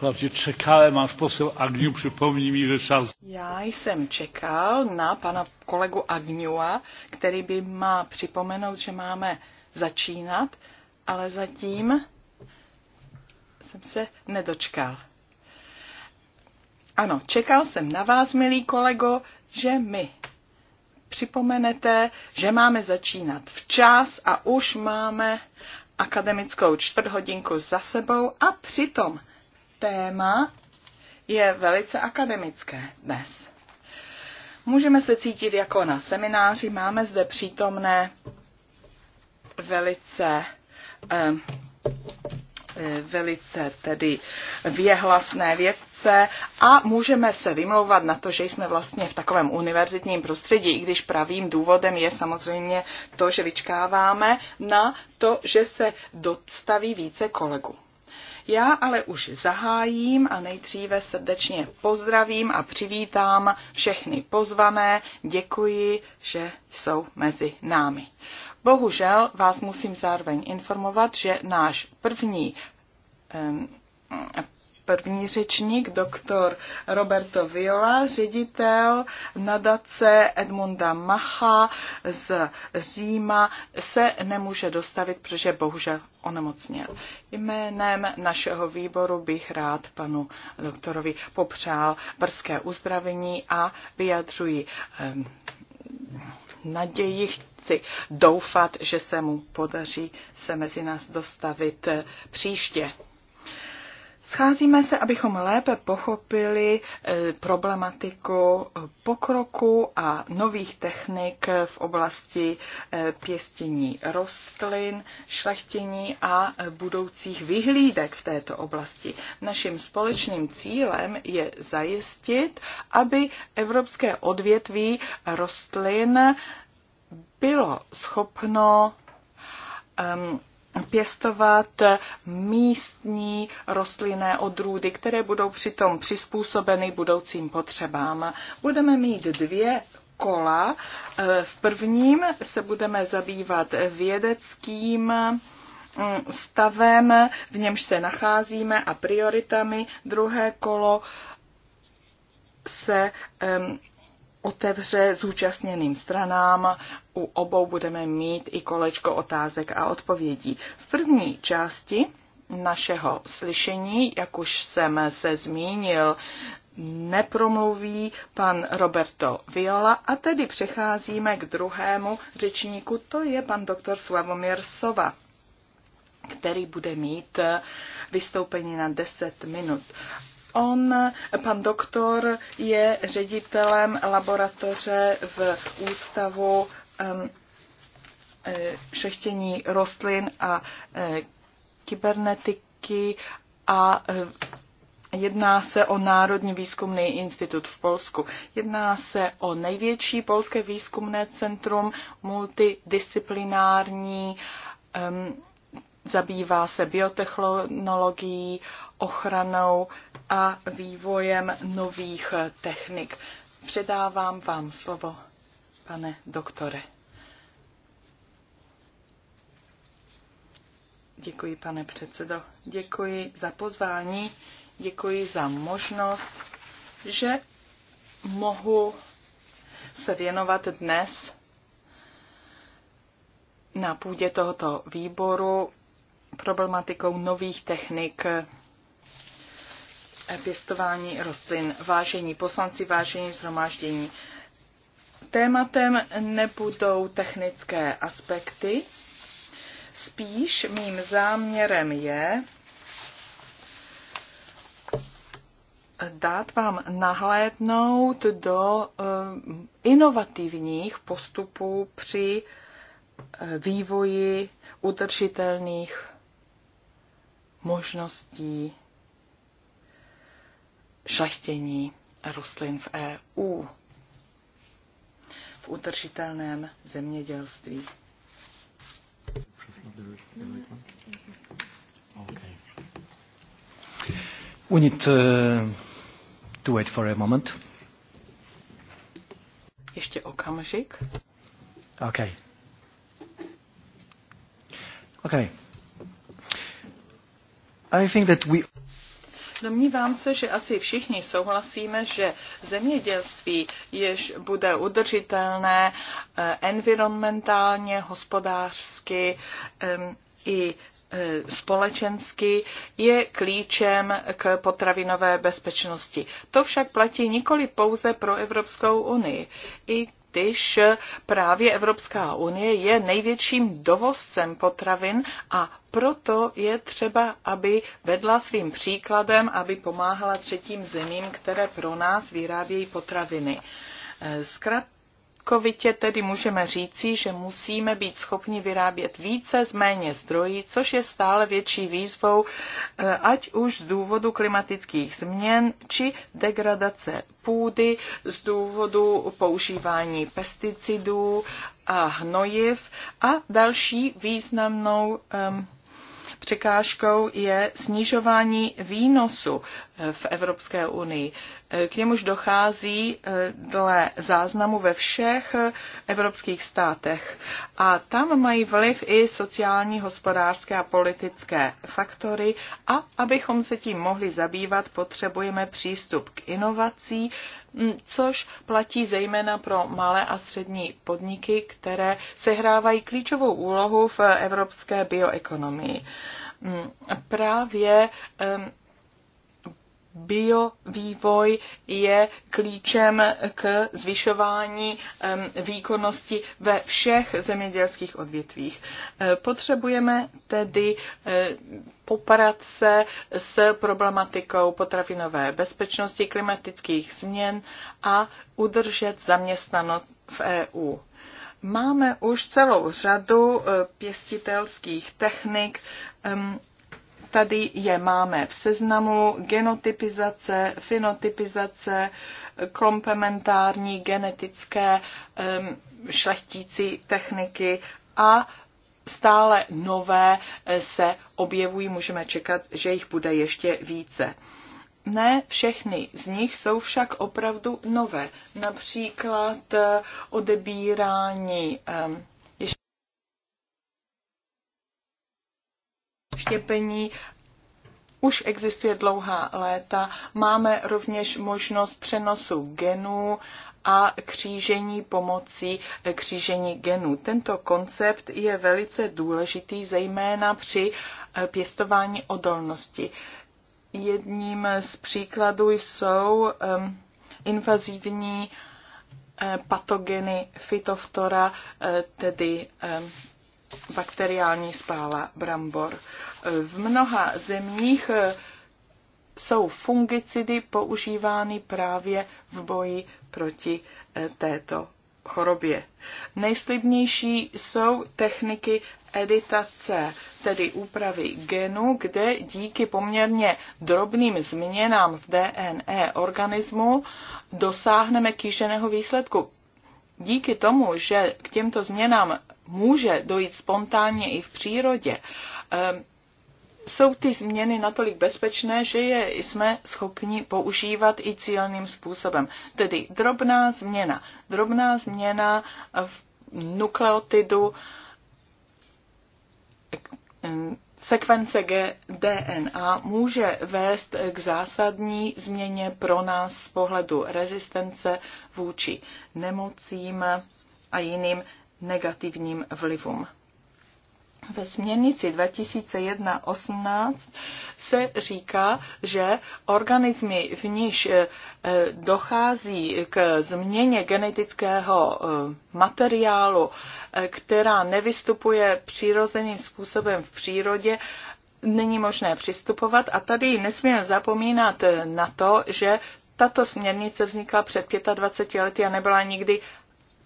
Pravdě čekałem, až posel Agniu připomní mi, že čas... Já jsem čekal na pana kolegu Agniua, který by má připomenout, že máme začínat, ale zatím jsem se nedočkal. Ano, čekal jsem na vás, milý kolego, že mi připomenete, že máme začínat včas a už máme akademickou čtvrthodinku za sebou a přitom téma je velice akademické dnes. Můžeme se cítit jako na semináři, máme zde přítomné velice eh, velice tedy věhlasné vědce a můžeme se vymlouvat na to, že jsme vlastně v takovém univerzitním prostředí, i když pravým důvodem je samozřejmě to, že vyčkáváme na to, že se dostaví více kolegů. Já ale už zahájím a nejdříve srdečně pozdravím a přivítám všechny pozvané. Děkuji, že jsou mezi námi. Bohužel vás musím zároveň informovat, že náš první um, první řečník, doktor Roberto Viola, ředitel nadace Edmunda Macha z Říma, se nemůže dostavit, protože bohužel onemocněl. Jménem našeho výboru bych rád panu doktorovi popřál brzké uzdravení a vyjadřuji ehm, naději, chci doufat, že se mu podaří se mezi nás dostavit příště. Scházíme se, abychom lépe pochopili eh, problematiku eh, pokroku a nových technik v oblasti eh, pěstění rostlin, šlechtění a budoucích vyhlídek v této oblasti. Naším společným cílem je zajistit, aby evropské odvětví rostlin bylo schopno um, pěstovat místní rostlinné odrůdy, které budou přitom přizpůsobeny budoucím potřebám. Budeme mít dvě kola. V prvním se budeme zabývat vědeckým mm, stavem, v němž se nacházíme a prioritami. Druhé kolo se otevře zúčastněným stranám. U obou budeme mít i kolečko otázek a odpovědí. V první části našeho slyšení, jak už jsem se zmínil, nepromluví pan Roberto Viola a tedy přecházíme k druhému řečníku, to je pan doktor Slavomír Sova který bude mít vystoupení na 10 minut. On, pan doktor, je ředitelem laboratoře v ústavu um, e, šechtění rostlin a e, kybernetiky a e, Jedná se o Národní výzkumný institut v Polsku. Jedná se o největší polské výzkumné centrum multidisciplinární zabývá se biotechnologií, ochranou a vývojem nových technik. Předávám vám slovo, pane doktore. Děkuji, pane předsedo. Děkuji za pozvání, děkuji za možnost, že mohu se věnovat dnes na půdě tohoto výboru problematikou nových technik pěstování rostlin. Vážení poslanci, vážení zhromáždění. Tématem nebudou technické aspekty, spíš mým záměrem je dát vám nahlédnout do eh, inovativních postupů při eh, vývoji udržitelných možností šlechtění rostlin v EU v utržitelném zemědělství. We need to, uh, to wait for a moment. Ještě okamžik. Okay. Okay. I think that we... Domnívám se, že asi všichni souhlasíme, že zemědělství, jež bude udržitelné eh, environmentálně, hospodářsky i eh, společensky je klíčem k potravinové bezpečnosti. To však platí nikoli pouze pro Evropskou unii. I když právě Evropská unie je největším dovozcem potravin a proto je třeba, aby vedla svým příkladem, aby pomáhala třetím zemím, které pro nás vyrábějí potraviny. Eh, zkrat, Celkovitě tedy můžeme říci, že musíme být schopni vyrábět více z méně zdrojí, což je stále větší výzvou, eh, ať už z důvodu klimatických změn či degradace půdy, z důvodu používání pesticidů a hnojiv a další významnou um, překážkou je snižování výnosu v Evropské unii. K němuž dochází eh, dle záznamu ve všech eh, evropských státech. A tam mají vliv i sociální, hospodářské a politické faktory. A abychom se tím mohli zabývat, potřebujeme přístup k inovací, mm, což platí zejména pro malé a střední podniky, které sehrávají klíčovou úlohu v evropské bioekonomii. Mm, právě biovývoj je klíčem k zvyšování výkonnosti ve všech zemědělských odvětvích. E, potřebujeme tedy e, poprat se s problematikou potravinové bezpečnosti, klimatických změn a udržet zaměstnanost v EU. Máme už celou řadu e, pěstitelských technik, Tady je máme v seznamu genotypizace, fenotypizace, komplementární genetické šlechtící techniky a stále nové eh, se objevují, můžeme čekat, že jich bude ještě více. Ne všechny z nich jsou však opravdu nové. Například eh, odebírání um, štěpení už existuje dlouhá léta. Máme rovněž možnost přenosu genů a křížení pomocí eh, křížení genů. Tento koncept je velice důležitý, zejména při eh, pěstování odolnosti. Jedním z příkladů jsou ehm, invazivní eh, patogeny fitoftora, tedy ehm, bakteriální spála brambor. V mnoha zemích eh, jsou fungicidy používány právě v boji proti eh, této chorobě. Nejslibnější jsou techniky editace, tedy úpravy genu, kde díky poměrně drobným změnám v DNA e organismu dosáhneme kýženého výsledku. Díky tomu, že k těmto změnám může dojít spontánně i v přírodě, eh, jsou ty změny natolik bezpečné, že je jsme schopni používat i cílným způsobem. Tedy drobná změna. Drobná změna v nukleotidu sekvence DNA může vést k zásadní změně pro nás z pohledu rezistence vůči nemocím a jiným negativním vlivům. Ve směrnici 2001-18 se říká, že organismy, v níž eh, dochází k změně genetického eh, materiálu, eh, která nevystupuje přirozeným způsobem v přírodě, není možné přistupovat a tady nesmíme zapomínat na to, že tato směrnice vznikla před 25 lety a nebyla nikdy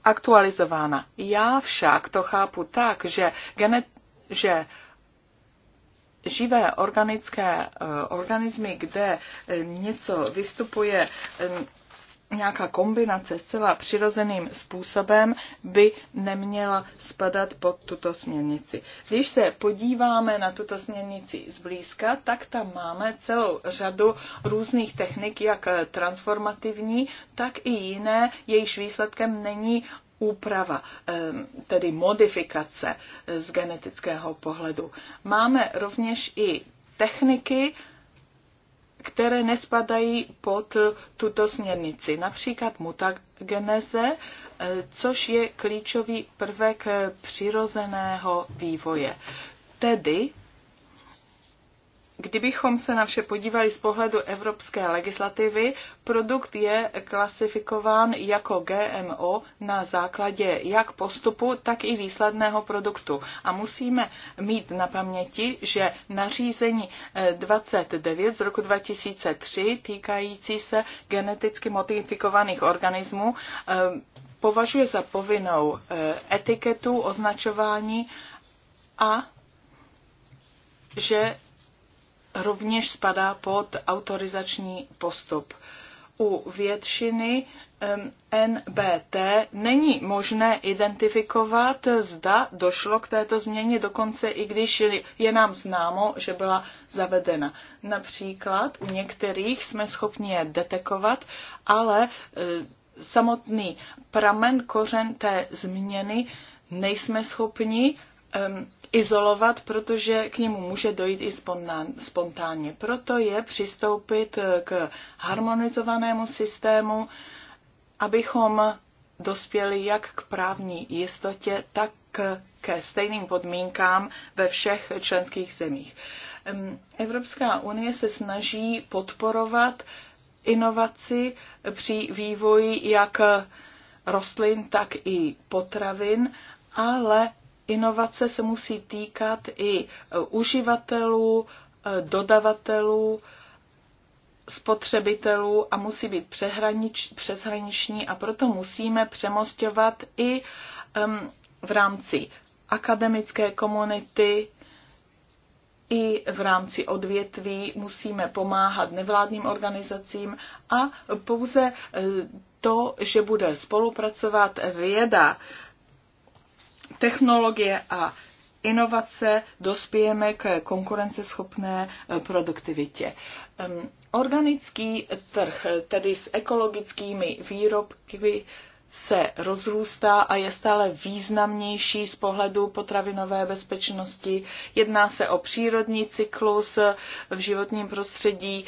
aktualizována. Já však to chápu tak, že genet že živé organické eh, organismy, kde eh, něco vystupuje eh, nějaká kombinace zcela přirozeným způsobem by neměla spadat pod tuto směrnici. Když se podíváme na tuto směrnici zblízka, tak tam máme celou řadu různých technik, jak transformativní, tak i jiné, jejichž výsledkem není úprava, tedy modifikace eh, z genetického pohledu. Máme rovněž i techniky, které nespadají pod tuto směrnici, například mutageneze, eh, což je klíčový prvek eh, přirozeného vývoje. Tedy Kdybychom se na vše podívali z pohledu evropské legislativy, produkt je klasifikován jako GMO na základě jak postupu, tak i výsledného produktu. A musíme mít na paměti, že nařízení 29 eh, z roku 2003 týkající se geneticky modifikovaných organismů eh, považuje za povinnou eh, etiketu, označování a že rovněž spadá pod autorizační postup. U většiny NBT není možné identifikovat, zda došlo k této změně, dokonce i když je nám známo, že byla zavedena. Například u některých jsme schopni je detekovat, ale e, samotný pramen, kořen té změny nejsme schopni izolovat, protože k němu může dojít i spontánně. Proto je přistoupit k harmonizovanému systému, abychom dospěli jak k právní jistotě, tak ke stejným podmínkám ve všech členských zemích. Evropská unie se snaží podporovat inovaci při vývoji jak rostlin, tak i potravin, ale inovace se musí týkat i e, uživatelů, e, dodavatelů, spotřebitelů a musí být přehranič, přeshraniční a proto musíme přemostovat i um, v rámci akademické komunity, i v rámci odvětví musíme pomáhat nevládním organizacím a pouze e, to, že bude spolupracovat věda technologie a inovace dospějeme k konkurenceschopné eh, produktivitě. Organický trh, tedy s ekologickými výrobky, se rozrůstá a je stále významnější z pohledu potravinové bezpečnosti. Jedná se o přírodní cyklus v životním prostředí,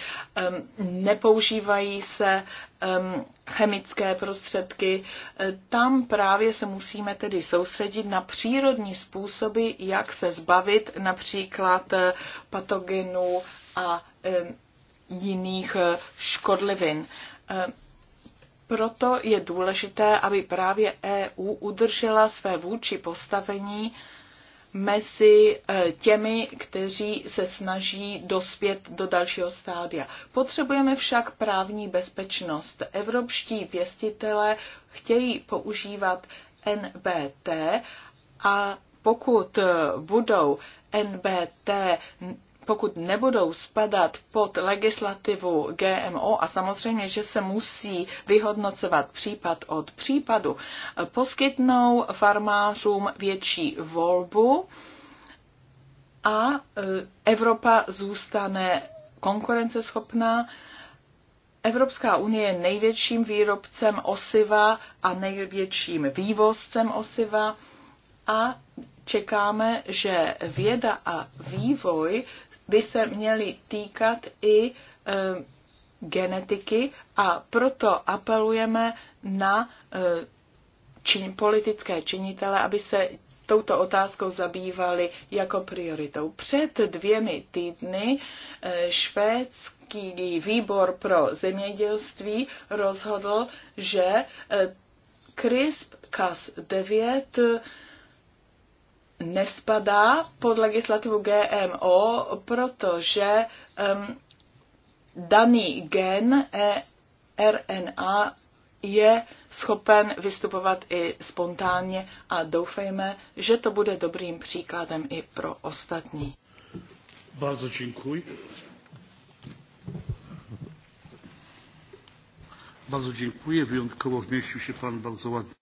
nepoužívají se chemické prostředky. E, tam právě se musíme tedy soustředit na přírodní způsoby, jak se zbavit například e, patogenů a jiných e, škodlivin proto je důležité, aby právě EU udržela své vůči postavení mezi e, těmi, kteří se snaží dospět do dalšího stádia. Potřebujeme však právní bezpečnost. Evropští pěstitele chtějí používat NBT a pokud budou NBT pokud nebudou spadat pod legislativu GMO a samozřejmě, že se musí vyhodnocovat případ od případu, poskytnou farmářům větší volbu a e, Evropa zůstane konkurenceschopná. Evropská unie je největším výrobcem osiva a největším vývozcem osiva a čekáme, že věda a vývoj by se měly týkat i eh, genetiky a proto apelujeme na eh, čin, politické činitele, aby se touto otázkou zabývali jako prioritou. Před dvěmi týdny eh, švédský výbor pro zemědělství rozhodl, že CRISP-Cas9 nespadá pod legislativu GMO, protože um, daný gen e, RNA je schopen vystupovat i spontánně a doufejme, že to bude dobrým příkladem i pro ostatní. Bardzo děkuji. Bardzo dziękuję. Wyjątkowo zmieścił się Pan bardzo ładnie.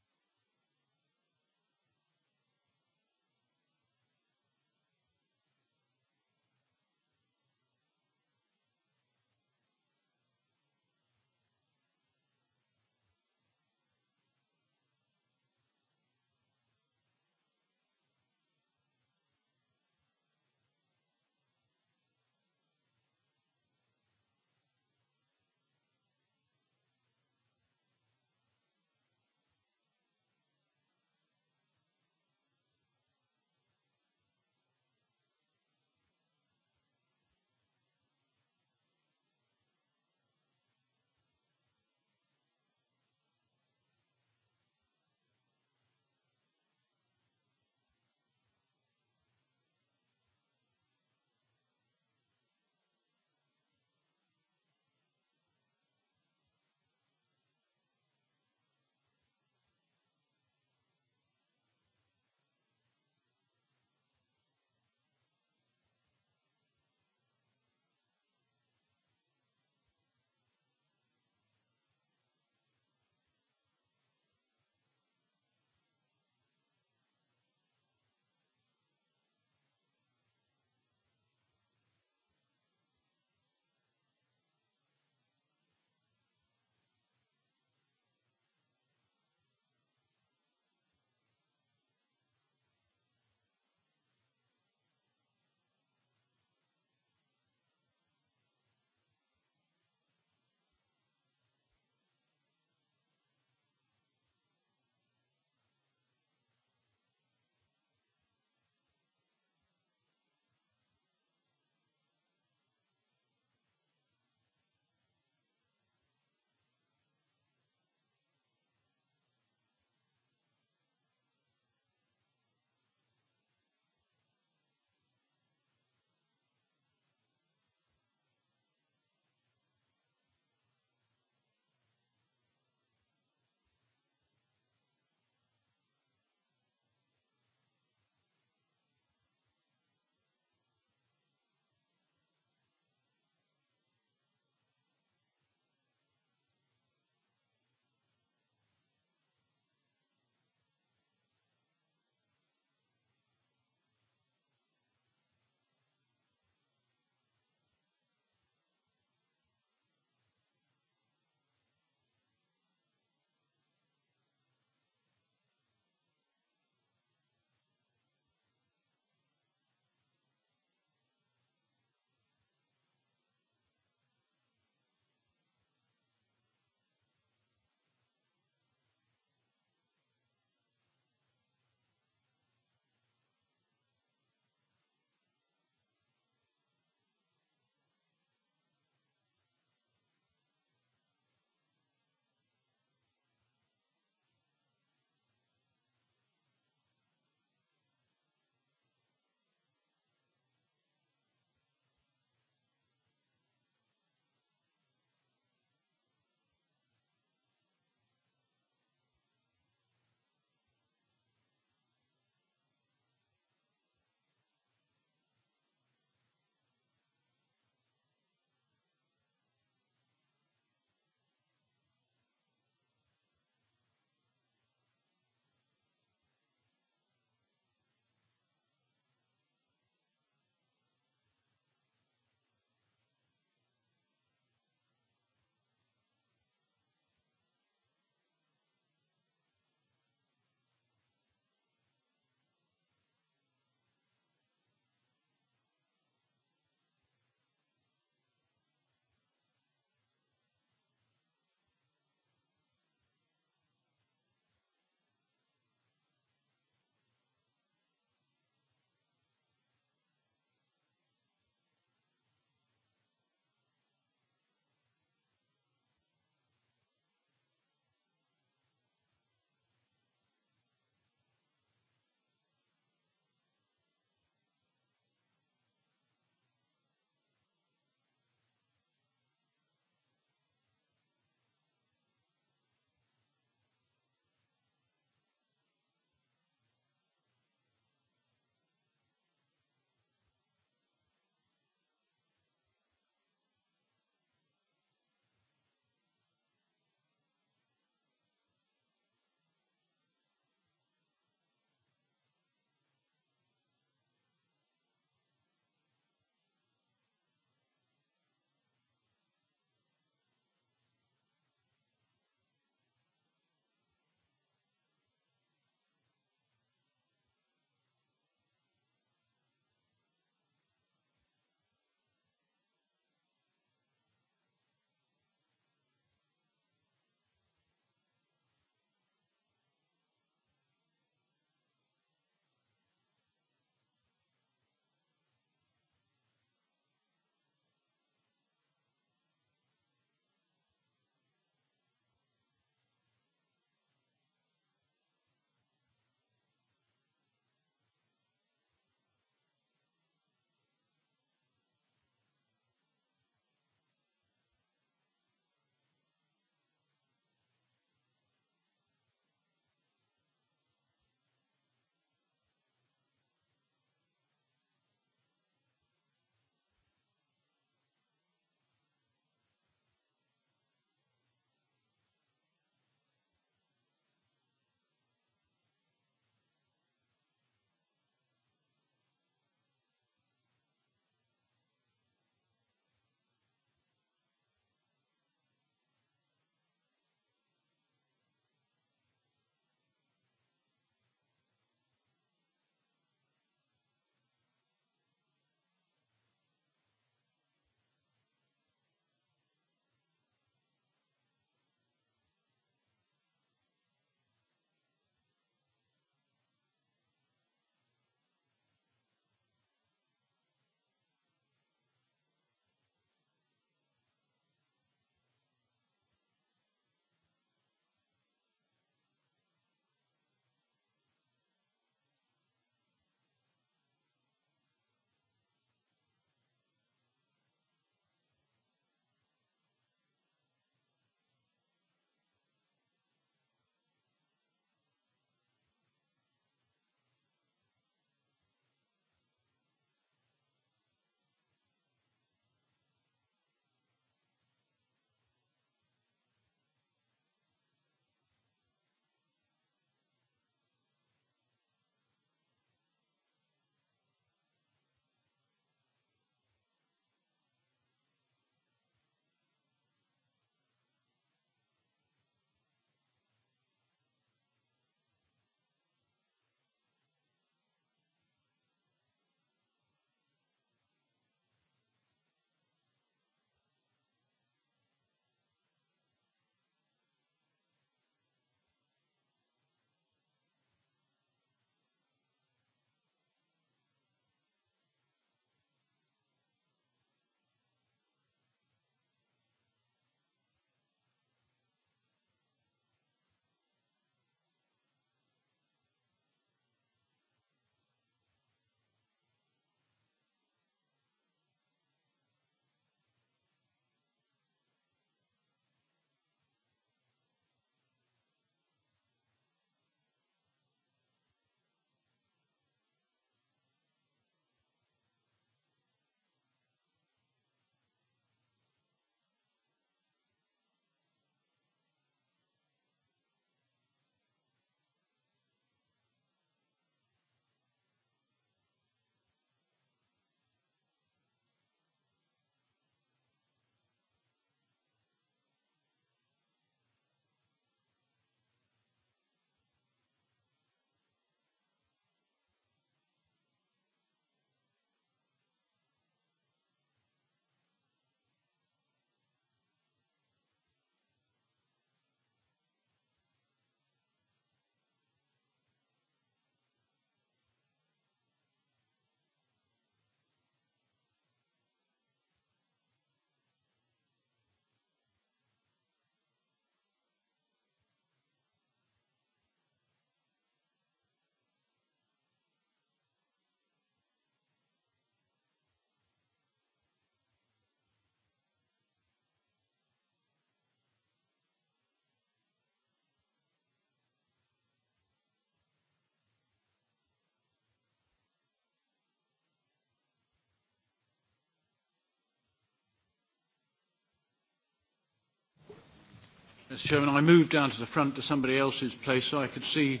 Mr. Chairman, I moved down to the front to somebody else's place so I could see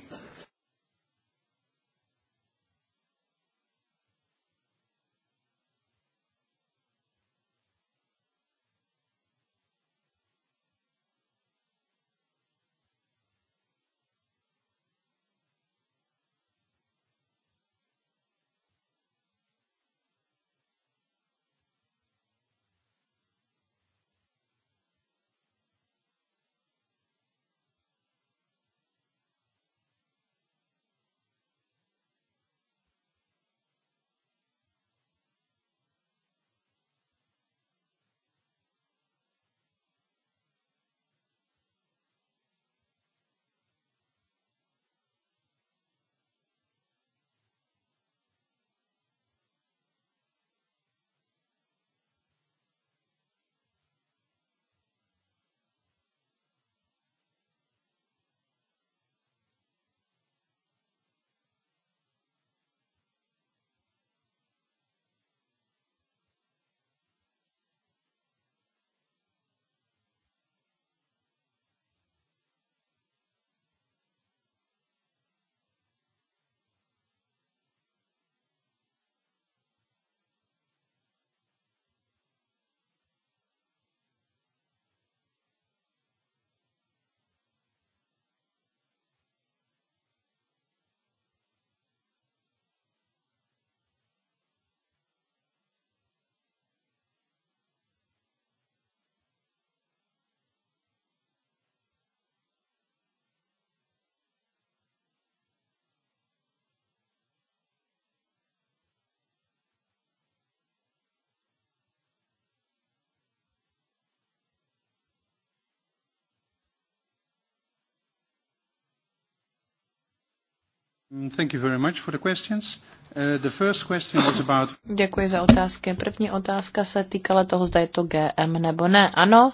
Děkuji za otázky. První otázka se týkala toho, zda je to GM nebo ne. Ano,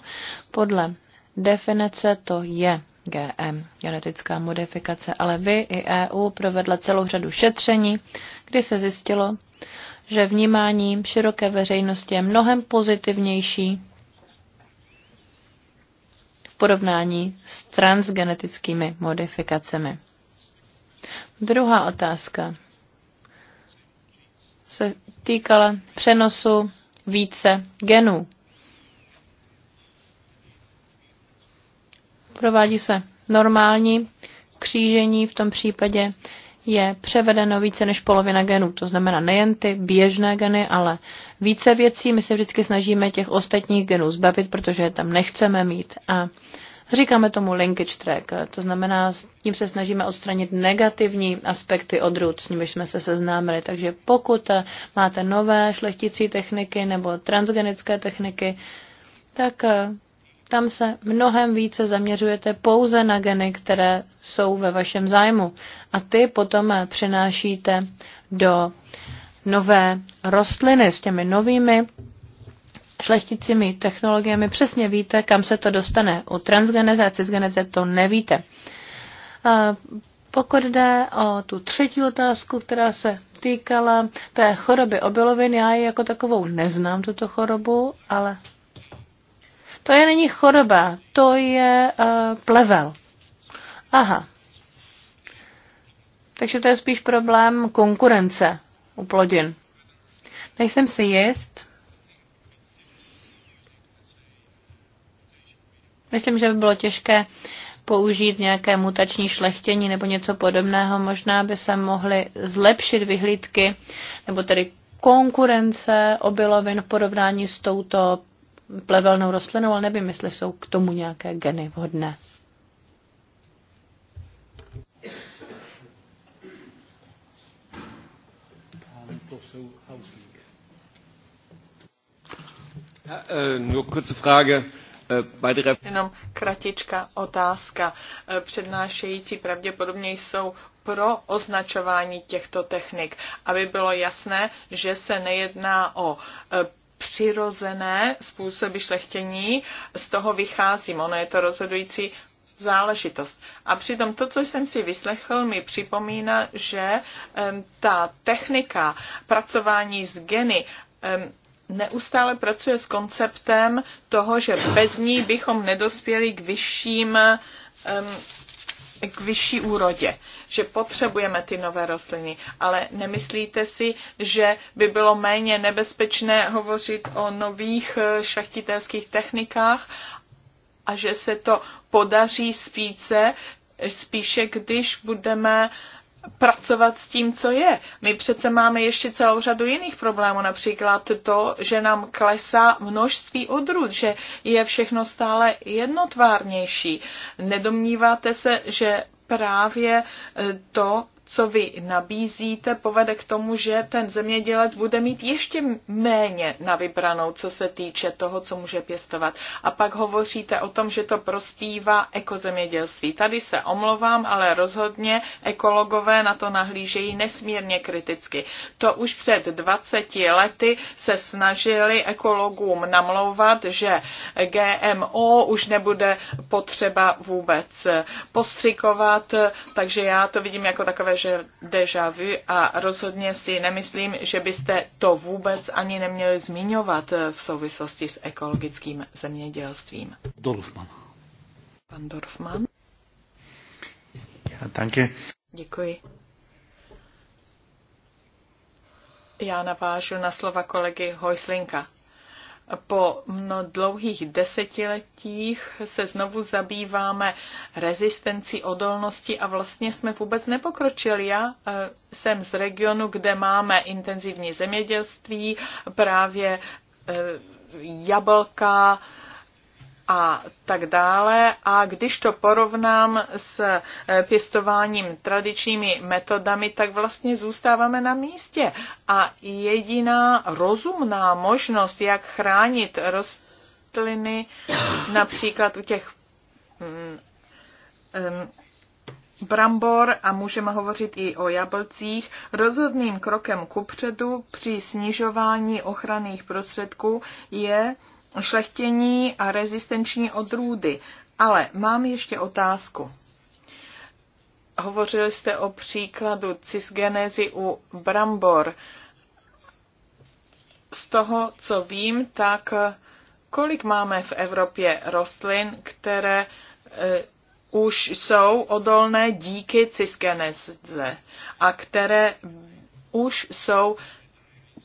podle definice to je GM, genetická modifikace, ale vy i EU provedla celou řadu šetření, kdy se zjistilo, že vnímání široké veřejnosti je mnohem pozitivnější v porovnání s transgenetickými modifikacemi. Druhá otázka se týkala přenosu více genů. Provádí se normální křížení, v tom případě je převedeno více než polovina genů. To znamená nejen ty běžné geny, ale více věcí. My se vždycky snažíme těch ostatních genů zbavit, protože je tam nechceme mít. A Říkáme tomu linkage track, to znamená, s tím se snažíme odstranit negativní aspekty odrůd, s nimiž jsme se seznámili. Takže pokud máte nové šlechticí techniky nebo transgenické techniky, tak eh, tam se mnohem více zaměřujete pouze na geny, které jsou ve vašem zájmu. A ty potom eh, přinášíte do nové rostliny s těmi novými šlechticími technologiemi přesně víte, kam se to dostane. U transgeneze a cisgeneze to nevíte. A pokud jde o tu třetí otázku, která se týkala té choroby obilovin, já ji jako takovou neznám, tuto chorobu, ale to je není choroba, to je uh, plevel. Aha. Takže to je spíš problém konkurence u plodin. Nejsem si jist, Myslím, že by bylo těžké použít nějaké mutační šlechtění nebo něco podobného. Možná by se mohly zlepšit vyhlídky nebo tedy konkurence obilovin v porovnání s touto plevelnou rostlinou, ale nevím, jestli jsou k tomu nějaké geny vhodné. Äh, nur kurze Frage. Eh, Jenom kratička otázka. Eh, přednášející pravděpodobně jsou pro označování těchto technik, aby bylo jasné, že se nejedná o eh, přirozené způsoby šlechtění, z toho vycházím. Ono je to rozhodující záležitost. A přitom to, co jsem si vyslechl, mi připomíná, že ta technika pracování s geny neustále pracuje s konceptem toho, že bez ní bychom nedospěli k vyšším k vyšší úrodě, že potřebujeme ty nové rostliny. Ale nemyslíte si, že by bylo méně nebezpečné hovořit o nových eh, šachtitelských technikách a že se to podaří spíce, spíše když budeme uh, pracovat s tím, co je. My přece máme ještě celou řadu jiných problémů, například to, že nám klesá množství odrůd, že je všechno stále jednotvárnější. Nedomníváte se, že právě to co vy nabízíte, povede k tomu, že ten zemědělec bude mít ještě méně na vybranou, co se týče toho, co může pěstovat. A pak hovoříte o tom, že to prospívá ekozemědělství. Tady se omlouvám, ale rozhodně ekologové na to nahlížejí nesmírně kriticky. To už před 20 lety se snažili ekologům namlouvat, že GMO už nebude potřeba vůbec postřikovat, takže já to vidím jako takové deja vu a rozhodně si nemyslím, že byste to vůbec ani neměli zmiňovat v souvislosti s ekologickým zemědělstvím. Dorfman. Pan Dorfman. Ja, Děkuji. Já navážu na slova kolegy Hojslinka po mno dlouhých desetiletích se znovu zabýváme rezistencí, odolnosti a vlastně jsme vůbec nepokročili. Já eh, jsem z regionu, kde máme intenzivní zemědělství, právě eh, jablka, a tak dále. A když to porovnám s eh, pěstováním tradičními metodami, tak vlastně zůstáváme na místě. A jediná rozumná možnost, jak chránit rostliny, například u těch um, um, brambor a můžeme hovořit i o jablcích, rozhodným krokem kupředu při snižování ochranných prostředků je šlechtění a rezistenční odrůdy. Ale mám ještě otázku. Hovořili jste o příkladu cisgenézy u brambor. Z toho, co vím, tak kolik máme v Evropě rostlin, které e, už jsou odolné díky cisgenéze a které už jsou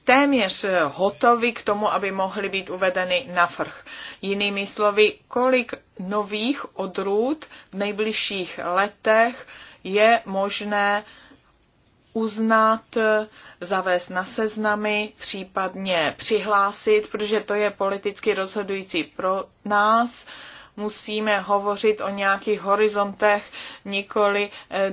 téměř hotovi k tomu, aby mohly být uvedeny na vrch. Jinými slovy, kolik nových odrůd v nejbližších letech je možné uznat, zavést na seznamy, případně přihlásit, protože to je politicky rozhodující pro nás. Musíme hovořit o nějakých horizontech, nikoli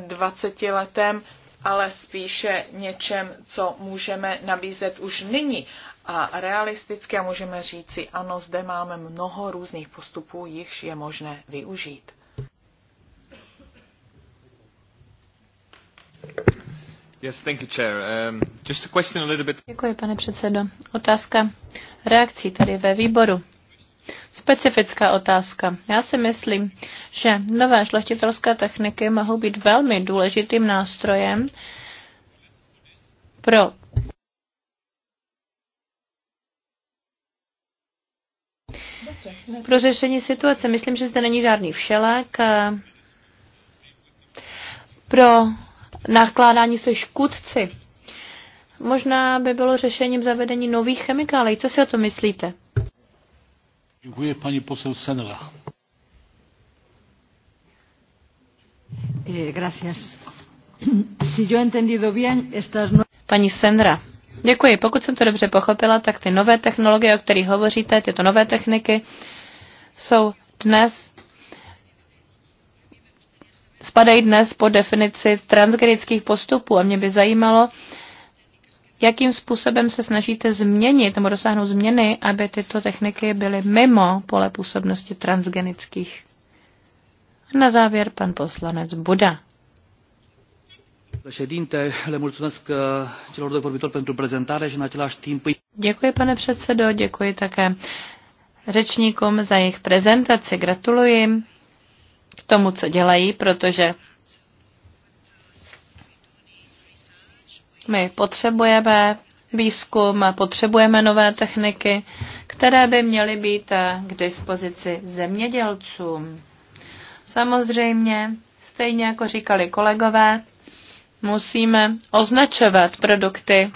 20 eh, letem ale spíše něčem, co můžeme nabízet už nyní. A realisticky můžeme říci, ano, zde máme mnoho různých postupů, jichž je možné využít. Yes, thank you, chair. Um, just a question a little bit. Děkuji, pane předsedo. Otázka reakcí tady ve výboru. Specifická otázka. Já si myslím, že nové šlechtitelské techniky mohou být velmi důležitým nástrojem pro pro řešení situace. Myslím, že zde není žádný všelek. Eh, pro nakládání se škůdci. Možná by bylo řešením zavedení nových chemikálií. Co si o to myslíte? Děkuji, paní posel Senra. Eh, paní Senra, děkuji. Pokud jsem to dobře pochopila, tak ty nové technologie, o kterých hovoříte, tyto nové techniky, jsou dnes spadají dnes pod definici transgenických postupů a mě by zajímalo, jakým způsobem se snažíte změnit nebo dosáhnout změny, aby tyto techniky byly mimo pole působnosti transgenických. A na závěr pan poslanec Buda. Uh, děkuji, pane předsedo, děkuji také řečníkům za jejich prezentaci. Gratuluji k tomu, co dělají, protože My potřebujeme výzkum, potřebujeme nové techniky, které by měly být eh, k dispozici zemědělcům. Samozřejmě, stejně jako říkali kolegové, musíme označovat produkty,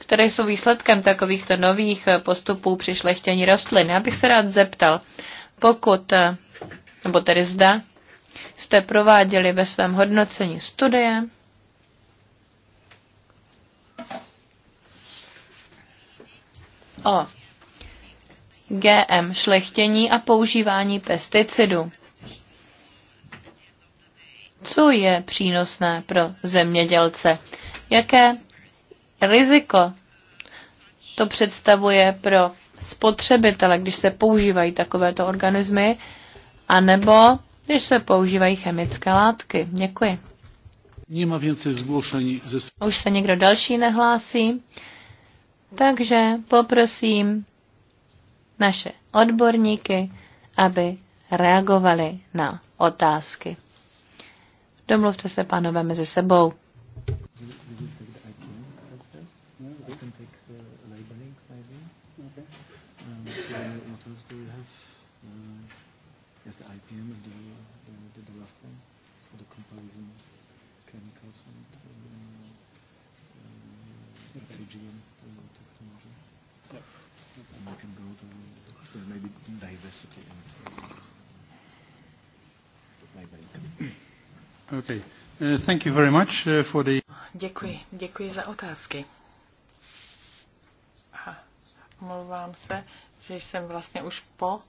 které jsou výsledkem takovýchto nových eh, postupů při šlechtění rostlin. Já bych se rád zeptal, pokud, eh, nebo tedy zda, jste prováděli ve svém hodnocení studie, o GM šlechtění a používání pesticidů. Co je přínosné pro zemědělce? Jaké riziko to představuje pro spotřebitele, když se používají takovéto organismy, anebo když se používají chemické látky. Děkuji. Už se někdo další nehlásí, takže poprosím naše odborníky, aby reagovali na otázky. Domluvte se, pánové, mezi sebou. Um, um, maybe diversity and okay. Uh, thank you very much uh, for the... Děkuji, děkuji za otázky. Mluvám se, že jsem vlastně už po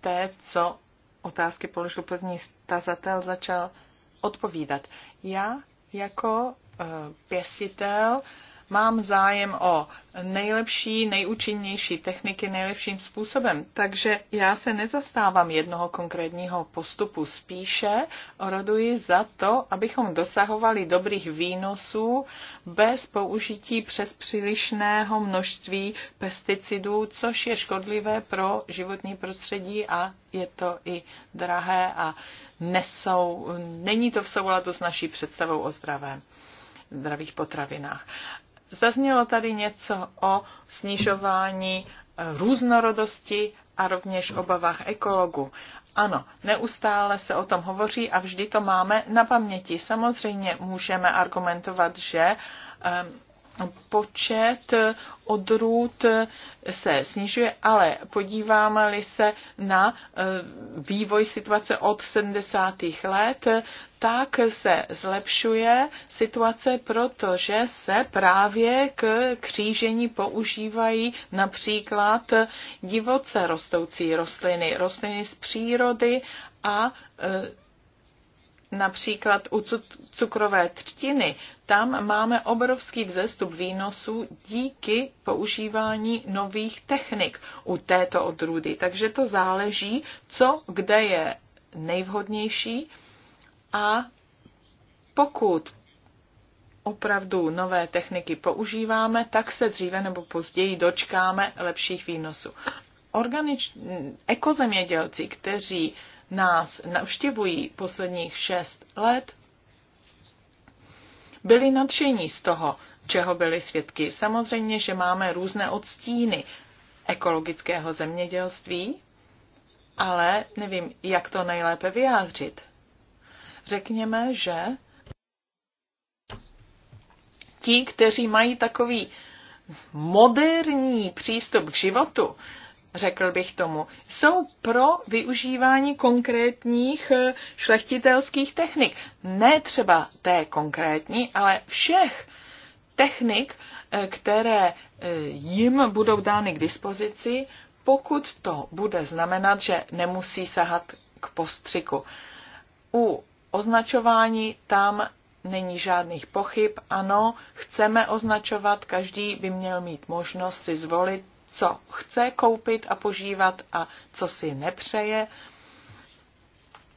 té, co otázky položil první tazatel, začal odpovídat. Já jako uh, pěstitel uh, mám zájem o nejlepší, nejúčinnější techniky nejlepším způsobem. Takže já se nezastávám jednoho konkrétního postupu, spíše roduji za to, abychom dosahovali dobrých výnosů bez použití přes přílišného množství pesticidů, což je škodlivé pro životní prostředí a je to i drahé a nesou, není to v souladu s naší představou o zdravém zdravých potravinách. Zaznělo tady něco o snižování eh, různorodosti a rovněž obavách ekologů. Ano, neustále se o tom hovoří a vždy to máme na paměti. Samozřejmě můžeme argumentovat, že um, počet odrůd se snižuje, ale podíváme-li se na e, vývoj situace od 70. let, tak se zlepšuje situace, protože se právě k křížení používají například divoce rostoucí rostliny, rostliny z přírody a e, například u cukrové třtiny, tam máme obrovský vzestup výnosů díky používání nových technik u této odrůdy. Takže to záleží, co kde je nejvhodnější a pokud opravdu nové techniky používáme, tak se dříve nebo později dočkáme lepších výnosů. Organič... Ekozemědělci, kteří nás navštěvují posledních šest let, byli nadšení z toho, čeho byli svědky. Samozřejmě, že máme různé odstíny ekologického zemědělství, ale nevím, jak to nejlépe vyjádřit. Řekněme, že ti, kteří mají takový moderní přístup k životu, řekl bych tomu, jsou pro využívání konkrétních eh, šlechtitelských technik. Ne třeba té konkrétní, ale všech technik, eh, které eh, jim budou dány k dispozici, pokud to bude znamenat, že nemusí sahat k postřiku. U označování tam není žádných pochyb. Ano, chceme označovat, každý by měl mít možnost si zvolit co chce koupit a požívat a co si nepřeje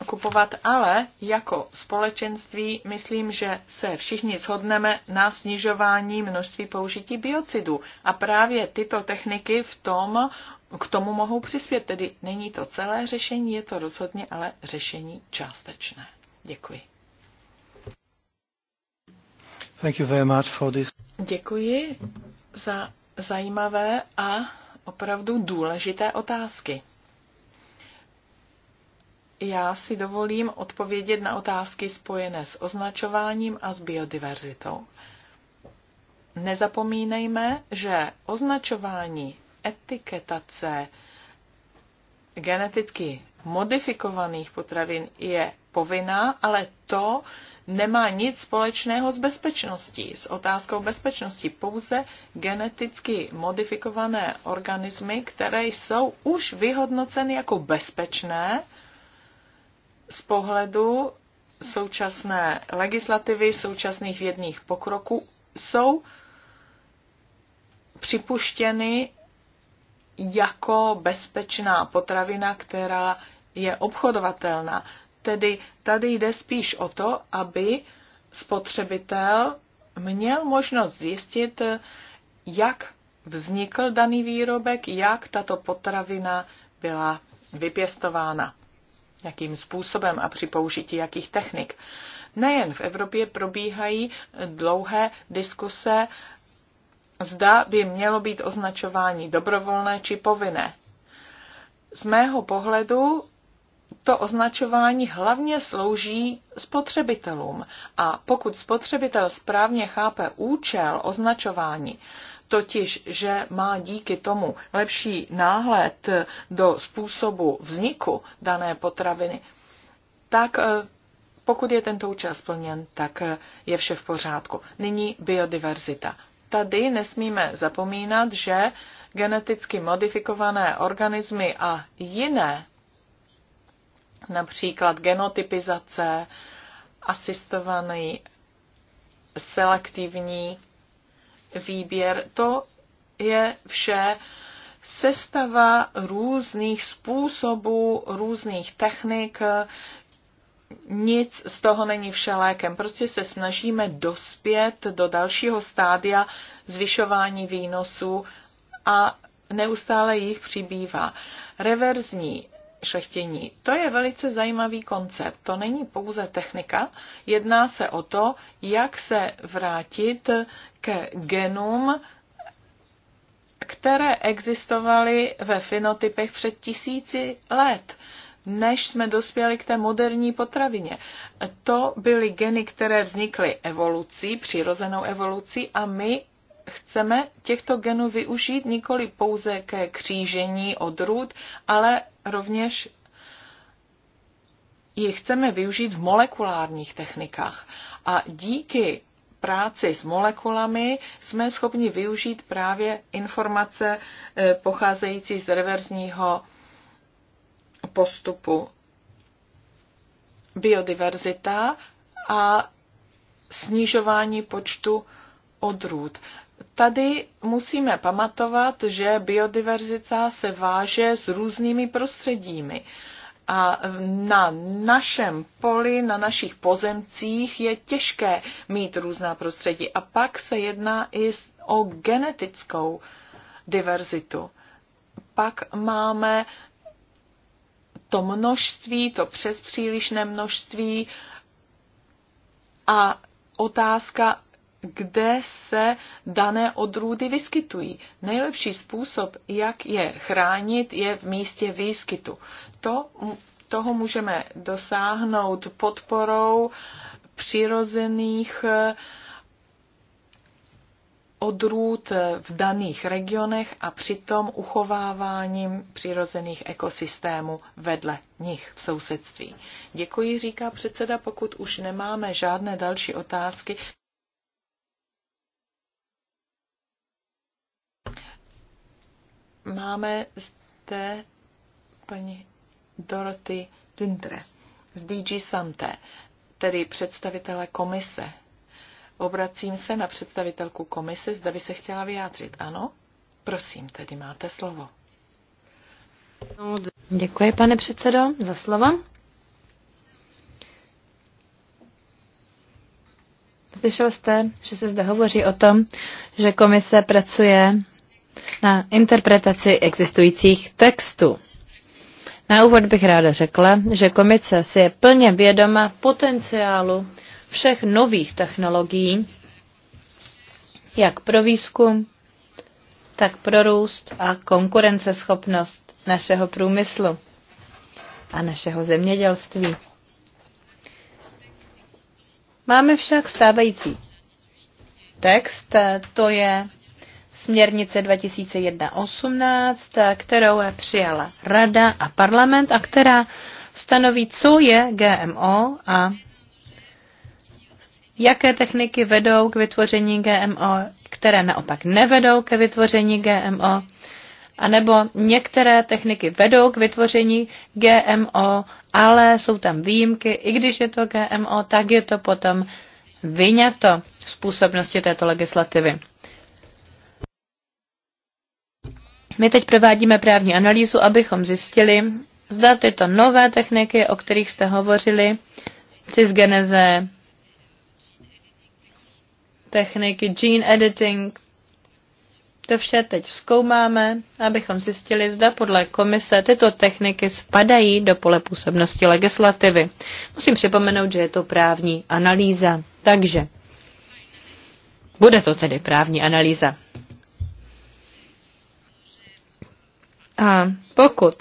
kupovat, ale jako společenství myslím, že se všichni shodneme na snižování množství použití biocidů. A právě tyto techniky v tom k tomu mohou přispět. Tedy není to celé řešení, je to rozhodně ale řešení částečné. Děkuji. Thank you very much for this. Děkuji za zajímavé a opravdu důležité otázky. Já si dovolím odpovědět na otázky spojené s označováním a s biodiverzitou. Nezapomínejme, že označování, etiketace geneticky modifikovaných potravin je povinná, ale to nemá nic společného s bezpečností, s otázkou bezpečnosti. Pouze geneticky modifikované organismy, které jsou už vyhodnoceny jako bezpečné z pohledu současné legislativy, současných vědních pokroků, jsou připuštěny jako bezpečná potravina, která je obchodovatelná. Tedy tady jde spíš o to, aby spotřebitel měl možnost zjistit, jak vznikl daný výrobek, jak tato potravina byla vypěstována, jakým způsobem a při použití jakých technik. Nejen v Evropě probíhají dlouhé diskuse, zda by mělo být označování dobrovolné či povinné. Z mého pohledu to označování hlavně slouží spotřebitelům. A pokud spotřebitel správně chápe účel označování, totiž, že má díky tomu lepší náhled do způsobu vzniku dané potraviny, tak eh, pokud je tento účel splněn, tak eh, je vše v pořádku. Nyní biodiverzita. Tady nesmíme zapomínat, že geneticky modifikované organismy a jiné například genotypizace, asistovaný selektivní výběr. To je vše sestava různých způsobů, různých technik, nic z toho není všelékem. Prostě se snažíme dospět do dalšího stádia zvyšování výnosů a neustále jich přibývá. Reverzní šlechtění. To je velice zajímavý koncept. To není pouze technika, jedná se o to, jak se vrátit ke genům, které existovaly ve fenotypech před tisíci let než jsme dospěli k té moderní potravině. To byly geny, které vznikly evolucí, přirozenou evolucí a my chceme těchto genů využít nikoli pouze ke křížení odrůd, ale rovněž ji chceme využít v molekulárních technikách. A díky práci s molekulami jsme schopni využít právě informace eh, pocházející z reverzního postupu biodiverzita a snižování počtu odrůd tady musíme pamatovat, že biodiverzita se váže s různými prostředími. A na našem poli, na našich pozemcích je těžké mít různá prostředí. A pak se jedná i o genetickou diverzitu. Pak máme to množství, to přespřílišné množství a otázka, kde se dané odrůdy vyskytují. Nejlepší způsob, jak je chránit, je v místě výskytu. To, toho můžeme dosáhnout podporou přirozených eh, odrůd eh, v daných regionech a přitom uchováváním přirozených ekosystémů vedle nich v sousedství. Děkuji, říká předseda, pokud už nemáme žádné další otázky. Máme zde paní Doroty Düntre z DG Santé, tedy představitele komise. Obracím se na představitelku komise, zda by se chtěla vyjádřit. Ano? Prosím, tedy máte slovo. Děkuji, pane předsedo, za slovo. Slyšel jste, že se zde hovoří o tom, že komise pracuje na interpretaci existujících textů. Na úvod bych ráda řekla, že komice si je plně vědoma potenciálu všech nových technologií, jak pro výzkum, tak pro růst a konkurenceschopnost našeho průmyslu a našeho zemědělství. Máme však stávající text, to je směrnice 2001-18, kterou přijala Rada a parlament a která stanoví, co je GMO a jaké techniky vedou k vytvoření GMO, které naopak nevedou ke vytvoření GMO, anebo některé techniky vedou k vytvoření GMO, ale jsou tam výjimky, i když je to GMO, tak je to potom vyňato z působnosti této legislativy. My teď provádíme právní analýzu, abychom zjistili, zda tyto nové techniky, o kterých jste hovořili, cisgeneze, techniky gene editing, to vše teď zkoumáme, abychom zjistili, zda podle komise tyto techniky spadají do pole působnosti legislativy. Musím připomenout, že je to právní analýza. Takže bude to tedy právní analýza. A pokud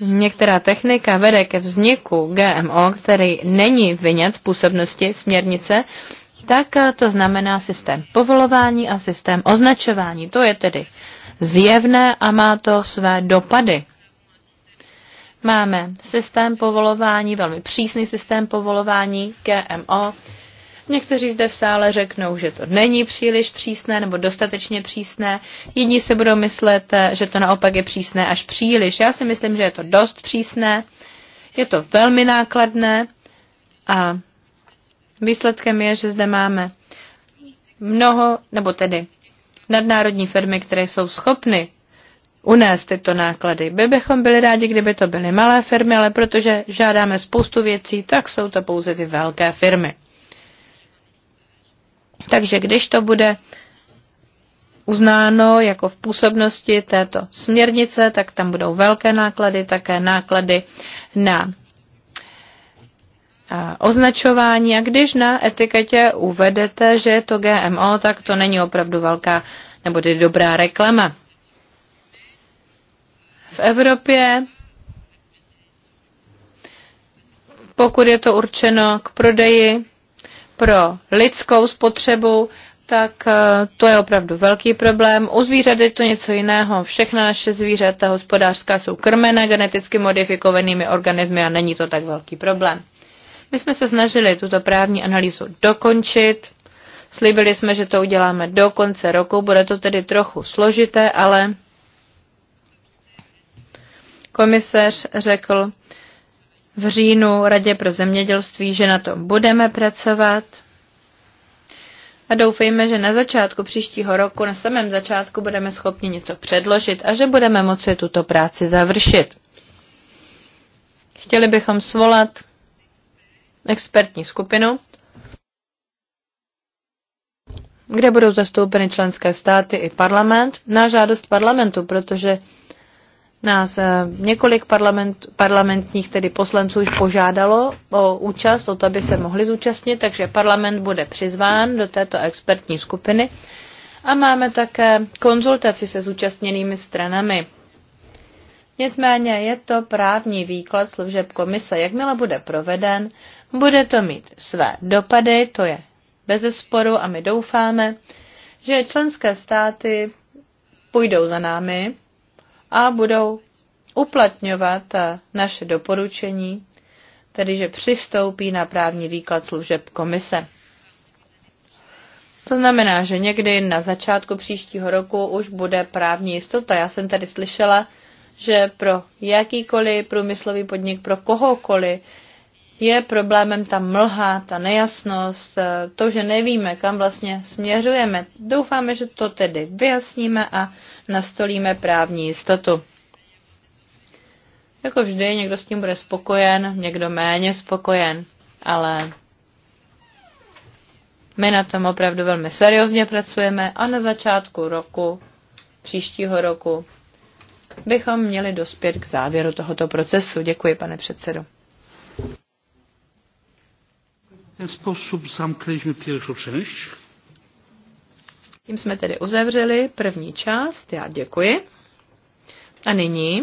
některá technika vede ke vzniku GMO, který není vyňat z působnosti směrnice, tak to znamená systém povolování a systém označování. To je tedy zjevné a má to své dopady. Máme systém povolování, velmi přísný systém povolování GMO, Někteří zde v sále řeknou, že to není příliš přísné nebo dostatečně přísné. Jiní se budou myslet, eh, že to naopak je přísné až příliš. Já si myslím, že je to dost přísné. Je to velmi nákladné a výsledkem je, že zde máme mnoho, nebo tedy nadnárodní firmy, které jsou schopny unést tyto náklady. My bychom byli rádi, kdyby to byly malé firmy, ale protože žádáme spoustu věcí, tak jsou to pouze ty velké firmy. Takže když to bude uznáno jako v působnosti této směrnice, tak tam budou velké náklady, také náklady na označování. A když na etiketě uvedete, že je to GMO, tak to není opravdu velká nebo je dobrá reklama. V Evropě, pokud je to určeno k prodeji, pro lidskou spotřebu, tak eh, to je opravdu velký problém. U zvířat je to něco jiného. Všechna naše zvířata hospodářská jsou krmena geneticky modifikovanými organismy a není to tak velký problém. My jsme se snažili tuto právní analýzu dokončit. Slíbili jsme, že to uděláme do konce roku. Bude to tedy trochu složité, ale komisař řekl, v říjnu Radě pro zemědělství, že na tom budeme pracovat. A doufejme, že na začátku příštího roku, na samém začátku, budeme schopni něco předložit a že budeme moci tuto práci završit. Chtěli bychom svolat expertní skupinu, kde budou zastoupeny členské státy i parlament na žádost parlamentu, protože nás eh, několik parlament, parlamentních tedy poslanců už požádalo o účast, o to, aby se mohli zúčastnit, takže parlament bude přizván do této expertní skupiny a máme také konzultaci se zúčastněnými stranami. Nicméně je to právní výklad služeb komise. Jakmile bude proveden, bude to mít své dopady, to je bez sporu a my doufáme, že členské státy půjdou za námi a budou uplatňovat eh, naše doporučení, tedy že přistoupí na právní výklad služeb komise. To znamená, že někdy na začátku příštího roku už bude právní jistota. Já jsem tady slyšela, že pro jakýkoliv průmyslový podnik, pro kohokoliv je problémem ta mlha, ta nejasnost, eh, to, že nevíme, kam vlastně směřujeme. Doufáme, že to tedy vyjasníme a nastolíme právní jistotu. Jako vždy, někdo s tím bude spokojen, někdo méně spokojen, ale my na tom opravdu velmi seriózně pracujeme a na začátku roku, příštího roku, bychom měli dospět k závěru tohoto procesu. Děkuji, pane předsedo. Tím jsme tedy uzavřeli první část. Já děkuji. A nyní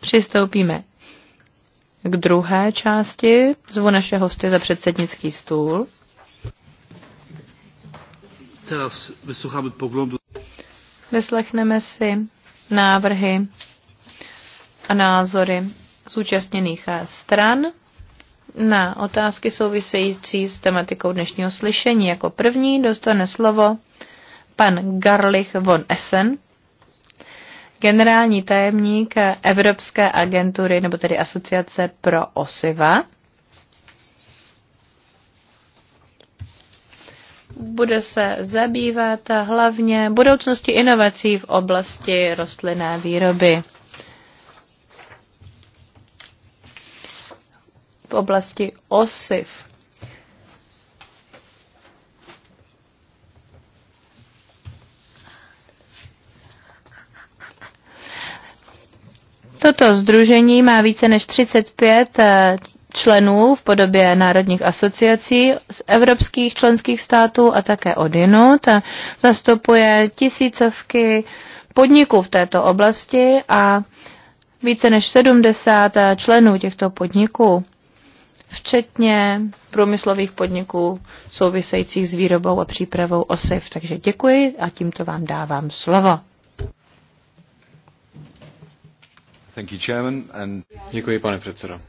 přistoupíme k druhé části. Zvu naše hosty za předsednický stůl. Teraz vysloucháme Vyslechneme si návrhy a názory zúčastněných eh, stran na otázky související s tematikou dnešního slyšení. Jako první dostane slovo pan Garlich von Essen, generální tajemník Evropské agentury, nebo tedy asociace pro osiva. Bude se zabývat hlavně budoucnosti inovací v oblasti rostlinné výroby. v oblasti OSIV. Toto združení má více než 35 eh, členů v podobě národních asociací z evropských členských států a také odinut. Zastupuje tisícovky podniků v této oblasti a více než 70 eh, členů těchto podniků včetně průmyslových podniků souvisejících s výrobou a přípravou osiv. Takže děkuji a tímto vám dávám slovo. Děkuji, pane předsedo.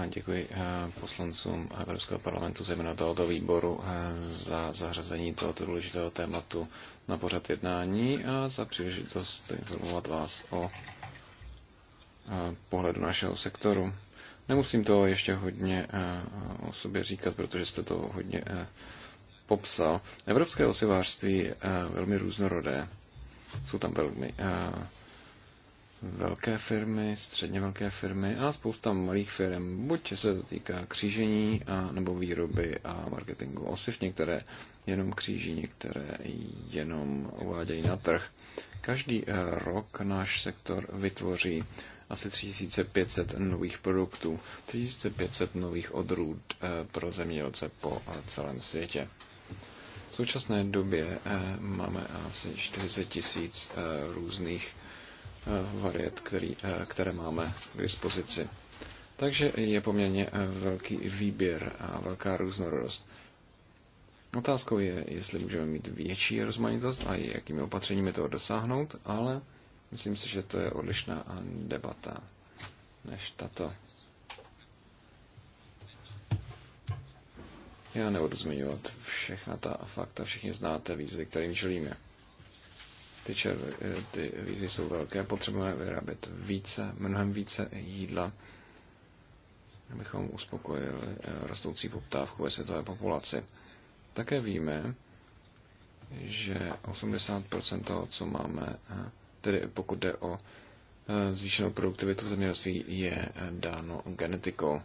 A děkuji eh, poslancům Evropského parlamentu, zejména tohoto výboru, eh, za zařazení tohoto důležitého tématu na pořad jednání a za příležitost informovat vás o pohledu našeho sektoru. Nemusím to ještě hodně o sobě říkat, protože jste to hodně popsal. Evropské osivářství je velmi různorodé. Jsou tam velmi velké firmy, středně velké firmy a spousta malých firm. Buď se to týká křížení a, nebo výroby a marketingu osiv, některé jenom kříží, některé jenom uvádějí na trh. Každý rok náš sektor vytvoří asi 3500 nových produktů, 3500 nových odrůd eh, pro zemědělce po eh, celém světě. V současné době eh, máme asi 40 tisíc různých variet, které máme k dispozici. Takže je poměrně velký výběr a velká různorodost. Otázkou je, jestli můžeme mít větší rozmanitost a jakými opatřeními toho dosáhnout, ale Myslím si, že to je odlišná debata než tato. Já nebudu zmiňovat všechna ta fakta, všichni znáte výzvy, kterým čelíme. Ty, červy, ty výzvy jsou velké, potřebujeme vyrábět více, mnohem více jídla, abychom uspokojili eh, rostoucí poptávku ve světové populaci. Také víme, že 80% toho, co máme, eh, tedy pokud jde o eh, zvýšenou produktivitu zemědělství, je eh, dáno genetikou.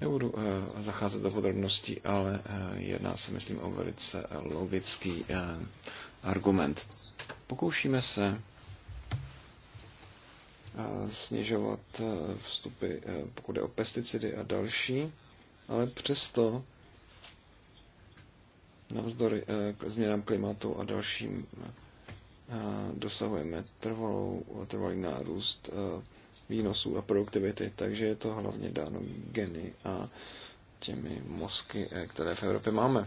Nebudu eh, zacházet do podrobností, ale jedná se, myslím, o velice logický argument. Pokoušíme se snižovat vstupy, pokud je o pesticidy a další, ale přesto navzdory k změnám klimatu a dalším dosahujeme trvalou, trvalý nárůst e, výnosů a produktivity, takže je to hlavně dáno geny a těmi mozky, e, které v Evropě máme.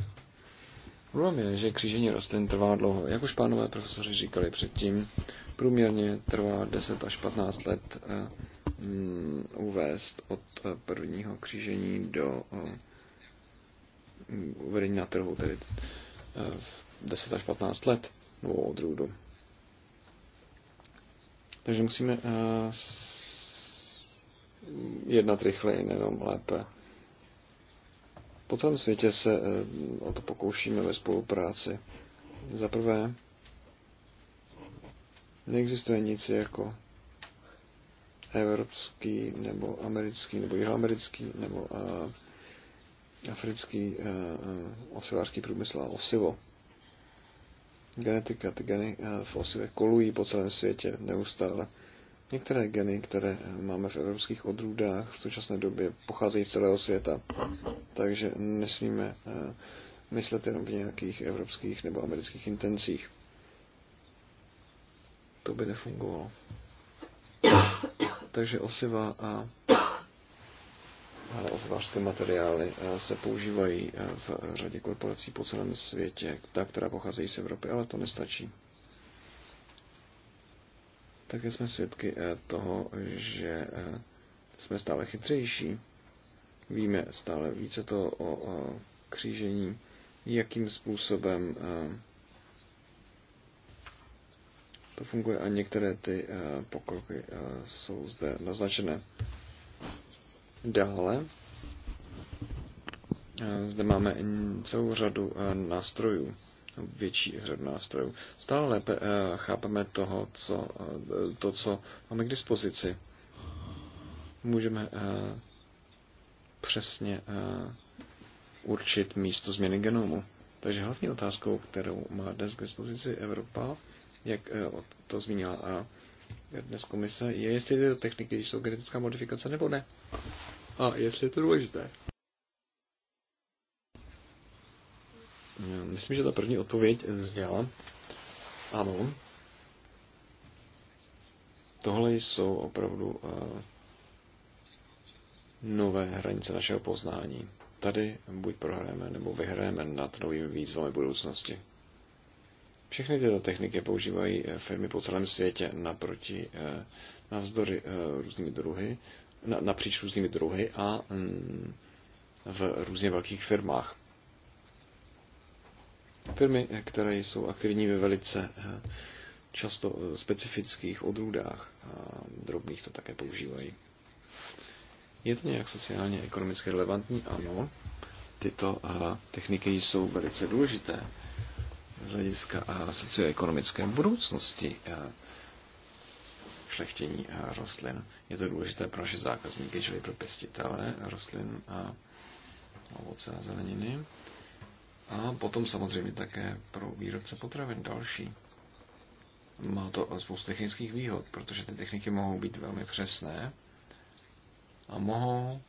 Problém je, že křížení rostlin trvá dlouho. Jak už pánové profesoři říkali předtím, průměrně trvá 10 až 15 let e, mm, uvést od prvního křížení do uvedení na trhu, tedy 10 až 15 let novou odrůdu. Takže musíme eh, jednat rychleji, nejenom lépe. Po celém světě se eh, o to pokoušíme ve spolupráci. Za prvé, neexistuje nic jako evropský, nebo americký, nebo jihoamerický, nebo uh, africký uh, osivářský průmysl a osivo genetika, ty geny eh, v osivě kolují po celém světě neustále. Některé geny, které eh, máme v evropských odrůdách v současné době, pocházejí z celého světa, takže nesmíme eh, myslet jenom v nějakých evropských nebo amerických intencích. To by nefungovalo. Takže osiva a ale materiály eh, se používají eh, v řadě korporací po celém světě, ta, která pocházejí z Evropy, ale to nestačí. Také jsme svědky eh, toho, že jsme stále chytřejší, víme stále více to o křížení, jakým způsobem to funguje a některé ty pokroky jsou zde naznačené. Dále eh, zde máme celou řadu eh, nástrojů, větší řadu nástrojů. Stále lépe eh, chápeme toho, co, to, co máme k dispozici. Můžeme přesně určit místo změny genomu. Takže hlavní otázkou, kterou má dnes k dispozici Evropa, jak to zmínila dnes komise, je, jestli tyto techniky jsou genetická modifikace nebo ne. A jestli je to důležité. Myslím, že ta první odpověď zněla. Ano. Tohle jsou opravdu eh, nové hranice našeho poznání. Tady buď prohráme, nebo vyhráme nad novými výzvami budoucnosti. Všechny tyto techniky používají eh, firmy po celém světě naproti, eh, navzdory eh, různými druhy, napříč různými druhy a mm, v různě velkých firmách. Firmy, které jsou aktivní ve velice často specifických odrůdách a drobných to také používají. Je to nějak sociálně ekonomicky relevantní? Ano. Tyto techniky jsou velice důležité z hlediska eh, socioekonomické budoucnosti eh, šlechtění eh, rostlin. Je to důležité pro naše zákazníky, čili pro pěstitele rostlin a ovoce a zeleniny. A potom samozřejmě také pro výrobce potravin další. Má to spoustu technických výhod, protože ty techniky mohou být velmi přesné a mohou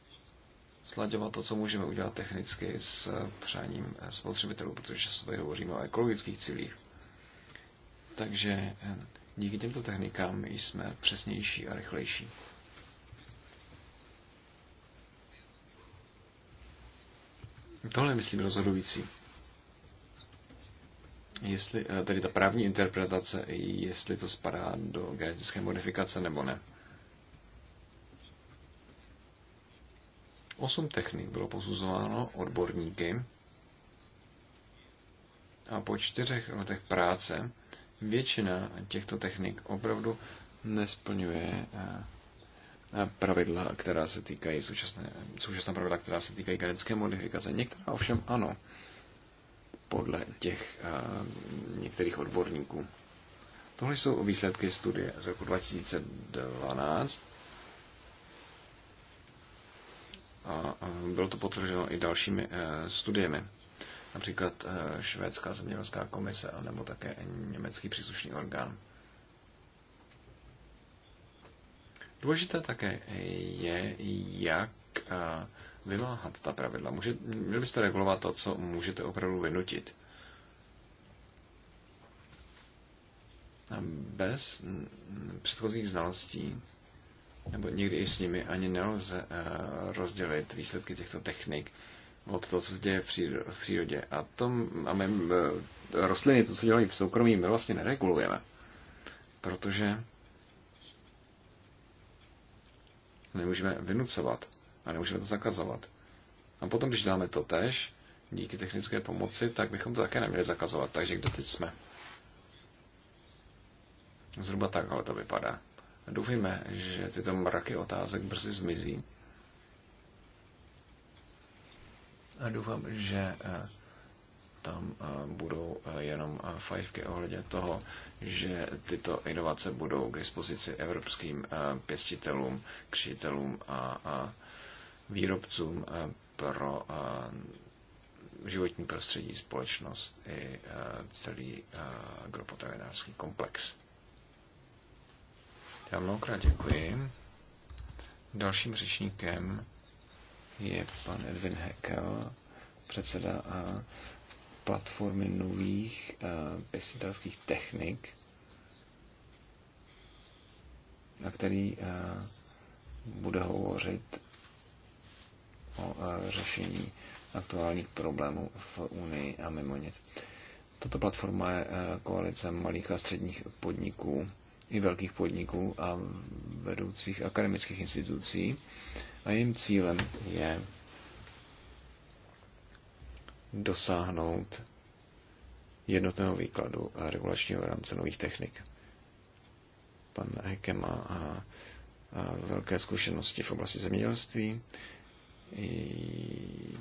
sladěvat to, co můžeme udělat technicky s eh, přáním eh, spotřebitelů, protože často tady hovoříme o ekologických cílích. Takže eh, díky těmto technikám jsme přesnější a rychlejší. Tohle myslím rozhodující. Jestli, tedy ta právní interpretace, jestli to spadá do genetické modifikace nebo ne. Osm technik bylo posuzováno odborníky a po čtyřech letech práce většina těchto technik opravdu nesplňuje eh, pravidla, která se týkají současné, současná pravidla, která se týkají genetické modifikace. Některá ovšem ano, podle těch eh, některých odborníků. Tohle jsou výsledky studie z roku 2012 a bylo to potvrzeno i dalšími eh, studiemi, například eh, Švédská zemědělská komise nebo také německý příslušný orgán. Důležité také je, jak eh, vymáhat ta pravidla. Může, měli byste regulovat to, co můžete opravdu vynutit. Bez předchozích znalostí nebo nikdy i s nimi ani nelze eh, rozdělit výsledky těchto technik od toho, co se děje v přírodě. A, tom, a my eh, rostliny, to, co dělají v soukromí, my vlastně neregulujeme. Protože nemůžeme vynucovat a nemůžeme to zakazovat. A potom, když dáme to tež, díky technické pomoci, tak bychom to také neměli zakazovat. Takže kde teď jsme? Zhruba tak, ale to vypadá. Doufejme, že tyto mraky otázek brzy zmizí. A doufám, že eh, tam eh, budou eh, jenom fajfky ohledně toho, že tyto inovace budou k dispozici evropským pěstitelům, křitelům a výrobcům pro životní prostředí, společnost i celý agropotravinářský komplex. Já mnohokrát děkuji. Dalším řečníkem je pan Edwin Heckel, předseda a platformy nových eh, pěstitelských technik, na který eh, bude hovořit o eh, řešení aktuálních problémů v Unii a mimo ně. Tato platforma je koalice malých a středních podniků i velkých podniků a vedoucích akademických institucí. A jejím cílem je dosáhnout jednotného výkladu a regulačního rámce nových technik. Pan Heke má a, a velké zkušenosti v oblasti zemědělství, i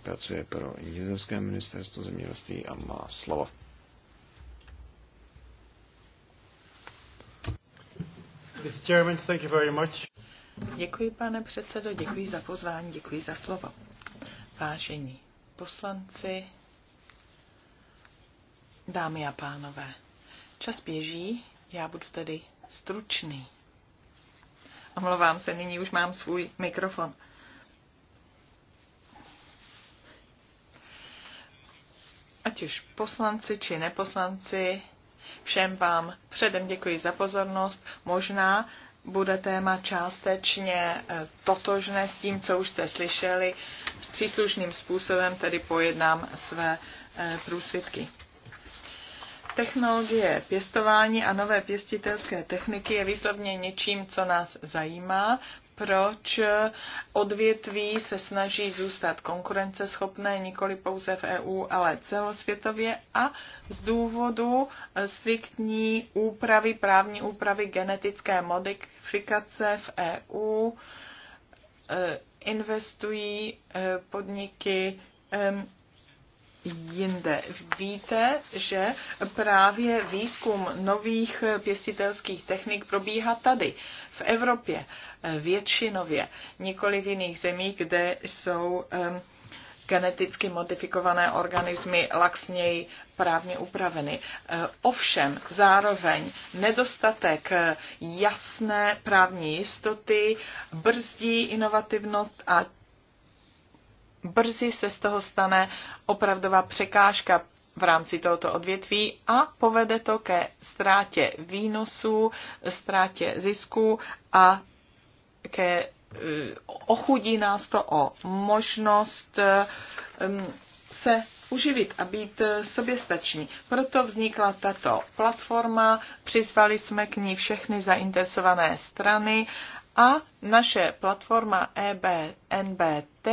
pracuje pro nizozemské ministerstvo zemědělství a má slovo. Děkuji, pane předsedo, děkuji za pozvání, děkuji za slovo. Vážení poslanci, dámy a pánové, čas běží, já budu tedy stručný. Omlouvám se, nyní už mám svůj mikrofon. Ať už poslanci či neposlanci, Všem vám předem děkuji za pozornost. Možná bude téma částečně eh, totožné s tím, co už jste slyšeli. Příslušným způsobem tedy pojednám své eh, průsvědky. Technologie pěstování a nové pěstitelské techniky je výslovně něčím, co nás zajímá proč odvětví se snaží zůstat konkurenceschopné nikoli pouze v EU, ale celosvětově a z důvodu striktní úpravy, právní úpravy genetické modifikace v EU eh, investují eh, podniky jinde. Víte, že právě výzkum nových pěstitelských technik probíhá tady v Evropě eh, většinově, nikoli v jiných zemích, kde jsou geneticky modifikované organismy laxněji právně upraveny. Eh, ovšem zároveň nedostatek eh, jasné právní jistoty brzdí inovativnost a brzy se z toho stane opravdová překážka v rámci tohoto odvětví a povede to ke ztrátě výnosů, ztrátě zisků a ke eh, ochudí nás to o možnost ehm, se uživit a být eh, soběstační. Proto vznikla tato platforma, přizvali jsme k ní všechny zainteresované strany a naše platforma EBNBT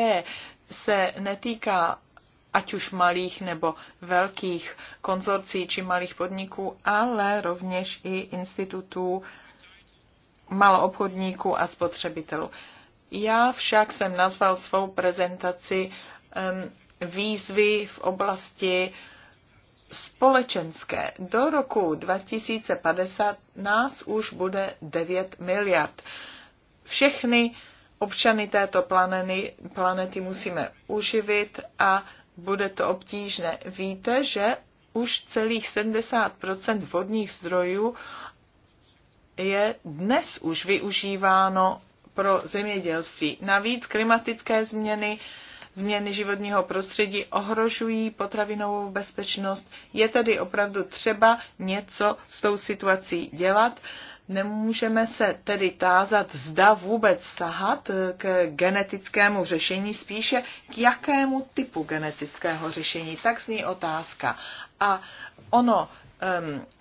se netýká ať už malých nebo velkých konzorcí či malých podniků, ale rovněž i institutů maloobchodníků a spotřebitelů. Já však jsem nazval svou prezentaci um, výzvy v oblasti společenské. Do roku 2050 nás už bude 9 miliard. Všechny občany této planety, planety musíme uživit a bude to obtížné. Víte, že už celých 70 vodních zdrojů je dnes už využíváno pro zemědělství. Navíc klimatické změny, změny životního prostředí ohrožují potravinovou bezpečnost. Je tedy opravdu třeba něco s tou situací dělat. Nemůžeme se tedy tázat, zda vůbec sahat eh, k genetickému řešení, spíše k jakému typu genetického řešení. Tak zní otázka. A ono,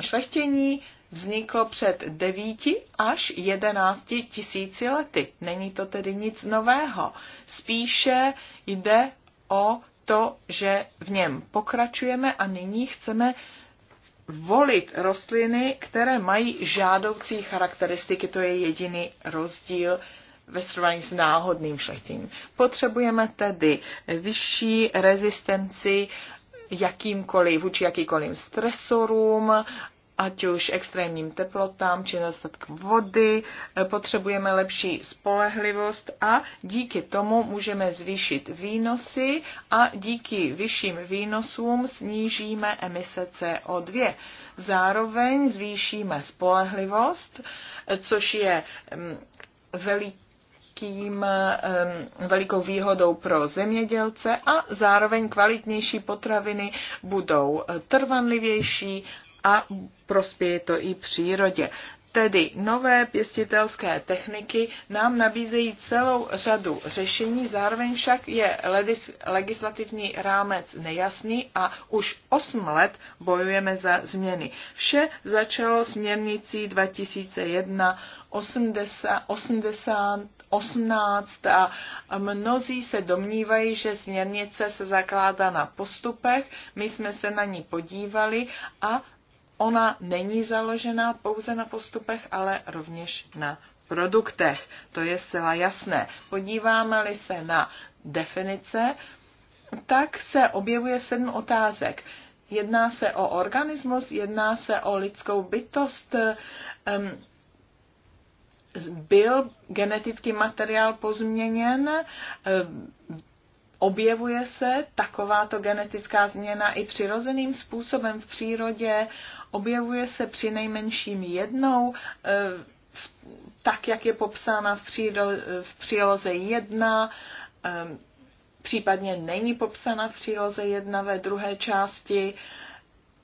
šlechtění vzniklo před 9 až 11 tisíci lety. Není to tedy nic nového. Spíše jde o to, že v něm pokračujeme a nyní chceme volit rostliny, které mají žádoucí charakteristiky. To je jediný rozdíl ve srovnání s náhodným šlechtěním. Potřebujeme tedy vyšší rezistenci jakýmkoliv, vůči jakýkoliv stresorům, ať už extrémním teplotám či nedostatk vody, eh, potřebujeme lepší spolehlivost a díky tomu můžeme zvýšit výnosy a díky vyšším výnosům snížíme emise CO2. Zároveň zvýšíme spolehlivost, eh, což je mm, veliký mm, velikou výhodou pro zemědělce a zároveň kvalitnější potraviny budou eh, trvanlivější a prospěje to i přírodě. Tedy nové pěstitelské techniky nám nabízejí celou řadu řešení, zároveň však je legislativní rámec nejasný a už 8 let bojujeme za změny. Vše začalo směrnicí 2001 80, 80, 18 a mnozí se domnívají, že směrnice se zakládá na postupech. My jsme se na ní podívali a ona není založená pouze na postupech, ale rovněž na produktech. To je zcela jasné. Podíváme-li se na definice, tak se objevuje sedm otázek. Jedná se o organismus, jedná se o lidskou bytost. Um, byl genetický materiál pozměněn, objevuje se takováto genetická změna i přirozeným způsobem v přírodě, objevuje se při nejmenším jednou, eh, tak jak je popsána v, příro, v příloze 1, eh, případně není popsána v příloze 1 ve druhé části,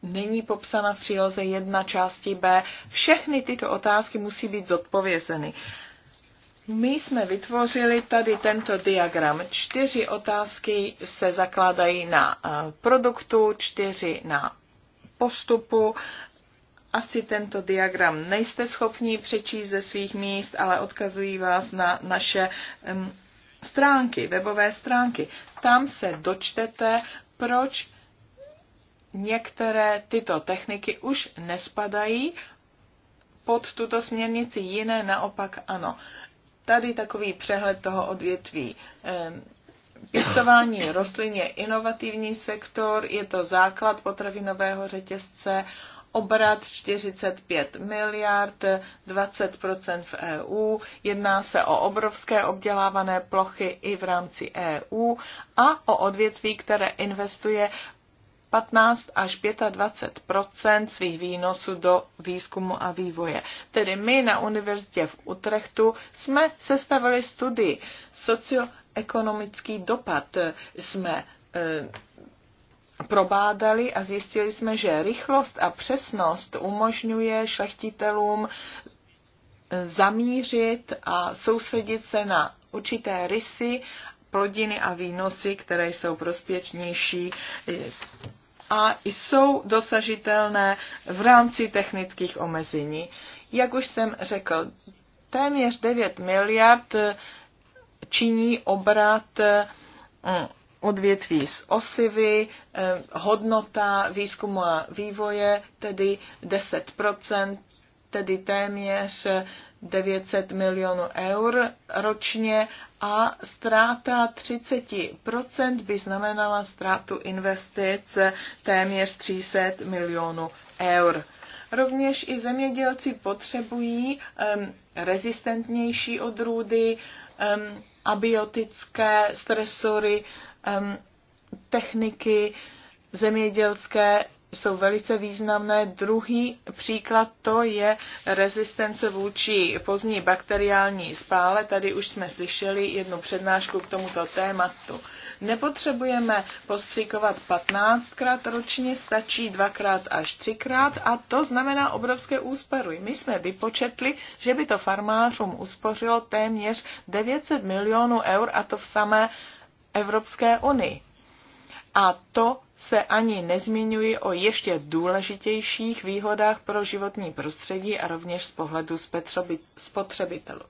není popsána v příloze 1 části B. Všechny tyto otázky musí být zodpovězeny. My jsme vytvořili tady tento diagram. Čtyři otázky se zakládají na eh, produktu, čtyři na postupu. Asi tento diagram nejste schopni přečíst ze svých míst, ale odkazují vás na naše stránky, webové stránky. Tam se dočtete, proč některé tyto techniky už nespadají pod tuto směrnici, jiné naopak ano. Tady takový přehled toho odvětví. Ehm, pěstování rostlin je inovativní sektor, je to základ potravinového řetězce, obrat 45 miliard, 20 v EU, jedná se o obrovské obdělávané plochy i v rámci EU a o odvětví, které investuje 15 až 25 svých výnosů do výzkumu a vývoje. Tedy my na univerzitě v Utrechtu jsme sestavili studii socioekonomický dopad. Jsme e, probádali a zjistili jsme, že rychlost a přesnost umožňuje šlechtitelům eh, zamířit a soustředit se na určité rysy plodiny a výnosy, které jsou prospěšnější a jsou dosažitelné v rámci technických omezení. Jak už jsem řekl, téměř 9 miliard činí obrat mm, odvětví z osivy, eh, hodnota výzkumu a vývoje, tedy 10 tedy téměř 900 milionů eur ročně a ztráta 30% by znamenala ztrátu investic téměř 300 milionů eur. Rovněž i zemědělci potřebují um, rezistentnější odrůdy, um, abiotické stresory, um, techniky zemědělské jsou velice významné. Druhý příklad to je rezistence vůči pozdní bakteriální spále. Tady už jsme slyšeli jednu přednášku k tomuto tématu. Nepotřebujeme postříkovat 15krát ročně, stačí dvakrát až třikrát a to znamená obrovské úspory. My jsme vypočetli, že by to farmářům uspořilo téměř 900 milionů eur a to v samé Evropské unii. A to se ani nezmiňuji o ještě důležitějších výhodách pro životní prostředí a rovněž z pohledu spotřebitelů.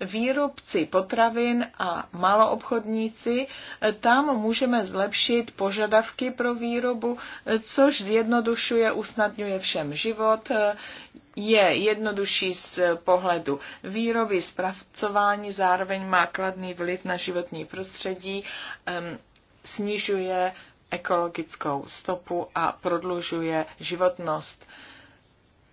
Výrobci potravin a maloobchodníci, eh, tam můžeme zlepšit požadavky pro výrobu, eh, což zjednodušuje, usnadňuje všem život, eh, je jednodušší z pohledu výroby, zpracování, zároveň má kladný vliv na životní prostředí, snižuje ekologickou stopu a prodlužuje životnost.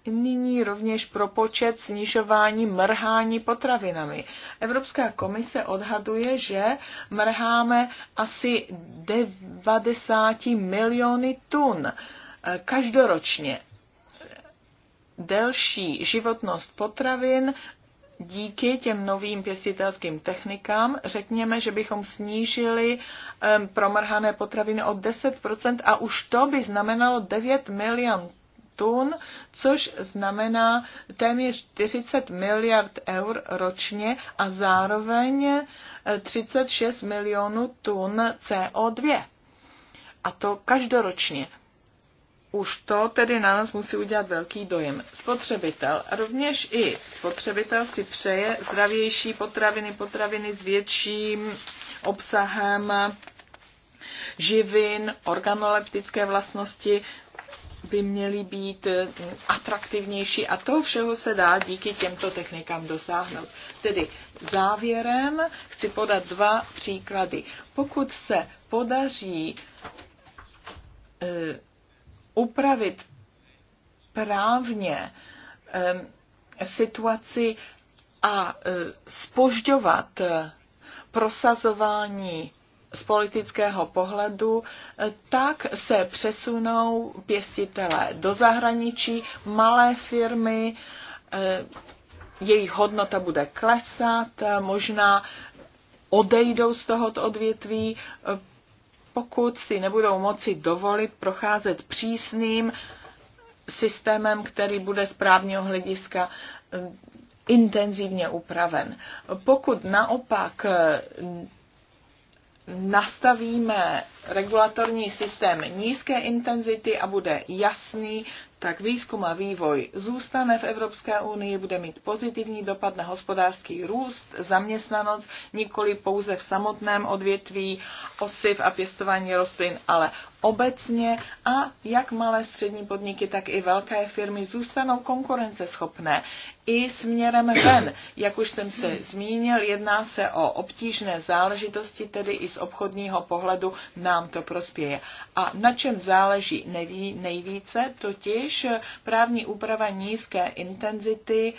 Nyní rovněž propočet snižování mrhání potravinami. Evropská komise odhaduje, že mrháme asi 90 miliony tun eh, každoročně delší životnost potravin díky těm novým pěstitelským technikám, řekněme, že bychom snížili um, promrhané potraviny o 10% a už to by znamenalo 9 milion tun, což znamená téměř 40 miliard eur ročně a zároveň 36 e, milionů tun CO2. A to každoročně už to tedy na nás musí udělat velký dojem. Spotřebitel, a rovněž i spotřebitel si přeje zdravější potraviny, potraviny s větším obsahem živin, organoleptické vlastnosti by měly být eh, atraktivnější a to všeho se dá díky těmto technikám dosáhnout. Tedy závěrem chci podat dva příklady. Pokud se podaří e, upravit právně situaci a e, spožďovat e, prosazování z politického pohledu, e, tak se přesunou pěstitelé do zahraničí, malé firmy, jejich hodnota bude klesat, možná odejdou z tohoto odvětví, pokud si nebudou moci dovolit procházet přísným systémem, který bude z právního hlediska eh, intenzivně upraven. Pokud naopak eh, nastavíme regulatorní systém nízké intenzity a bude jasný, tak výzkum a vývoj zůstane v Evropské unii, bude mít pozitivní dopad na hospodářský růst, zaměstnanost, nikoli pouze v samotném odvětví osiv a pěstování rostlin, ale obecně a jak malé střední podniky, tak i velké firmy zůstanou konkurenceschopné i směrem ven. Jak už jsem se zmínil, jedná se o obtížné záležitosti, tedy i z obchodního pohledu nám to prospěje. A na čem záleží neví, nejvíce, totiž právní úprava nízké intenzity,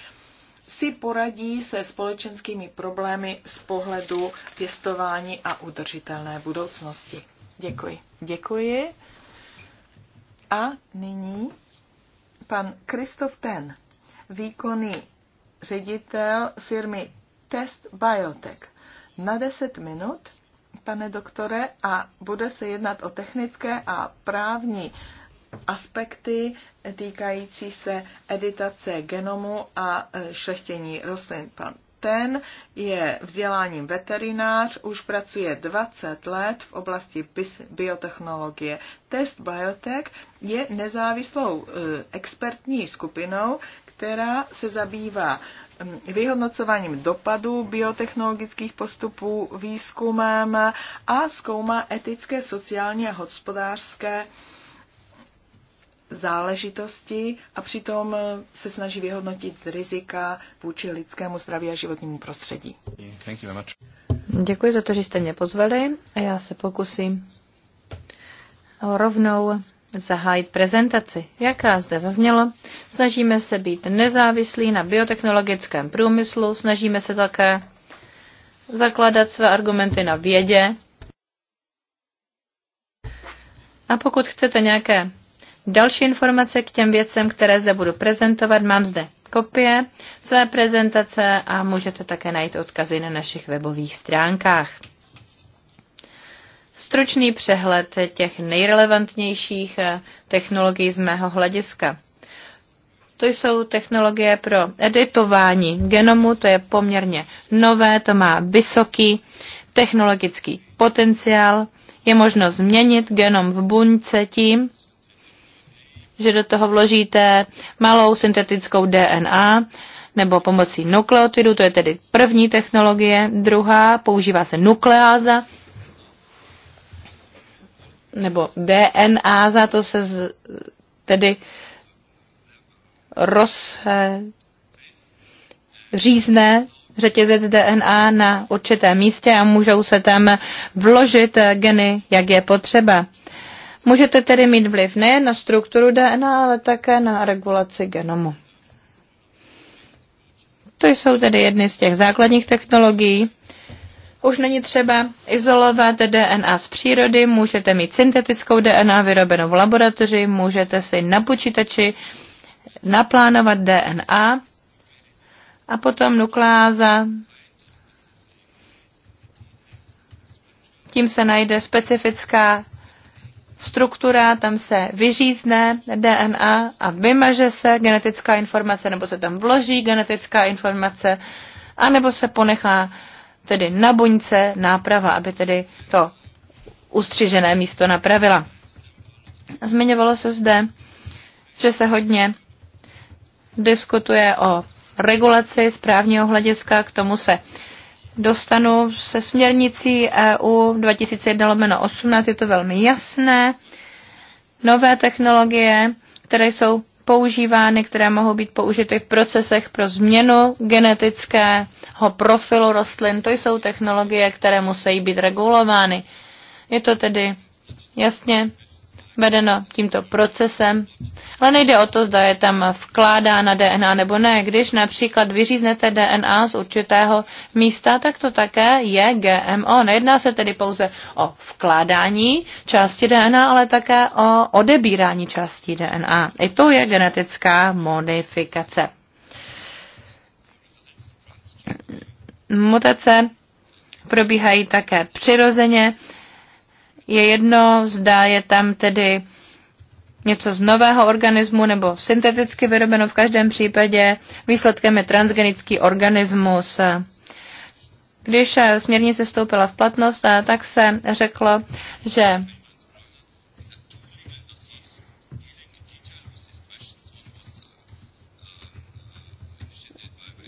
si poradí se společenskými problémy z pohledu pěstování a udržitelné budoucnosti. Děkuji. Děkuji. A nyní pan Kristof Ten, výkonný ředitel firmy Test Biotech. Na 10 minut, pane doktore, a bude se jednat o technické a právní aspekty týkající se editace genomu a šlechtění rostlin. Pan ten je vzděláním veterinář, už pracuje 20 let v oblasti biotechnologie. Test Biotech je nezávislou e, expertní skupinou, která se zabývá vyhodnocováním dopadů biotechnologických postupů, výzkumem a zkoumá etické, sociální a hospodářské záležitosti a přitom se snaží vyhodnotit rizika vůči lidskému zdraví a životnímu prostředí. Děkuji za to, že jste mě pozvali a já se pokusím rovnou zahájit prezentaci. Jaká zde zaznělo, snažíme se být nezávislí na biotechnologickém průmyslu, snažíme se také zakládat své argumenty na vědě. A pokud chcete nějaké Další informace k těm věcem, které zde budu prezentovat, mám zde kopie své prezentace a můžete také najít odkazy na našich webových stránkách. Stručný přehled těch nejrelevantnějších eh, technologií z mého hlediska. To jsou technologie pro editování genomu, to je poměrně nové, to má vysoký technologický potenciál. Je možno změnit genom v buňce tím, že do toho vložíte malou syntetickou DNA nebo pomocí nukleotidu, to je tedy první technologie. Druhá, používá se nukleáza nebo za to se z, tedy rozřízne řetězec DNA na určitém místě a můžou se tam vložit geny, jak je potřeba. Můžete tedy mít vliv nejen na strukturu DNA, ale také na regulaci genomu. To jsou tedy jedny z těch základních technologií. Už není třeba izolovat DNA z přírody, můžete mít syntetickou DNA vyrobenou v laboratoři, můžete si na počítači naplánovat DNA a potom nukleáza. Tím se najde specifická struktura, tam se vyřízne DNA a vymaže se genetická informace, nebo se tam vloží genetická informace, anebo se ponechá tedy na buňce náprava, aby tedy to ustřižené místo napravila. Zmiňovalo se zde, že se hodně diskutuje o regulaci správního hlediska, k tomu se dostanu se směrnicí EU 2001-18, je to velmi jasné. Nové technologie, které jsou používány, které mohou být použity v procesech pro změnu genetického profilu rostlin, to jsou technologie, které musí být regulovány. Je to tedy jasně vedeno tímto procesem, ale nejde o to, zda je tam vkládána DNA nebo ne. Když například vyříznete DNA z určitého místa, tak to také je GMO. Nejedná se tedy pouze o vkládání části DNA, ale také o odebírání části DNA. I to je genetická modifikace. Mutace probíhají také přirozeně je jedno, zda je tam tedy něco z nového organismu nebo synteticky vyrobeno v každém případě. Výsledkem je transgenický organismus. Když směrnice vstoupila v platnost, tak se řeklo, že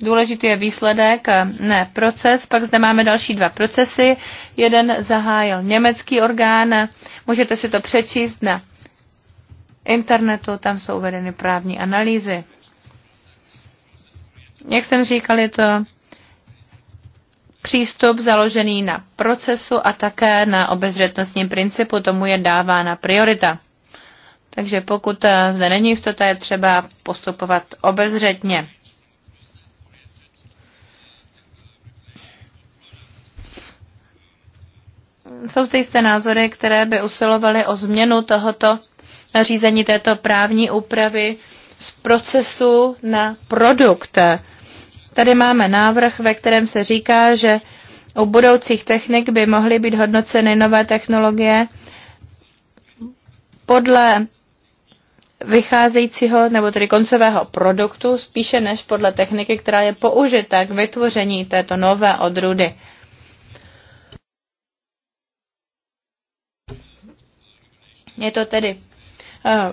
Důležitý je výsledek, eh, ne proces. Pak zde máme další dva procesy. Jeden zahájil německý orgán. Můžete si to přečíst na internetu, tam jsou uvedeny právní analýzy. Jak jsem říkal, je to přístup založený na procesu a také na obezřetnostním principu, tomu je dávána priorita. Takže pokud eh, zde není jistota, je třeba postupovat obezřetně. jsou zde jisté názory, které by usilovaly o změnu tohoto nařízení této právní úpravy z procesu na produkt. Tady máme návrh, ve kterém se říká, že u budoucích technik by mohly být hodnoceny nové technologie podle vycházejícího nebo tedy koncového produktu spíše než podle techniky, která je použita k vytvoření této nové odrůdy. Je to tedy eh,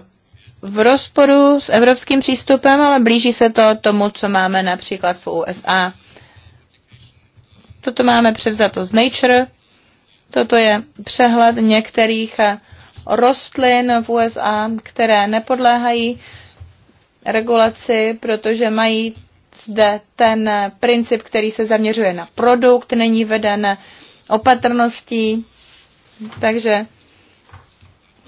v rozporu s evropským přístupem, ale blíží se to tomu, co máme například v USA. Toto máme převzato z Nature. Toto je přehled některých eh, rostlin v USA, které nepodléhají regulaci, protože mají zde ten princip, který se zaměřuje na produkt, není veden opatrností. Takže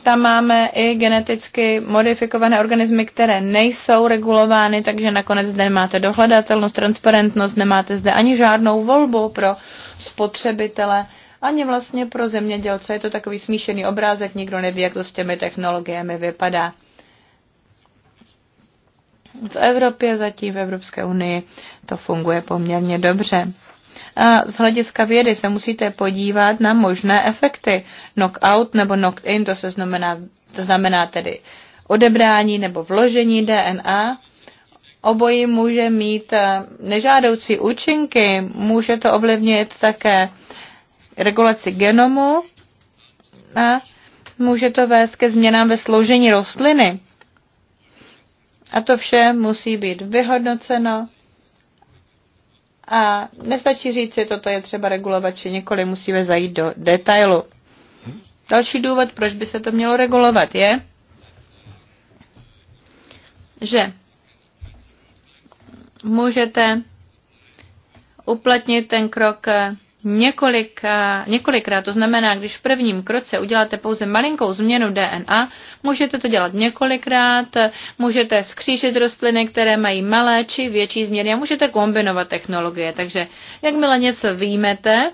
tam máme i geneticky modifikované organismy, které nejsou regulovány, takže nakonec zde nemáte dohledatelnost, transparentnost, nemáte zde ani žádnou volbu pro spotřebitele, ani vlastně pro zemědělce. Je to takový smíšený obrázek, nikdo neví, jak to s těmi technologiemi vypadá. V Evropě zatím, v Evropské unii, to funguje poměrně dobře. A z hlediska vědy se musíte podívat na možné efekty. Knockout nebo knock in to se znamená, to znamená tedy odebrání nebo vložení DNA. Obojí může mít eh, nežádoucí účinky, může to ovlivnit také regulaci genomu a může to vést ke změnám ve složení rostliny. A to vše musí být vyhodnoceno a nestačí říct že toto je třeba regulovat či nikoli, musíme zajít do detailu. Další důvod, proč by se to mělo regulovat, je, že můžete uplatnit ten krok několik, eh, několikrát. To znamená, když v prvním kroce uděláte pouze malinkou změnu DNA, můžete to dělat několikrát, můžete skřížit rostliny, které mají malé či větší změny a můžete kombinovat technologie. Takže jakmile něco výjmete,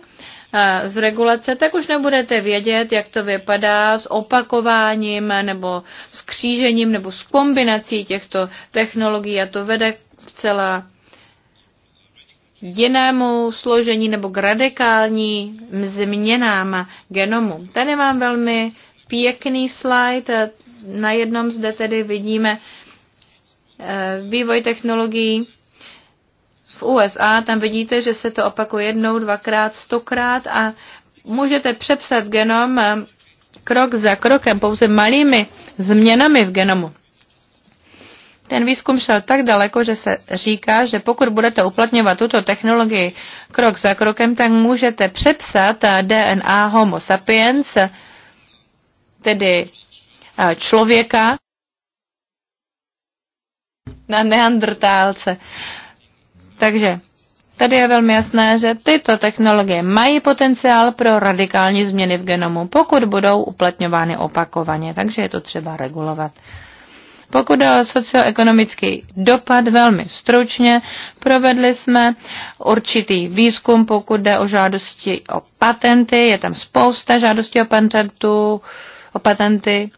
eh, z regulace, tak už nebudete vědět, jak to vypadá s opakováním nebo s křížením nebo s kombinací těchto technologií a to vede k celá jinému složení nebo k radikálním změnám genomu. Tady mám velmi pěkný slide. Na jednom zde tedy vidíme eh, vývoj technologií v USA. Tam vidíte, že se to opakuje jednou, dvakrát, stokrát a můžete přepsat genom eh, krok za krokem pouze malými změnami v genomu. Ten výzkum šel tak daleko, že se říká, že pokud budete uplatňovat tuto technologii krok za krokem, tak můžete přepsat eh, DNA Homo sapiens, tedy eh, člověka, na neandrtálce. Takže tady je velmi jasné, že tyto technologie mají potenciál pro radikální změny v genomu, pokud budou uplatňovány opakovaně, takže je to třeba regulovat. Pokud jde o socioekonomický dopad, velmi stručně provedli jsme určitý výzkum, pokud jde o žádosti o patenty. Je tam spousta žádostí o, patentu, o patenty.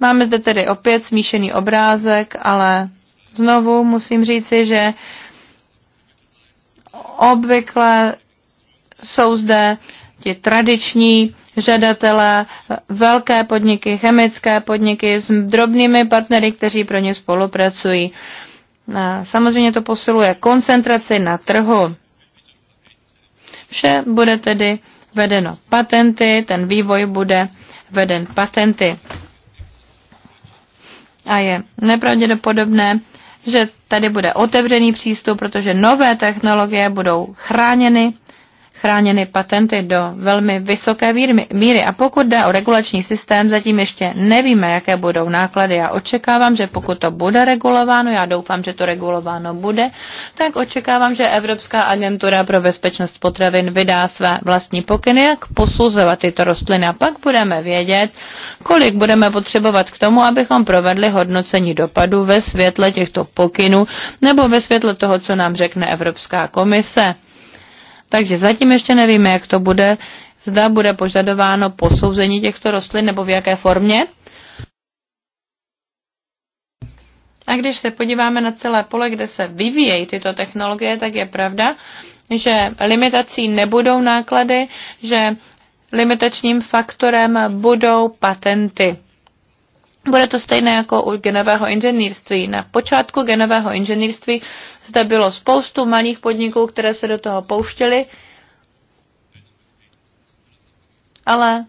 Máme zde tedy opět smíšený obrázek, ale znovu musím říci, že obvykle jsou zde ti tradiční žadatelé, velké podniky, chemické podniky s drobnými partnery, kteří pro ně spolupracují. Samozřejmě to posiluje koncentraci na trhu. Vše bude tedy vedeno patenty, ten vývoj bude veden patenty. A je nepravděpodobné, že tady bude otevřený přístup, protože nové technologie budou chráněny chráněny patenty do velmi vysoké míry. A pokud jde o regulační systém, zatím ještě nevíme, jaké budou náklady. Já očekávám, že pokud to bude regulováno, já doufám, že to regulováno bude, tak očekávám, že Evropská agentura pro bezpečnost potravin vydá své vlastní pokyny, jak posuzovat tyto rostliny. A pak budeme vědět, kolik budeme potřebovat k tomu, abychom provedli hodnocení dopadu ve světle těchto pokynů nebo ve světle toho, co nám řekne Evropská komise. Takže zatím ještě nevíme, jak to bude. Zda bude požadováno posouzení těchto rostlin nebo v jaké formě. A když se podíváme na celé pole, kde se vyvíjejí tyto technologie, tak je pravda, že limitací nebudou náklady, že limitačním faktorem budou patenty. Bude to stejné jako u genového inženýrství. Na počátku genového inženýrství zde bylo spoustu malých podniků, které se do toho pouštěly, ale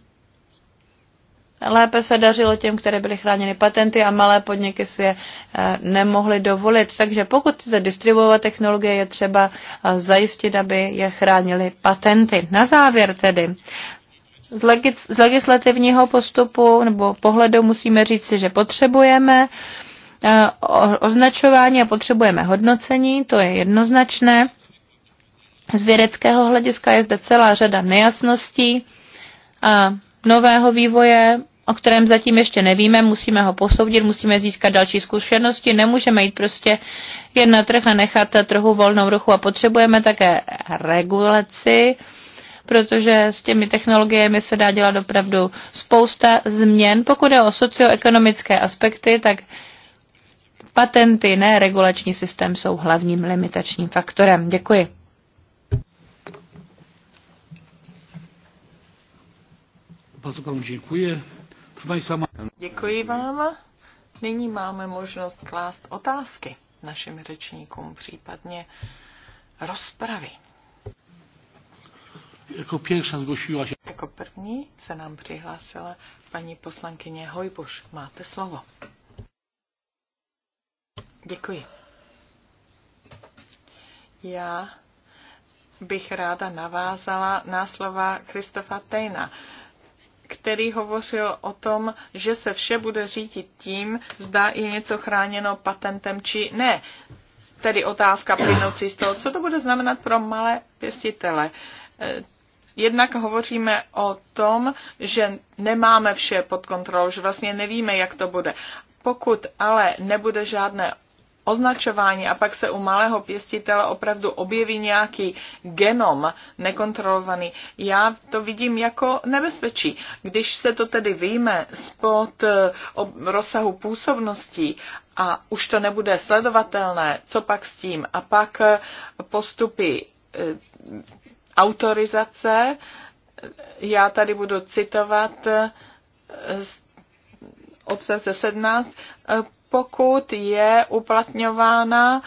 lépe se dařilo těm, které byly chráněny patenty a malé podniky si je eh, nemohly dovolit. Takže pokud chcete distribuovat technologie, je třeba eh, zajistit, aby je chránili patenty. Na závěr tedy, z, legis, z legislativního postupu nebo pohledu musíme říct si, že potřebujeme eh, označování a potřebujeme hodnocení, to je jednoznačné. Z vědeckého hlediska je zde celá řada nejasností a nového vývoje, o kterém zatím ještě nevíme, musíme ho posoudit, musíme získat další zkušenosti, nemůžeme jít prostě jen na trh a nechat trhu volnou ruchu a potřebujeme také regulaci, protože s těmi technologiemi se dá dělat opravdu spousta změn. Pokud je o socioekonomické aspekty, tak patenty, ne regulační systém jsou hlavním limitačním faktorem. Děkuji. Děkuji vám. Nyní máme možnost klást otázky našim řečníkům, případně rozpravy. Jako pierwsza zgłosiła się... Jako první se nám přihlásila paní poslankyně Hojbuš. Máte slovo. Děkuji. Já bych ráda navázala na slova Kristofa Tejna, který hovořil o tom, že se vše bude řídit tím, zda je něco chráněno patentem či ne. Tedy otázka plynoucí z toho, co to bude znamenat pro malé pěstitele. Jednak hovoříme o tom, že nemáme vše pod kontrolou, že vlastně nevíme, jak to bude. Pokud ale nebude žádné označování a pak se u malého pěstitele opravdu objeví nějaký genom nekontrolovaný. Já to vidím jako nebezpečí. Když se to tedy vyjme spod eh, rozsahu působností a už to nebude sledovatelné, co pak s tím? A pak eh, postupy eh, autorizace. Já tady budu citovat eh, z odstavce 17. Eh, pokud je uplatňována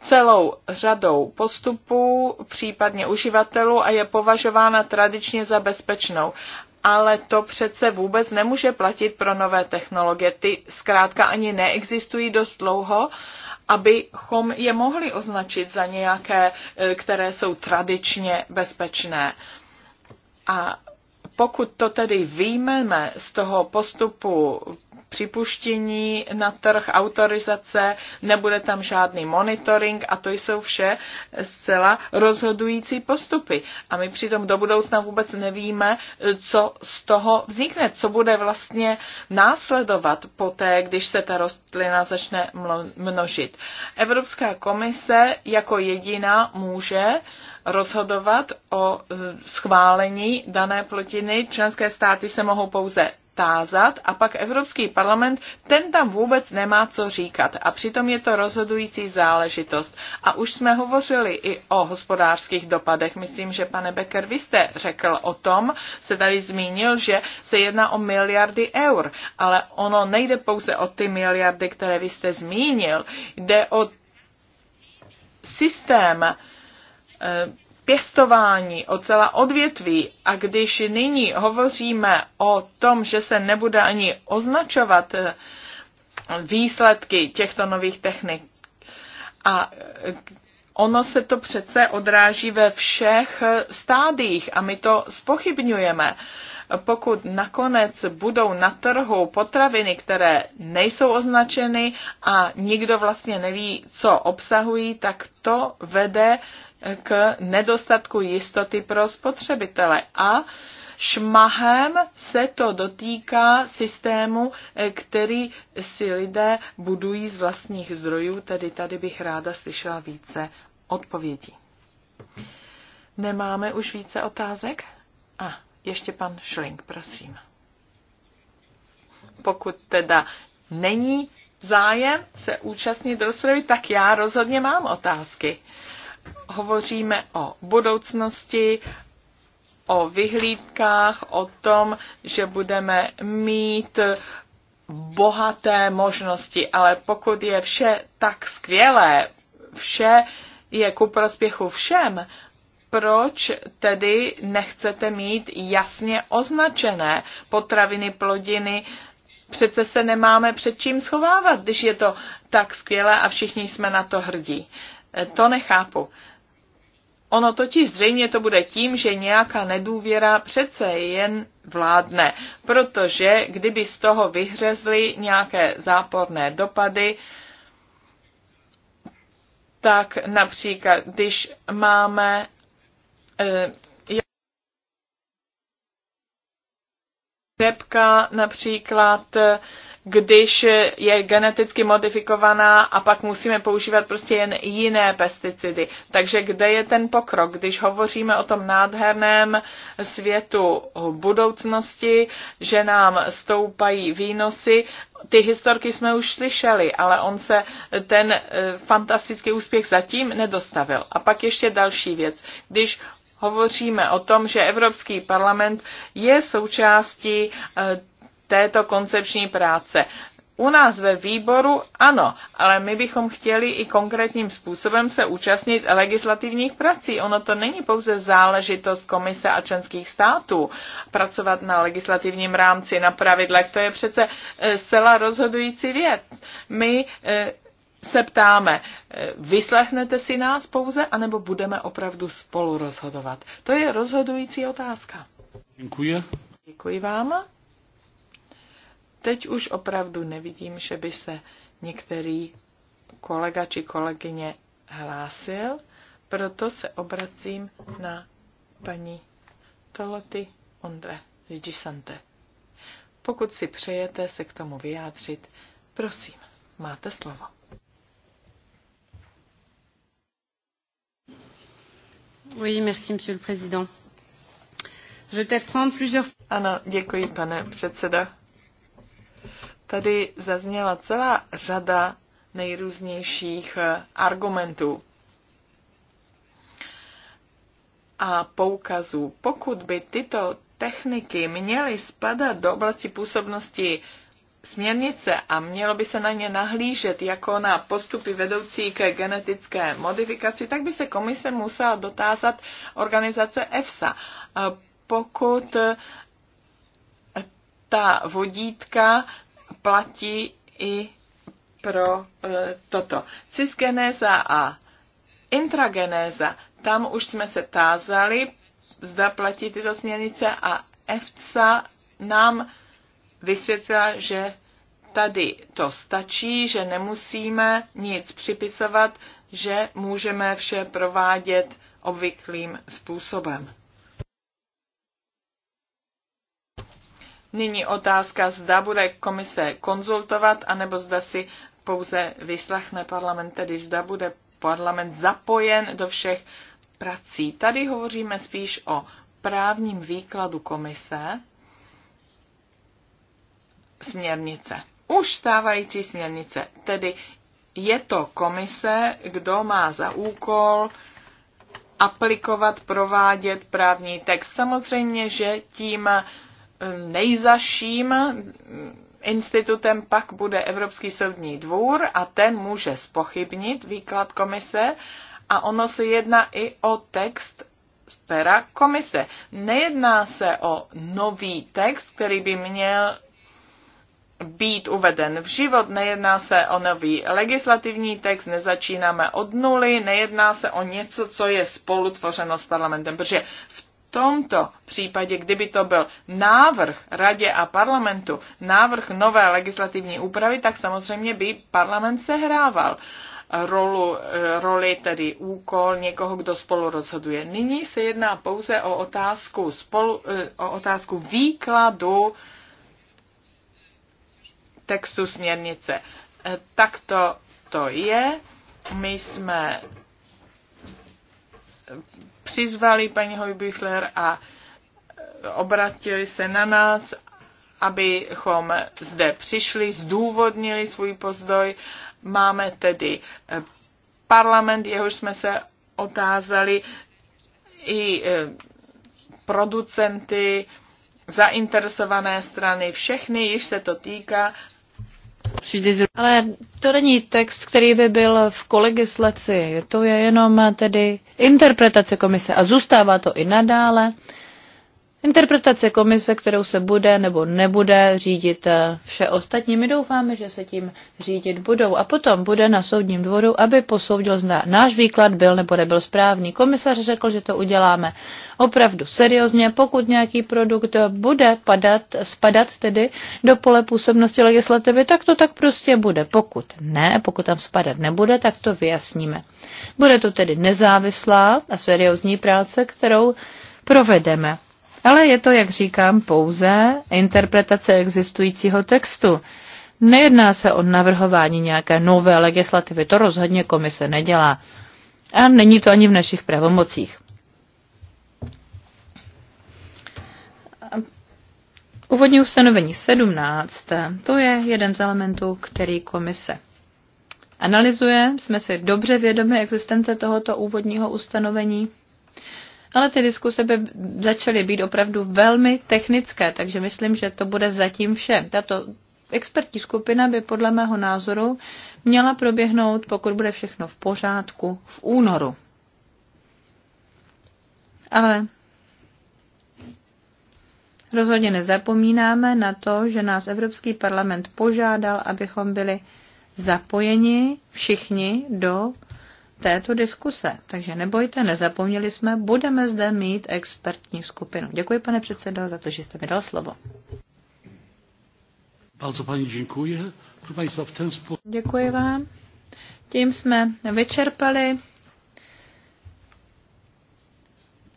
celou řadou postupů, případně uživatelů a je považována tradičně za bezpečnou. Ale to přece vůbec nemůže platit pro nové technologie. Ty zkrátka ani neexistují dost dlouho abychom je mohli označit za nějaké, eh, které jsou tradičně bezpečné. A pokud to tedy výjmeme z toho postupu připuštění na trh, autorizace, nebude tam žádný monitoring a to jsou vše zcela rozhodující postupy. A my přitom do budoucna vůbec nevíme, co z toho vznikne, co bude vlastně následovat poté, když se ta rostlina začne množit. Evropská komise jako jediná může rozhodovat o e, schválení dané plotiny. Členské státy se mohou pouze tázat a pak Evropský parlament, ten tam vůbec nemá co říkat a přitom je to rozhodující záležitost. A už jsme hovořili i o hospodářských dopadech. Myslím, že pane Becker, vy jste řekl o tom, se tady zmínil, že se jedná o miliardy eur, ale ono nejde pouze o ty miliardy, které vy jste zmínil, jde o systém, Eh, pěstování, o celá odvětví. A když nyní hovoříme o tom, že se nebude ani označovat eh, výsledky těchto nových technik, a eh, ono se to přece odráží ve všech stádiích a my to spochybňujeme pokud nakonec budou na trhu potraviny, které nejsou označeny a nikdo vlastně neví, co obsahují, tak to vede k nedostatku jistoty pro spotřebitele. A šmahem se to dotýká systému, eh, který si lidé budují z vlastních zdrojů, tedy tady bych ráda slyšela více odpovědí. Nemáme už více otázek? A ah, ještě pan Šlink, prosím. Pokud teda není zájem se účastnit rozpravy, tak já rozhodně mám otázky hovoříme o budoucnosti, o vyhlídkách, o tom, že budeme mít bohaté možnosti, ale pokud je vše tak skvělé, vše je ku prospěchu všem, proč tedy nechcete mít jasně označené potraviny, plodiny? Přece se nemáme před čím schovávat, když je to tak skvělé a všichni jsme na to hrdí. Eh, to nechápu. Ono totiž zřejmě to bude tím, že nějaká nedůvěra přece jen vládne, protože kdyby z toho vyhřezly nějaké záporné dopady, tak například, když máme eh, řepka například eh, když je geneticky modifikovaná a pak musíme používat prostě jen jiné pesticidy. Takže kde je ten pokrok? Když hovoříme o tom nádherném světu budoucnosti, že nám stoupají výnosy, ty historky jsme už slyšeli, ale on se ten eh, fantastický úspěch zatím nedostavil. A pak ještě další věc. Když hovoříme o tom, že Evropský parlament je součástí eh, této koncepční práce. U nás ve výboru ano, ale my bychom chtěli i konkrétním způsobem se účastnit legislativních prací. Ono to není pouze záležitost komise a členských států. Pracovat na legislativním rámci, na pravidlech, to je přece e, zcela rozhodující věc. My e, se ptáme, e, vyslechnete si nás pouze, anebo budeme opravdu spolu rozhodovat? To je rozhodující otázka. Děkuji. Děkuji vám. Teď už opravdu nevidím, že by se některý kolega či kolegyně hlásil, proto se obracím na paní Toloty Ondre Rigisante. Pokud si přejete se k tomu vyjádřit, prosím, máte slovo. Oui, merci, monsieur le président. Je vais prendre plusieurs... Ano, děkuji, pane předseda. Tady zazněla celá řada nejrůznějších eh, argumentů a poukazů. Pokud by tyto techniky měly spadat do oblasti působnosti směrnice a mělo by se na ně nahlížet jako na postupy vedoucí ke genetické modifikaci, tak by se komise musela dotázat organizace EFSA. Eh, pokud ta vodítka platí i pro e, toto. Cisgenéza a intragenéza, tam už jsme se tázali, zda platí tyto směrnice a EFSA nám vysvětlila, že tady to stačí, že nemusíme nic připisovat, že můžeme vše provádět obvyklým způsobem. Nyní otázka, zda bude komise konzultovat, anebo zda si pouze vyslechne parlament, tedy zda bude parlament zapojen do všech prací. Tady hovoříme spíš o právním výkladu komise směrnice. Už stávající směrnice, tedy je to komise, kdo má za úkol aplikovat, provádět právní text. Samozřejmě, že tím nejzaším institutem pak bude Evropský soudní dvůr a ten může spochybnit výklad komise a ono se jedná i o text z pera komise. Nejedná se o nový text, který by měl být uveden v život, nejedná se o nový legislativní text, nezačínáme od nuly, nejedná se o něco, co je spolutvořeno s parlamentem, protože v tomto případě, kdyby to byl návrh radě a parlamentu, návrh nové legislativní úpravy, tak samozřejmě by parlament sehrával rolu, eh, roli, tedy úkol někoho, kdo spolu rozhoduje. Nyní se jedná pouze o otázku, spolu, eh, o otázku výkladu textu směrnice. Eh, tak to, to je. My jsme přizvali paní Hojbichler a e, obratili se na nás, abychom zde přišli, zdůvodnili svůj pozdoj. Máme tedy e, parlament, jehož jsme se otázali, i e, producenty, zainteresované strany, všechny, již se to týká, ale to není text, který by byl v kolegislaci. To je jenom tedy interpretace komise a zůstává to i nadále interpretace komise, kterou se bude nebo nebude řídit eh, vše ostatní. My doufáme, že se tím řídit budou a potom bude na soudním dvoru, aby posoudil, zda náš výklad byl nebo nebyl správný. Komisař řekl, že to uděláme opravdu seriózně, pokud nějaký produkt bude padat, spadat tedy do pole působnosti legislativy, tak to tak prostě bude. Pokud ne, pokud tam spadat nebude, tak to vyjasníme. Bude to tedy nezávislá a seriózní práce, kterou provedeme. Ale je to, jak říkám, pouze interpretace existujícího textu. Nejedná se o navrhování nějaké nové legislativy, to rozhodně komise nedělá. A není to ani v našich pravomocích. Úvodní ustanovení 17, to je jeden z elementů, který komise analyzuje. Jsme si dobře vědomi existence tohoto úvodního ustanovení ale ty diskuse by začaly být opravdu velmi technické, takže myslím, že to bude zatím vše. Tato expertní skupina by podle mého názoru měla proběhnout, pokud bude všechno v pořádku, v únoru. Ale rozhodně nezapomínáme na to, že nás Evropský parlament požádal, abychom byli zapojeni všichni do této diskuse. Takže nebojte, nezapomněli jsme, budeme zde mít expertní skupinu. Děkuji, pane předsedo, za to, že jste mi dal slovo. Bardzo pani děkuji. Państwa, v ten spod... Děkuji vám. Tím jsme vyčerpali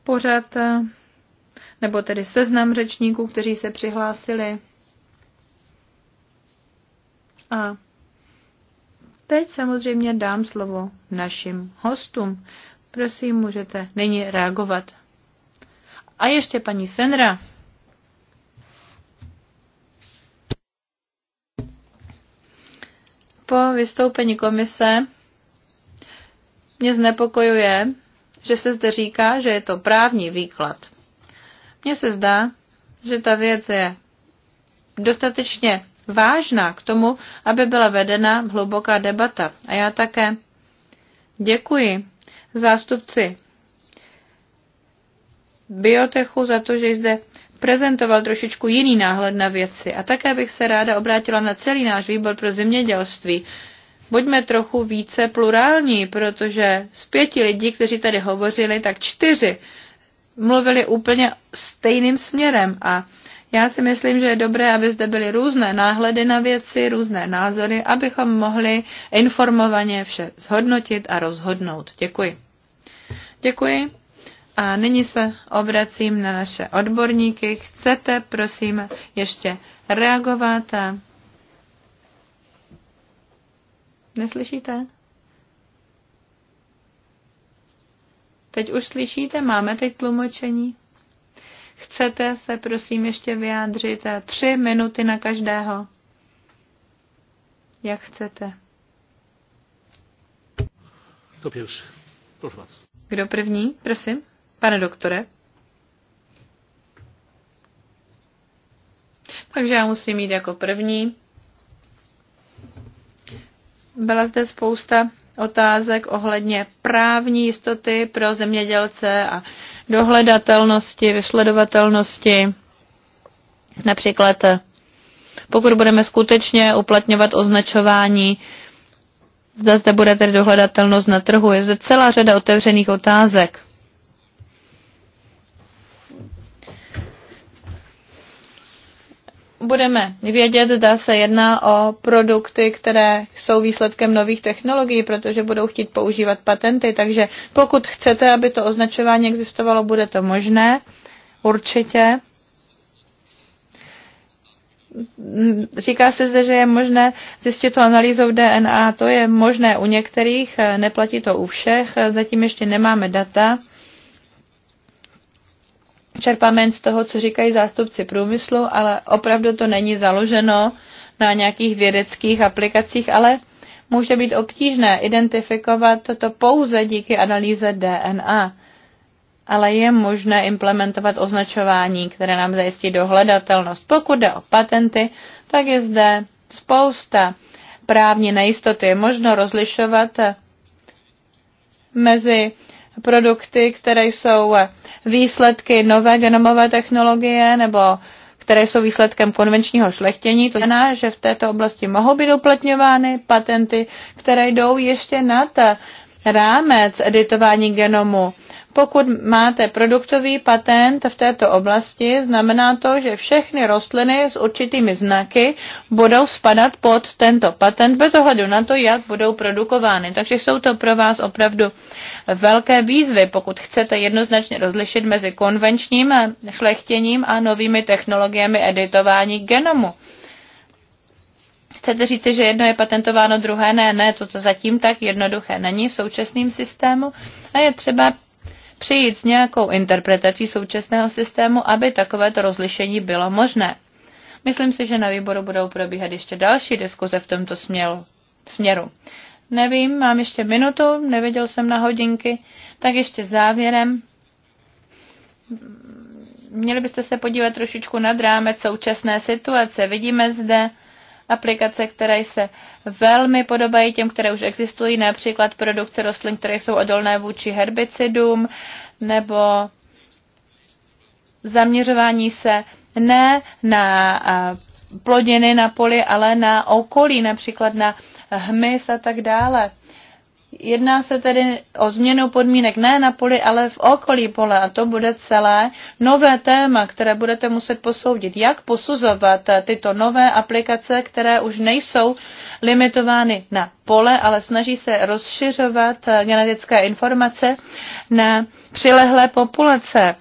pořad, nebo tedy seznam řečníků, kteří se přihlásili. A Teď samozřejmě dám slovo našim hostům. Prosím, můžete nyní reagovat. A ještě paní Senra. Po vystoupení komise mě znepokojuje, že se zde říká, že je to právní výklad. Mně se zdá, že ta věc je dostatečně vážná k tomu, aby byla vedena hluboká debata. A já také děkuji zástupci biotechu za to, že zde prezentoval trošičku jiný náhled na věci. A také bych se ráda obrátila na celý náš výbor pro zemědělství. Buďme trochu více plurální, protože z pěti lidí, kteří tady hovořili, tak čtyři mluvili úplně stejným směrem a já si myslím, že je dobré, aby zde byly různé náhledy na věci, různé názory, abychom mohli informovaně vše zhodnotit a rozhodnout. Děkuji. Děkuji. A nyní se obracím na naše odborníky. Chcete, prosím, ještě reagovat? A... Neslyšíte? Teď už slyšíte? Máme teď tlumočení? Chcete se prosím ještě vyjádřit eh, tři minuty na každého? Jak chcete. Kdo pierwszy? Proszę vás. Kdo první? Prosím. Pane doktore. Takže já musím jít jako první. Byla zde spousta otázek ohledně právní jistoty pro zemědělce a dohledatelnosti, vysledovatelnosti. Například pokud budeme skutečně uplatňovat označování, zda zde bude tedy dohledatelnost na trhu, je zde celá řada otevřených otázek. budeme vědět, zda se jedná o produkty, které jsou výsledkem nových technologií, protože budou chtít používat patenty. Takže pokud chcete, aby to označování existovalo, bude to možné. Určitě. Říká se zde, že je možné zjistit to analýzou DNA. To je možné u některých, neplatí to u všech, zatím ještě nemáme data čerpáme jen z toho, co říkají zástupci průmyslu, ale opravdu to není založeno na nějakých vědeckých aplikacích, ale může být obtížné identifikovat to pouze díky analýze DNA. Ale je možné implementovat označování, které nám zajistí dohledatelnost. Pokud jde o patenty, tak je zde spousta právní nejistoty. Je možno rozlišovat mezi produkty, které jsou výsledky nové genomové technologie nebo které jsou výsledkem konvenčního šlechtění. To znamená, že v této oblasti mohou být uplatňovány patenty, které jdou ještě nad rámec editování genomu. Pokud máte produktový patent v této oblasti, znamená to, že všechny rostliny s určitými znaky budou spadat pod tento patent bez ohledu na to, jak budou produkovány. Takže jsou to pro vás opravdu velké výzvy, pokud chcete jednoznačně rozlišit mezi konvenčním šlechtěním a novými technologiemi editování genomu. Chcete říci, že jedno je patentováno, druhé ne, ne, toto zatím tak jednoduché není v současném systému a je třeba přijít s nějakou interpretací současného systému, aby takovéto rozlišení bylo možné. Myslím si, že na výboru budou probíhat ještě další diskuze v tomto směru. směru. Nevím, mám ještě minutu, neviděl jsem na hodinky, tak ještě závěrem. Měli byste se podívat trošičku nad rámec současné situace. Vidíme zde aplikace, které se velmi podobají těm, které už existují, například produkce rostlin, které jsou odolné vůči herbicidům, nebo zaměřování se ne na plodiny na poli, ale na okolí, například na hmyz a tak dále. Jedná se tedy o změnu podmínek ne na poli, ale v okolí pole a to bude celé nové téma, které budete muset posoudit. Jak posuzovat tyto nové aplikace, které už nejsou limitovány na pole, ale snaží se rozšiřovat genetické informace na přilehlé populace.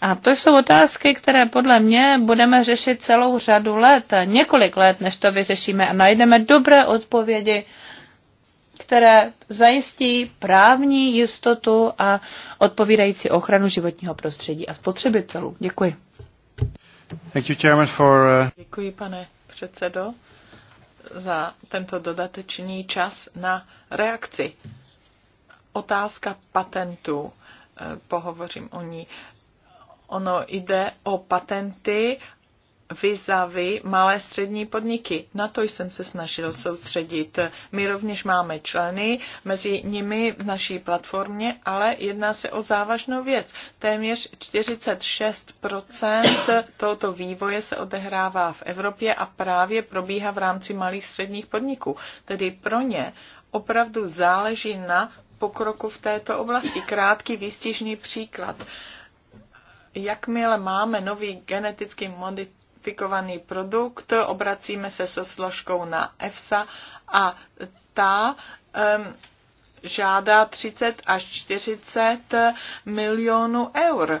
A to jsou otázky, které podle mě budeme řešit celou řadu let, několik let, než to vyřešíme a najdeme dobré odpovědi které zajistí právní jistotu a odpovídající ochranu životního prostředí a spotřebitelů. Děkuji. Thank you, Chairman, for, uh... Děkuji, pane předsedo, za tento dodatečný čas na reakci. Otázka patentů, eh, pohovořím o ní. Ono jde o patenty vizavy malé střední podniky. Na to jsem se snažil soustředit. My rovněž máme členy mezi nimi v naší platformě, ale jedná se o závažnou věc. Téměř 46% tohoto vývoje se odehrává v Evropě a právě probíhá v rámci malých středních podniků. Tedy pro ně opravdu záleží na pokroku v této oblasti. Krátký výstižný příklad jakmile máme nový geneticky certifikovaný produkt, obracíme se se složkou na EFSA a ta um, žádá 30 až 40 milionů eur.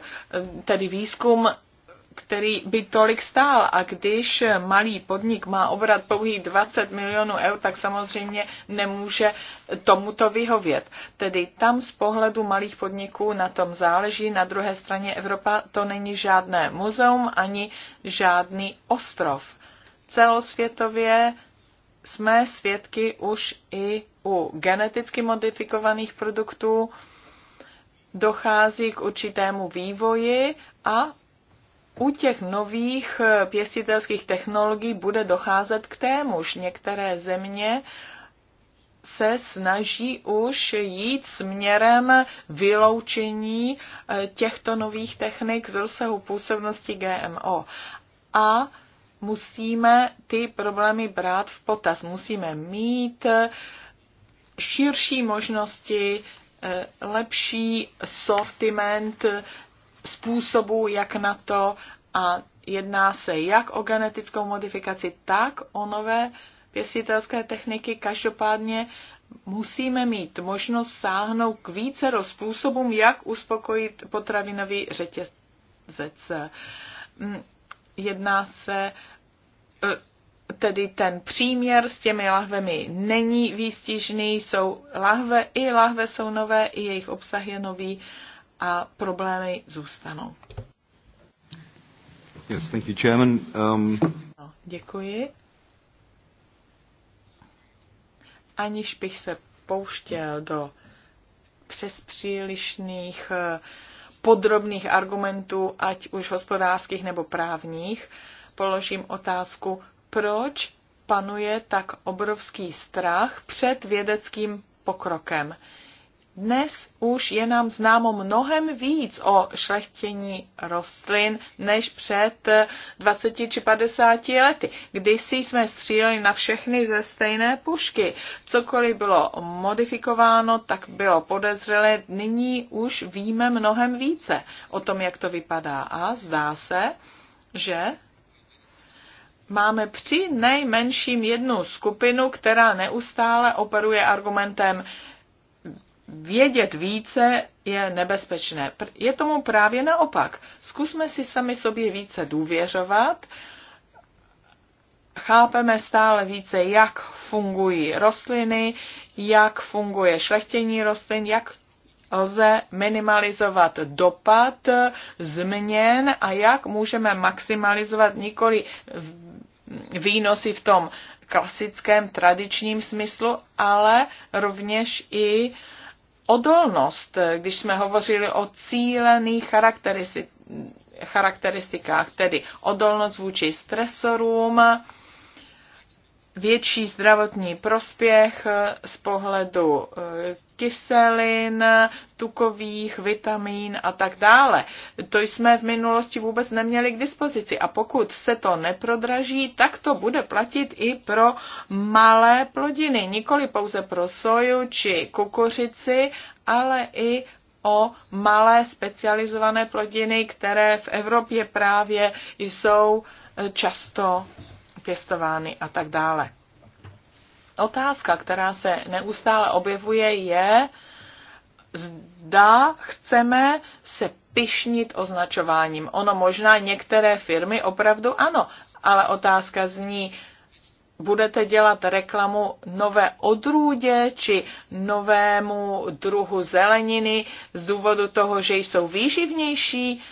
Tedy výzkum který by tolik stál. A když malý podnik má obrat pouhých 20 milionů eur, tak samozřejmě nemůže tomuto vyhovět. Tedy tam z pohledu malých podniků na tom záleží. Na druhé straně Evropa to není žádné muzeum ani žádný ostrov. Celosvětově jsme svědky už i u geneticky modifikovaných produktů, dochází k určitému vývoji a u těch nových eh, pěstitelských technologií bude docházet k témuž. Některé země se snaží už jít směrem vyloučení eh, těchto nových technik z rozsahu působnosti GMO. A musíme ty problémy brát v potaz. Musíme mít eh, širší možnosti, lepší sortiment způsobů, jak na to a jedná se jak o genetickou modifikaci, tak o nové pěstitelské techniky. Každopádně musíme mít možnost sáhnout k více způsobům, jak uspokojit potravinový řetězec. Mm, jedná se e, tedy ten příměr s těmi lahvemi není výstižný, jsou lahve, i lahve jsou nové, i jejich obsah je nový. Uh, a problémy zůstanou. Yes, thank you, Chairman. Um... No, děkuji. Aniž bych se pouštěl do přes přílišných eh, podrobných argumentů, ať už hospodářských nebo právních, položím otázku, proč panuje tak obrovský strach před vědeckým pokrokem. Dnes už je nám známo mnohem víc o šlechtění rostlin než před 20 či 50 lety. Kdysi jsme stříleli na všechny ze stejné pušky. Cokoliv bylo modifikováno, tak bylo podezřelé. Nyní už víme mnohem více o tom, jak to vypadá. A zdá se, že máme při nejmenším jednu skupinu, která neustále operuje argumentem, vědět více je nebezpečné. Je tomu právě naopak. Zkusme si sami sobě více důvěřovat, chápeme stále více, jak fungují rostliny, jak funguje šlechtění rostlin, jak lze minimalizovat dopad změn a jak můžeme maximalizovat nikoli výnosy v tom klasickém tradičním smyslu, ale rovněž i uh, odolnost, když jsme hovořili o cílených charakteristikách, tedy odolnost vůči stresorům, větší zdravotní prospěch z pohledu eh, kyselin, tukových, vitamín a tak dále. To jsme v minulosti vůbec neměli k dispozici a pokud se to neprodraží, tak to bude platit i pro malé plodiny, nikoli pouze pro soju či kukuřici, ale i o malé specializované plodiny, které v Evropě právě jsou eh, často pěstovány a tak dále otázka, která se neustále objevuje, je, zda chceme se pišnit označováním. Ono možná některé firmy opravdu ano, ale otázka zní, budete dělat reklamu nové odrůdě či novému druhu zeleniny z důvodu toho, že jsou výživnější,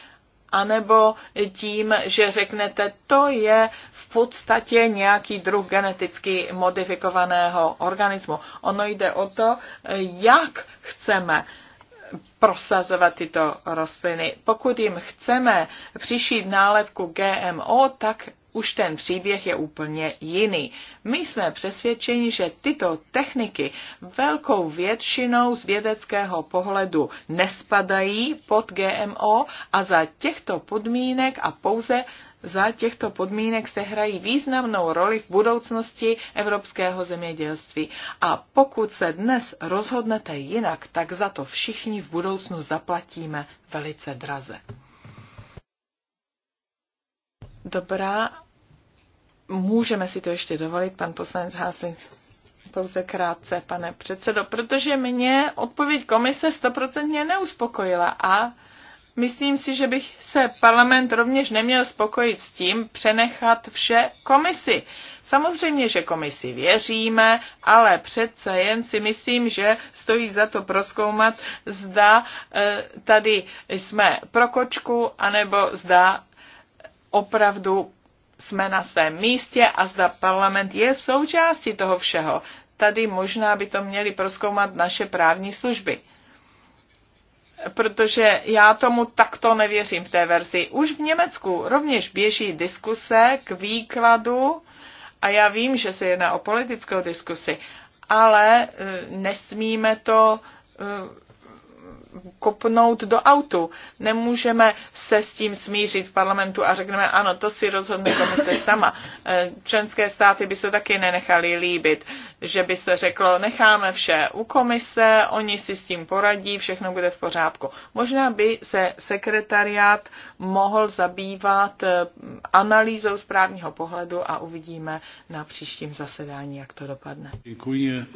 anebo tím, že řeknete, to je v podstatě nějaký druh geneticky modifikovaného organismu. Ono jde o to, jak chceme prosazovat tyto rostliny. Pokud jim chceme přišít nálepku GMO, tak už ten příběh je úplně jiný. My jsme přesvědčeni, že tyto techniky velkou většinou z vědeckého pohledu nespadají pod GMO a za těchto podmínek a pouze za těchto podmínek se hrají významnou roli v budoucnosti evropského zemědělství. A pokud se dnes rozhodnete jinak, tak za to všichni v budoucnu zaplatíme velice draze. Dobrá, můžeme si to ještě dovolit, pan poslanec Hásling pouze krátce, pane předsedo, protože mě odpověď komise stoprocentně neuspokojila a myslím si, že bych se parlament rovněž neměl spokojit s tím přenechat vše komisi. Samozřejmě, že komisi věříme, ale přece jen si myslím, že stojí za to proskoumat, zda eh, tady jsme pro kočku, anebo zda opravdu jsme na svém místě a zda parlament je součástí toho všeho. Tady možná by to měli proskoumat naše právní služby. Protože já tomu takto nevěřím v té verzi. Už v Německu rovněž běží diskuse k výkladu a já vím, že se jedná o politickou diskusi, ale e, nesmíme to e, kopnout do autu. Nemůžeme se s tím smířit v parlamentu a řekneme, ano, to si rozhodne komise sama. Eh, členské státy by se taky nenechali líbit, že by se řeklo, necháme vše u komise, oni si s tím poradí, všechno bude v pořádku. Možná by se sekretariát mohl zabývat eh, analýzou správního pohledu a uvidíme na příštím zasedání, jak to dopadne. Děkuji.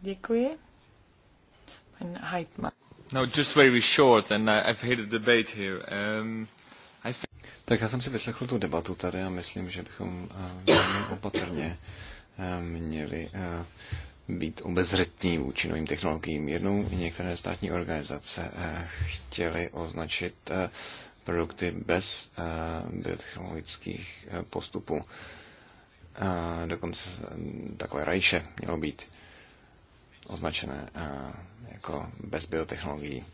Děkuji. No, Tak já jsem si vyslechl tu debatu tady a myslím, že bychom eh, velmi opatrně eh, měli eh, být obezřetní vůči novým technologiím. Jednou některé státní organizace chtěly označit produkty bez biotechnologických postupů. Dokonce takové rajše mělo být označené eh, jako bez biotechnologií.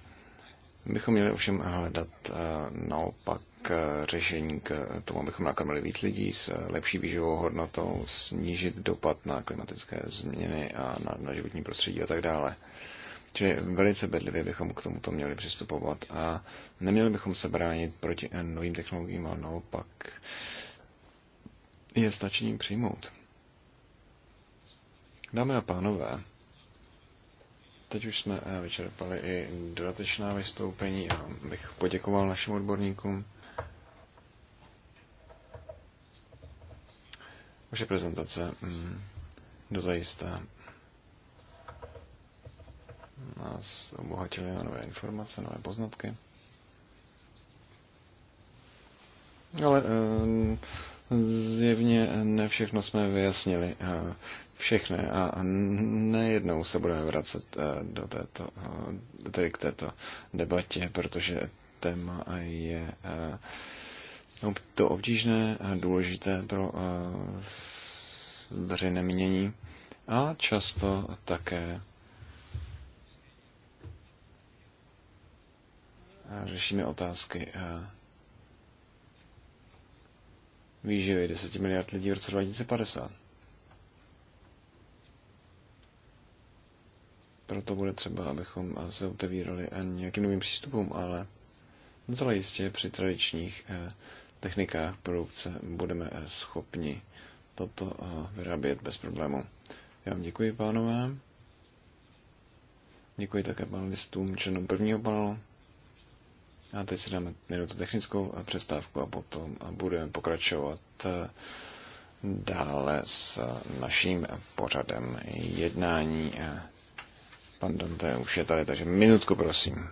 Bychom měli ovšem hledat eh, naopak eh, řešení k tomu, abychom nakrmili víc lidí s lepší výživovou hodnotou, snížit dopad na klimatické změny a na, na životní prostředí a tak dále. Čili velice bedlivě bychom k tomuto měli přistupovat a neměli bychom se bránit proti novým technologiím, ale naopak je stačí jim přijmout. Dámy a pánové, Teď už jsme eh, vyčerpali i dodatečná vystoupení a bych poděkoval našim odborníkům. Vaše prezentace mm, dozajista nás obohatily na nové informace, nové poznatky. Ale eh, zjevně ne všechno jsme vyjasnili. Eh, všechny a nejednou se budeme vracet eh, do této, eh, tedy k této debatě, protože téma je eh, no, to obtížné, důležité pro veřejné mínění a často také řešíme otázky výživy 10 miliard lidí v roce 2050. Proto bude třeba, abychom se otevírali nějakým novým přístupům, ale zcela jistě při tradičních eh, technikách produkce budeme eh, schopni toto eh, vyrábět bez problému. Já vám děkuji, pánové. Děkuji také panelistům, členům prvního panelu. A teď si dáme minutu technickou přestávku a potom budeme pokračovat dále s naším pořadem jednání. Pan Dante už je tady, takže minutku prosím.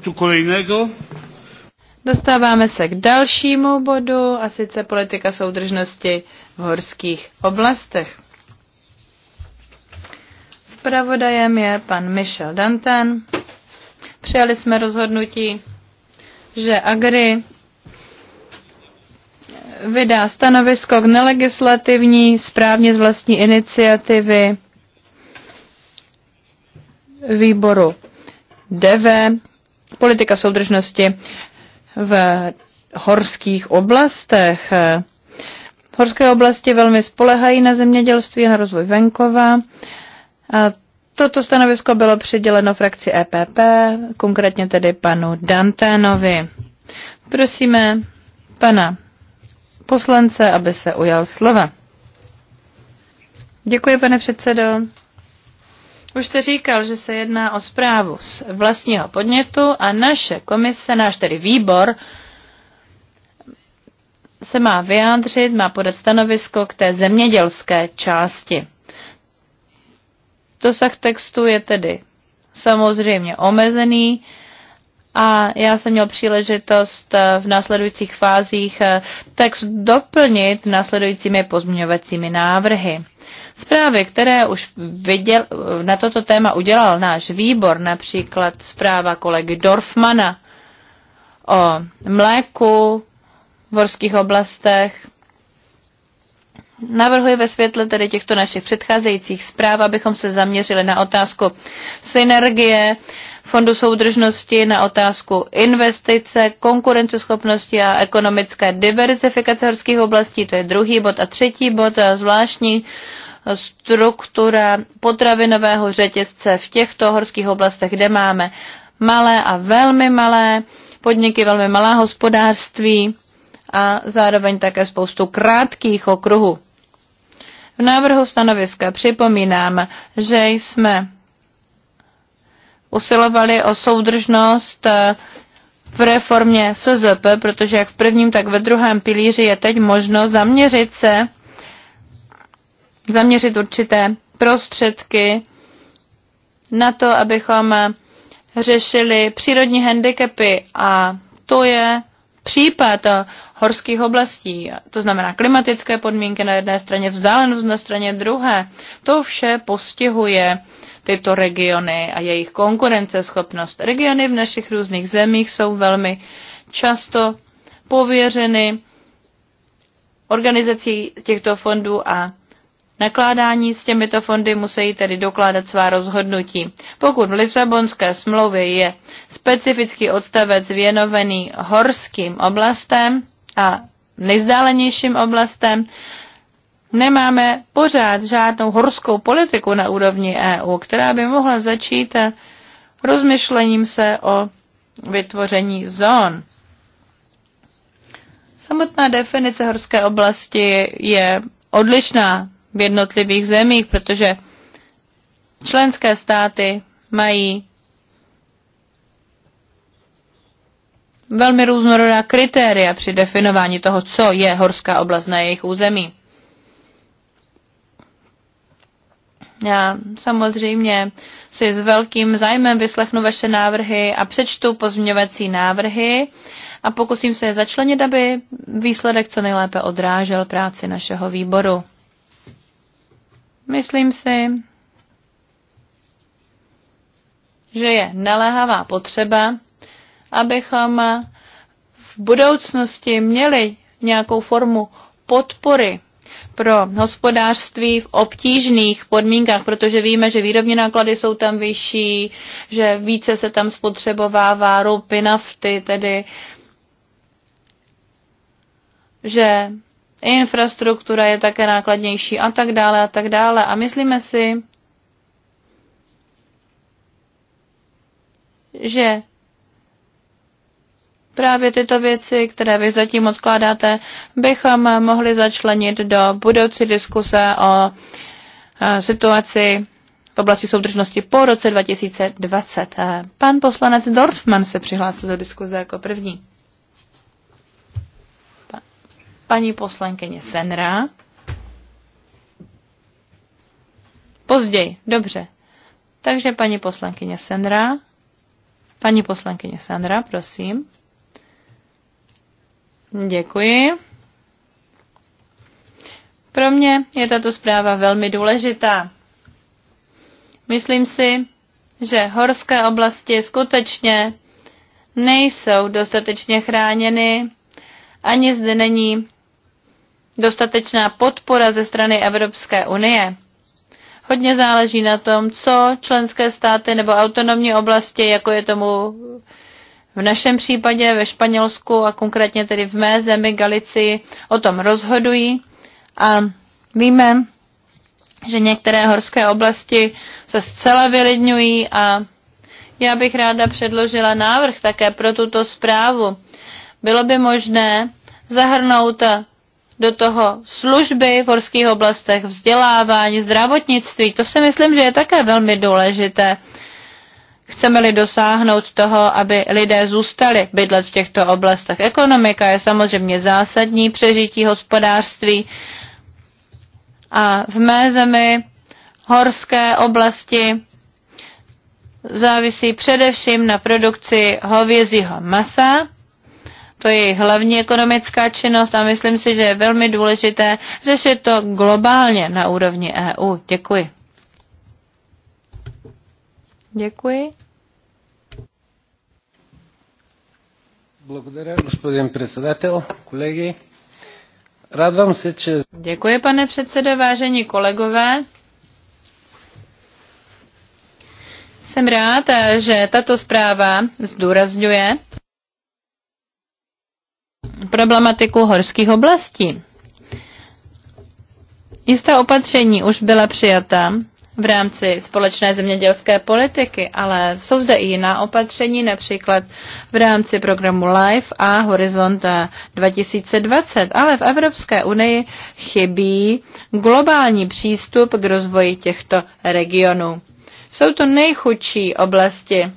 punktu kolejnego. Dostáváme se k dalšímu bodu, a sice politika soudržnosti v horských oblastech. Spravodajem je pan Michel Danten. Přijali jsme rozhodnutí, že Agri vydá stanovisko k nelegislativní správně z vlastní iniciativy výboru DV politika soudržnosti v horských oblastech. Horské oblasti velmi spolehají na zemědělství a na rozvoj venkova. A toto stanovisko bylo přiděleno frakci EPP, konkrétně tedy panu Danténovi. Prosíme pana poslance, aby se ujal slova. Děkuji, pane předsedo. Už jste říkal, že se jedná o zprávu z vlastního podnětu a naše komise, náš tedy výbor, se má vyjádřit, má podat stanovisko k té zemědělské části. Dosah textu je tedy samozřejmě omezený a já jsem měl příležitost eh, v následujících fázích eh, text doplnit následujícími pozměňovacími návrhy. Zprávy, které už viděl, na toto téma udělal náš výbor, například zpráva kolegy Dorfmana o mléku v horských oblastech, Navrhuji ve světle tedy těchto našich předcházejících zpráv, abychom se zaměřili na otázku synergie, fondu soudržnosti, na otázku investice, konkurenceschopnosti a ekonomické diverzifikace horských oblastí, to je druhý bod. A třetí bod, zvláštní struktura potravinového řetězce v těchto horských oblastech, kde máme malé a velmi malé podniky, velmi malá hospodářství a zároveň také spoustu krátkých okruhů. V návrhu stanoviska připomínám, že jsme usilovali o soudržnost eh, v reformě SZP, protože jak v prvním, tak ve druhém pilíři je teď možno zaměřit se zaměřit určité prostředky na to, abychom řešili přírodní handicapy a to je případ horských oblastí, to znamená klimatické podmínky na jedné straně, vzdálenost na straně druhé. To vše postihuje tyto regiony a jejich konkurenceschopnost. Regiony v našich různých zemích jsou velmi často pověřeny organizací těchto fondů a nakládání s těmito fondy musí tedy dokládat svá rozhodnutí. Pokud v Lisabonské smlouvě je specifický odstavec věnovaný horským oblastem a nejzdálenějším oblastem, nemáme pořád žádnou horskou politiku na úrovni EU, která by mohla začít rozmyšlením se o vytvoření zón. Samotná definice horské oblasti je odlišná v jednotlivých zemích, protože členské státy mají velmi různorodá kritéria při definování toho, co je horská oblast na jejich území. Já samozřejmě si s velkým zájmem vyslechnu vaše návrhy a přečtu pozměňovací návrhy a pokusím se je začlenit, aby výsledek co nejlépe odrážel práci našeho výboru. Myslím si, že je naléhavá potřeba, abychom v budoucnosti měli nějakou formu podpory pro hospodářství v obtížných podmínkách, protože víme, že výrobní náklady jsou tam vyšší, že více se tam spotřebovává ropy, nafty, tedy že infrastruktura je také nákladnější a tak dále a tak dále. A myslíme si, že právě tyto věci, které vy zatím odkládáte, bychom mohli začlenit do budoucí diskuse o e, situaci v oblasti soudržnosti po roce 2020. E, pan poslanec Dorfman se přihlásil do diskuze jako první paní poslankyně Senra. Později, dobře. Takže paní poslankyně Senra. Paní poslankyně Sandra, prosím. Děkuji. Pro mě je tato zpráva velmi důležitá. Myslím si, že horské oblasti skutečně nejsou dostatečně chráněny, ani zde není dostatečná podpora ze strany Evropské unie. Hodně záleží na tom, co členské státy nebo autonomní oblasti, jako je tomu v našem případě ve Španělsku a konkrétně tedy v mé zemi Galicii, o tom rozhodují. A víme, že některé horské oblasti se zcela vylidňují a já bych ráda předložila návrh také pro tuto zprávu. Bylo by možné zahrnout do toho služby v horských oblastech, vzdělávání, zdravotnictví. To si myslím, že je také velmi důležité. Chceme-li dosáhnout toho, aby lidé zůstali bydlet v těchto oblastech. Ekonomika je samozřejmě zásadní přežití hospodářství. A v mé zemi horské oblasti závisí především na produkci hovězího masa, to je jejich hlavní ekonomická činnost a myslím si, že je velmi důležité řešit to globálně na úrovni EU. Děkuji. Děkuji. Děkuji, pane předsedo, vážení kolegové. Jsem rád, že tato zpráva zdůrazňuje, problematiku horských oblastí. Jistá opatření už byla přijata v rámci společné zemědělské politiky, ale jsou zde i jiná opatření, například v rámci programu LIFE a Horizont 2020. Ale v Evropské unii chybí globální přístup k rozvoji těchto regionů. Jsou to nejchudší oblasti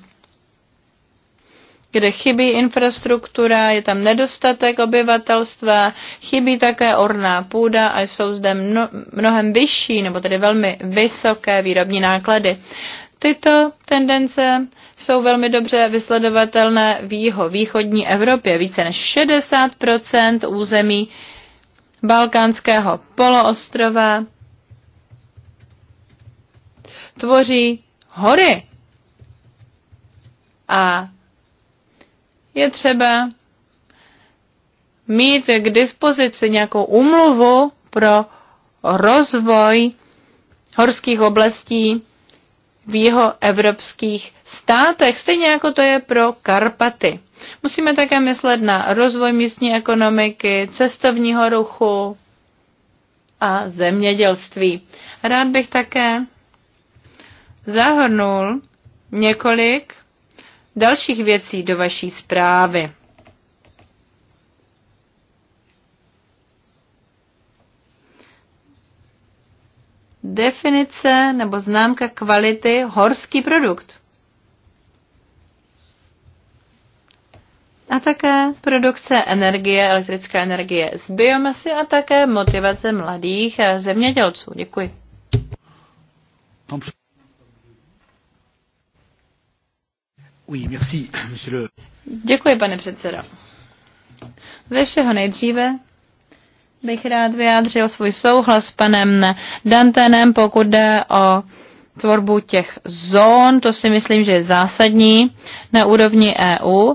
kde chybí infrastruktura, je tam nedostatek obyvatelstva, chybí také orná půda a jsou zde mno, mnohem vyšší, nebo tedy velmi vysoké výrobní náklady. Tyto tendence jsou velmi dobře vysledovatelné v jeho východní Evropě. Více než 60 území Balkánského poloostrova tvoří hory. A je třeba mít k dispozici nějakou umluvu pro rozvoj horských oblastí v jeho evropských státech, stejně jako to je pro Karpaty. Musíme také myslet na rozvoj místní ekonomiky, cestovního ruchu a zemědělství. Rád bych také zahrnul několik dalších věcí do vaší zprávy. Definice nebo známka kvality horský produkt. A také produkce energie, elektrické energie z biomasy a také motivace mladých zemědělců. Děkuji. Dobře. Děkuji, pane předsedo. Ze všeho nejdříve bych rád vyjádřil svůj souhlas s panem Dantenem, pokud jde o tvorbu těch zón, to si myslím, že je zásadní na úrovni EU.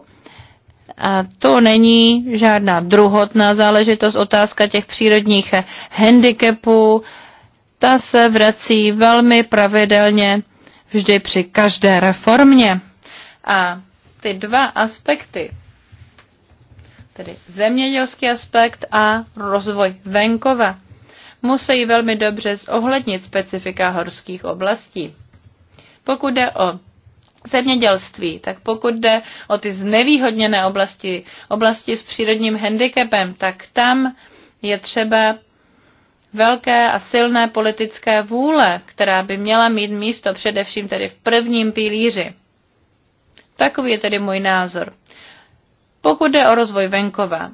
A to není žádná druhotná záležitost, otázka těch přírodních handicapů, ta se vrací velmi pravidelně vždy při každé reformě. A ty dva aspekty, tedy zemědělský aspekt a rozvoj venkova, musí velmi dobře zohlednit specifika horských oblastí. Pokud jde o zemědělství, tak pokud jde o ty znevýhodněné oblasti, oblasti s přírodním handicapem, tak tam je třeba velké a silné politické vůle, která by měla mít místo především tedy v prvním pilíři. Takový je tedy můj názor. Pokud jde o rozvoj venkova,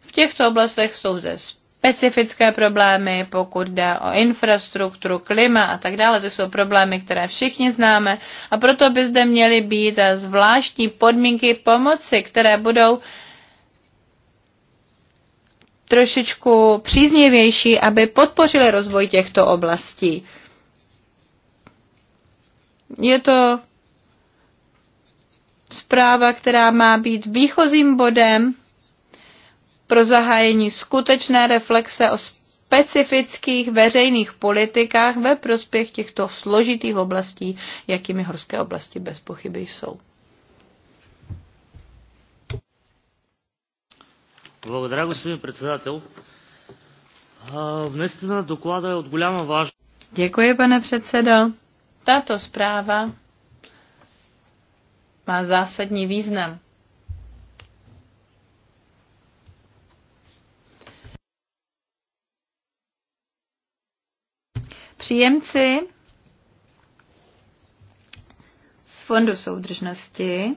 v těchto oblastech jsou zde specifické problémy, pokud jde o infrastrukturu, klima a tak dále. To jsou problémy, které všichni známe a proto by zde měly být zvláštní podmínky pomoci, které budou trošičku příznivější, aby podpořili rozvoj těchto oblastí. Je to zpráva, která má být výchozím bodem pro zahájení skutečné reflexe o specifických veřejných politikách ve prospěch těchto složitých oblastí, jakými horské oblasti bez pochyby jsou. Благодаря, господин председател. Наистина доклада е от голяма важност. Děkuji, pane předsedo. Tato zpráva má zásadní význam. Příjemci z Fondu soudržnosti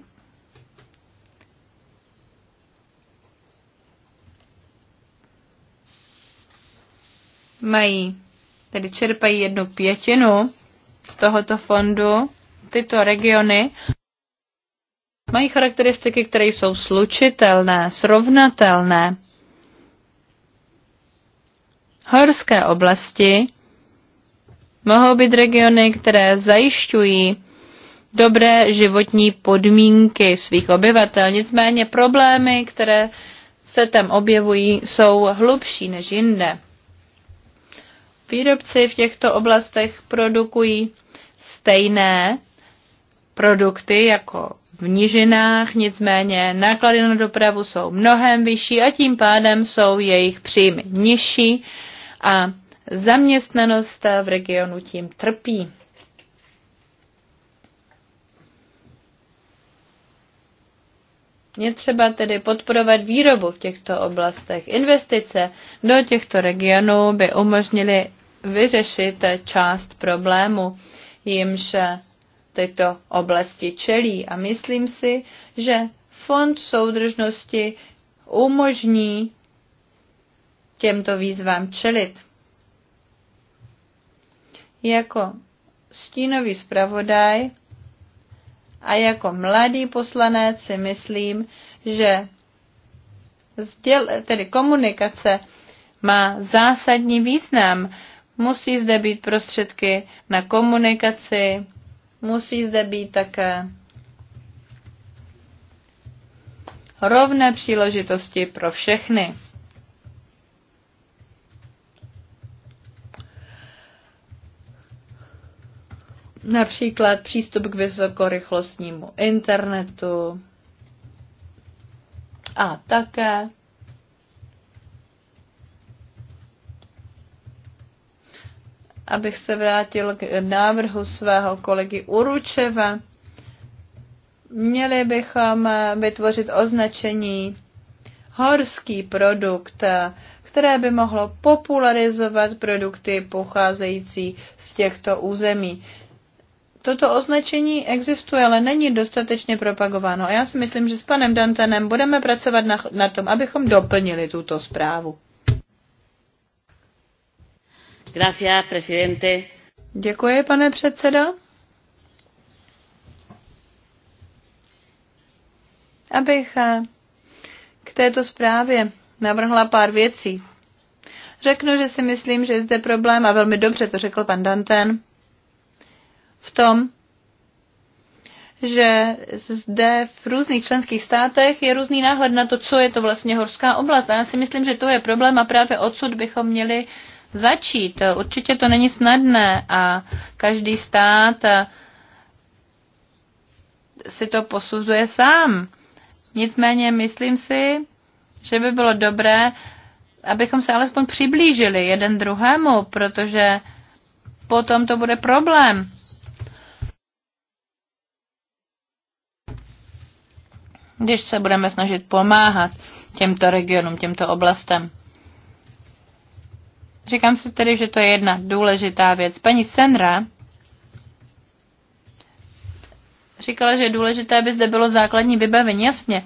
mají, tedy čerpají jednu pětinu z tohoto fondu tyto regiony. Mají charakteristiky, které jsou slučitelné, srovnatelné. Horské oblasti mohou být regiony, které zajišťují dobré životní podmínky svých obyvatel. Nicméně problémy, které se tam objevují, jsou hlubší než jinde. Výrobci v těchto oblastech produkují stejné produkty jako v nižinách, nicméně náklady na dopravu jsou mnohem vyšší a tím pádem jsou jejich příjmy nižší a zaměstnanost v regionu tím trpí. Je třeba tedy podporovat výrobu v těchto oblastech. Investice do těchto regionů by umožnily vyřešit část problému, jimž této oblasti čelí. A myslím si, že fond soudržnosti umožní těmto výzvám čelit. Jako stínový zpravodaj a jako mladý poslanec si myslím, že sděl, tedy komunikace má zásadní význam. Musí zde být prostředky na komunikaci, Musí zde být také rovné příležitosti pro všechny. Například přístup k vysokorychlostnímu internetu a také abych se vrátil k návrhu svého kolegy Uručeva. Měli bychom vytvořit označení horský produkt, které by mohlo popularizovat produkty pocházející z těchto území. Toto označení existuje, ale není dostatečně propagováno. A já si myslím, že s panem Dantanem budeme pracovat na, na tom, abychom doplnili tuto zprávu. Gracias, Děkuji, pane předsedo. Abych eh, k této zprávě navrhla pár věcí. Řeknu, že si myslím, že je zde problém, a velmi dobře to řekl pan Danten, v tom, že zde v různých členských státech je různý náhled na to, co je to vlastně horská oblast. A já si myslím, že to je problém a právě odsud bychom měli začít. Určitě to není snadné a každý stát si to posuzuje sám. Nicméně myslím si, že by bylo dobré, abychom se alespoň přiblížili jeden druhému, protože potom to bude problém. Když se budeme snažit pomáhat těmto regionům, těmto oblastem. Říkám si tedy, že to je jedna důležitá věc. Paní Senra říkala, že je důležité, aby zde bylo základní vybavení. Jasně,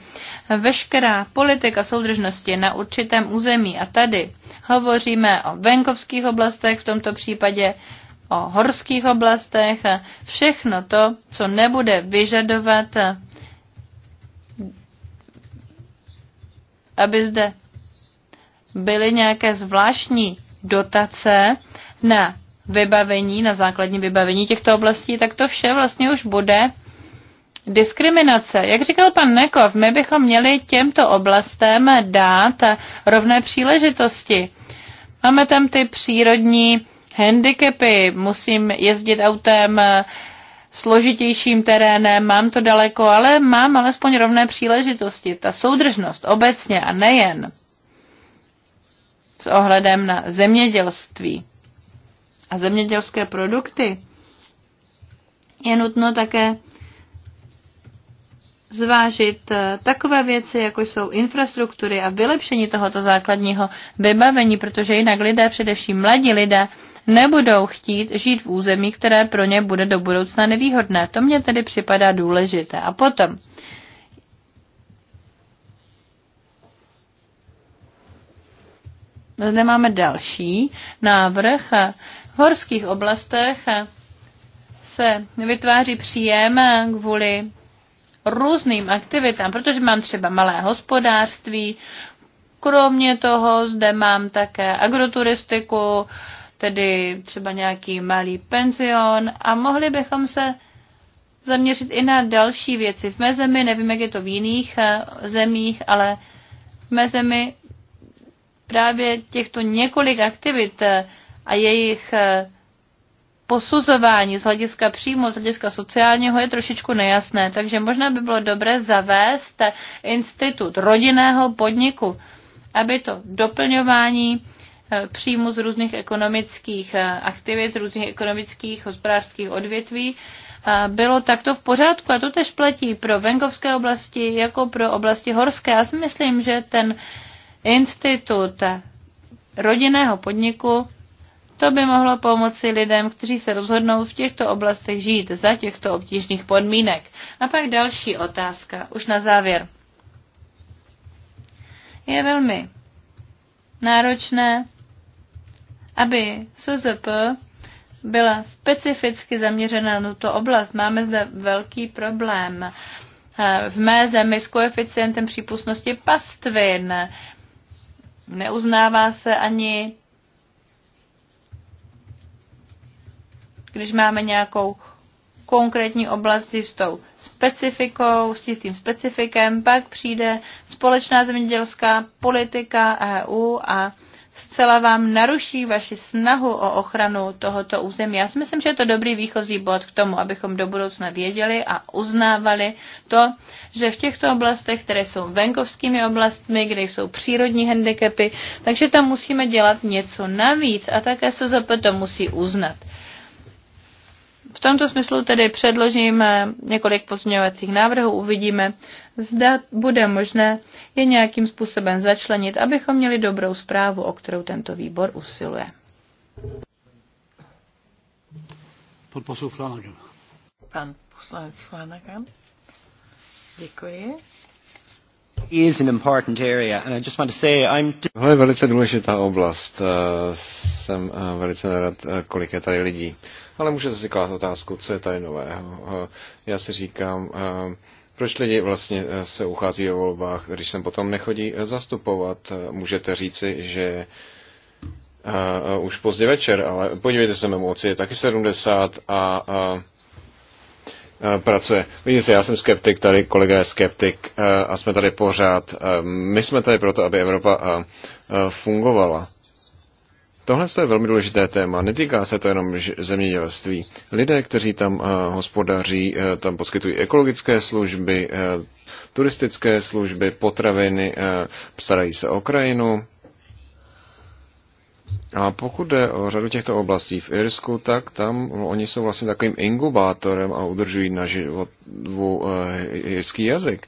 veškerá politika soudržnosti na určitém území a tady hovoříme o venkovských oblastech, v tomto případě o horských oblastech, všechno to, co nebude vyžadovat, aby zde byly nějaké zvláštní dotace na vybavení, na základní vybavení těchto oblastí, tak to vše vlastně už bude diskriminace. Jak říkal pan Nekov, my bychom měli těmto oblastem dát rovné příležitosti. Máme tam ty přírodní handicapy, musím jezdit autem složitějším terénem, mám to daleko, ale mám alespoň rovné příležitosti. Ta soudržnost obecně a nejen s ohledem na zemědělství a zemědělské produkty, je nutno také zvážit eh, takové věci, jako jsou infrastruktury a vylepšení tohoto základního vybavení, protože jinak lidé, především mladí lidé, nebudou chtít žít v území, které pro ně bude do budoucna nevýhodné. To mně tedy připadá důležité. A potom Zde máme další návrh. V horských oblastech se vytváří příjem kvůli různým aktivitám, protože mám třeba malé hospodářství, kromě toho zde mám také agroturistiku, tedy třeba nějaký malý penzion a mohli bychom se zaměřit i na další věci. V mé zemi, nevím, jak je to v jiných eh, zemích, ale v mé zemi právě těchto několik aktivit eh, a jejich eh, posuzování z hlediska příjmu, z hlediska sociálního je trošičku nejasné, takže možná by bylo dobré zavést eh, institut rodinného podniku, aby to doplňování příjmu z různých ekonomických aktivit, z různých ekonomických hospodářských odvětví bylo takto v pořádku a to tež platí pro venkovské oblasti jako pro oblasti horské. Já si myslím, že ten institut rodinného podniku, to by mohlo pomoci lidem, kteří se rozhodnou v těchto oblastech žít za těchto obtížných podmínek. A pak další otázka, už na závěr. Je velmi náročné, aby SZP byla specificky zaměřena na tuto oblast. Máme zde velký problém. V mé zemi s koeficientem přípustnosti pastvin neuznává se ani, když máme nějakou konkrétní oblast s tou specifikou, s tím specifikem, pak přijde společná zemědělská politika EU a zcela vám naruší vaši snahu o ochranu tohoto území. Já si myslím, že je to dobrý výchozí bod k tomu, abychom do budoucna věděli a uznávali to, že v těchto oblastech, které jsou venkovskými oblastmi, kde jsou přírodní handicapy, takže tam musíme dělat něco navíc a také se to musí uznat. V tomto smyslu tedy předložím eh, několik pozměňovacích návrhů, uvidíme, zda bude možné je nějakým způsobem začlenit, abychom měli dobrou zprávu, o kterou tento výbor usiluje. Pan poslanec Flanagan. Děkuji. Tohle je velice důležitá oblast. Eh, jsem eh, velice nerad, eh, kolik je tady lidí. Ale můžete si klást otázku, co je tady nového. Já si říkám, proč lidi vlastně se uchází o volbách, když sem potom nechodí zastupovat? Můžete říci, že už pozdě večer, ale podívejte se, mému oci je taky 70 a Eh, pracuje. se, já jsem skeptik, tady kolega je skeptik eh, a jsme tady pořád. Eh, my jsme tady proto, aby Evropa fungovala. Tohle je velmi důležité téma. Netýká se to jenom zemědělství. Lidé, kteří tam hospodaří, tam poskytují ekologické služby, turistické služby, potraviny, starají se o krajinu, a pokud jde o řadu těchto oblastí v Irsku, tak tam no, oni jsou vlastně takovým inkubátorem a udržují na životu eh, irský jazyk.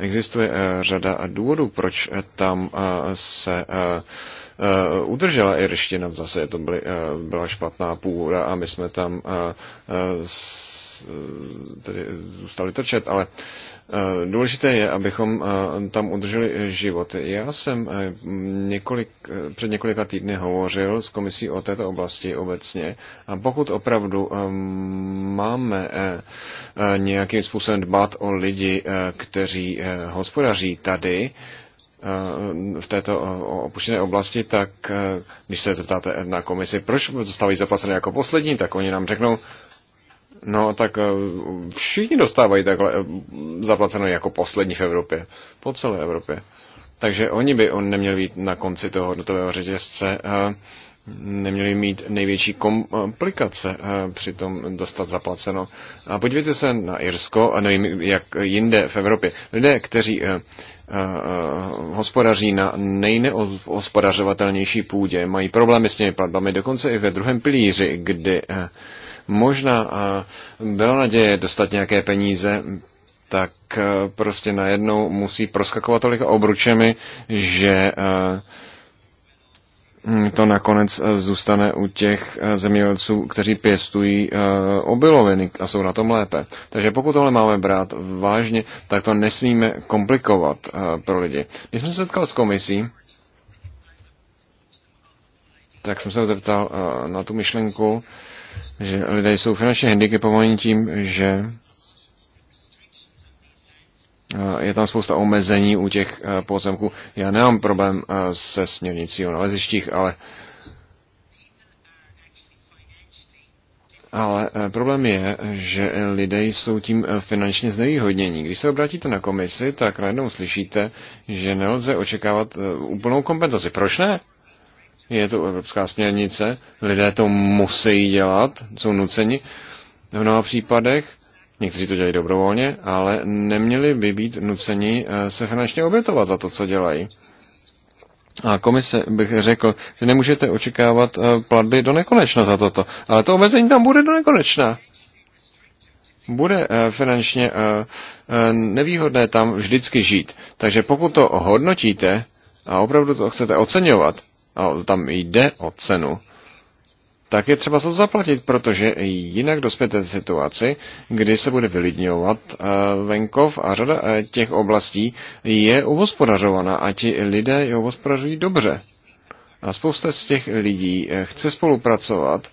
Existuje eh, řada důvodů, proč eh, tam se udržela irština. Zase to byly, byla špatná půra a my jsme tam tedy zůstali trčet, ale Eh, důležité je, abychom eh, tam udrželi eh, život. Já jsem několik, před několika týdny hovořil s komisí o této oblasti obecně a pokud opravdu máme nějakým způsobem dbát o lidi, kteří hospodaří tady, v této opuštěné oblasti, tak když se zeptáte na komisi, proč dostávají zaplacené jako poslední, tak oni nám řeknou, No tak eh, všichni dostávají takhle eh, zaplaceno jako poslední v Evropě. Po celé Evropě. Takže oni by on neměl být na konci toho hodnotového řetězce, eh, neměli mít největší komplikace při tom dostat zaplaceno. A podívejte se na Irsko, a nevím, jak jinde v Evropě. Lidé, kteří hospodaří na nejnehospodařovatelnější půdě, mají problémy s těmi platbami, dokonce i ve druhém pilíři, kdy možná byla naděje dostat nějaké peníze, tak e, prostě najednou musí proskakovat tolik obručemi, že e, hm, to nakonec e, zůstane u těch zemědělců, kteří pěstují obiloviny a jsou na tom lépe. Takže pokud tohle máme brát vážně, tak to nesmíme komplikovat pro lidi. Když jsem se setkal s komisí, tak jsem se zeptal na tu myšlenku, že lidé jsou finančně handicapovaní tím, že eh, je tam spousta omezení u těch eh, pozemků. Já nemám problém eh, se směrnicí o nalezištích, ale Ale problém je, že lidé jsou tím finančně znevýhodnění. Když se obrátíte na komisi, tak najednou slyšíte, že nelze očekávat úplnou kompenzaci. Proč ne? je to evropská směrnice, lidé to musí dělat, jsou nuceni v mnoha případech, někteří to dělají dobrovolně, ale neměli by být nuceni eh, se finančně obětovat za to, co dělají. A komise bych řekl, že nemůžete očekávat eh, platby do nekonečna za toto, ale to omezení tam bude do nekonečna bude eh, finančně nevýhodné tam vždycky žít. Takže pokud to hodnotíte a opravdu to chcete oceňovat, a tam jde o cenu, tak je třeba se zaplatit, protože jinak dospěte situaci, kdy se bude vylidňovat eh, venkov a řada eh, těch oblastí je uhospodařovaná a ti lidé je uhospodařují dobře. A spousta z těch lidí eh, chce spolupracovat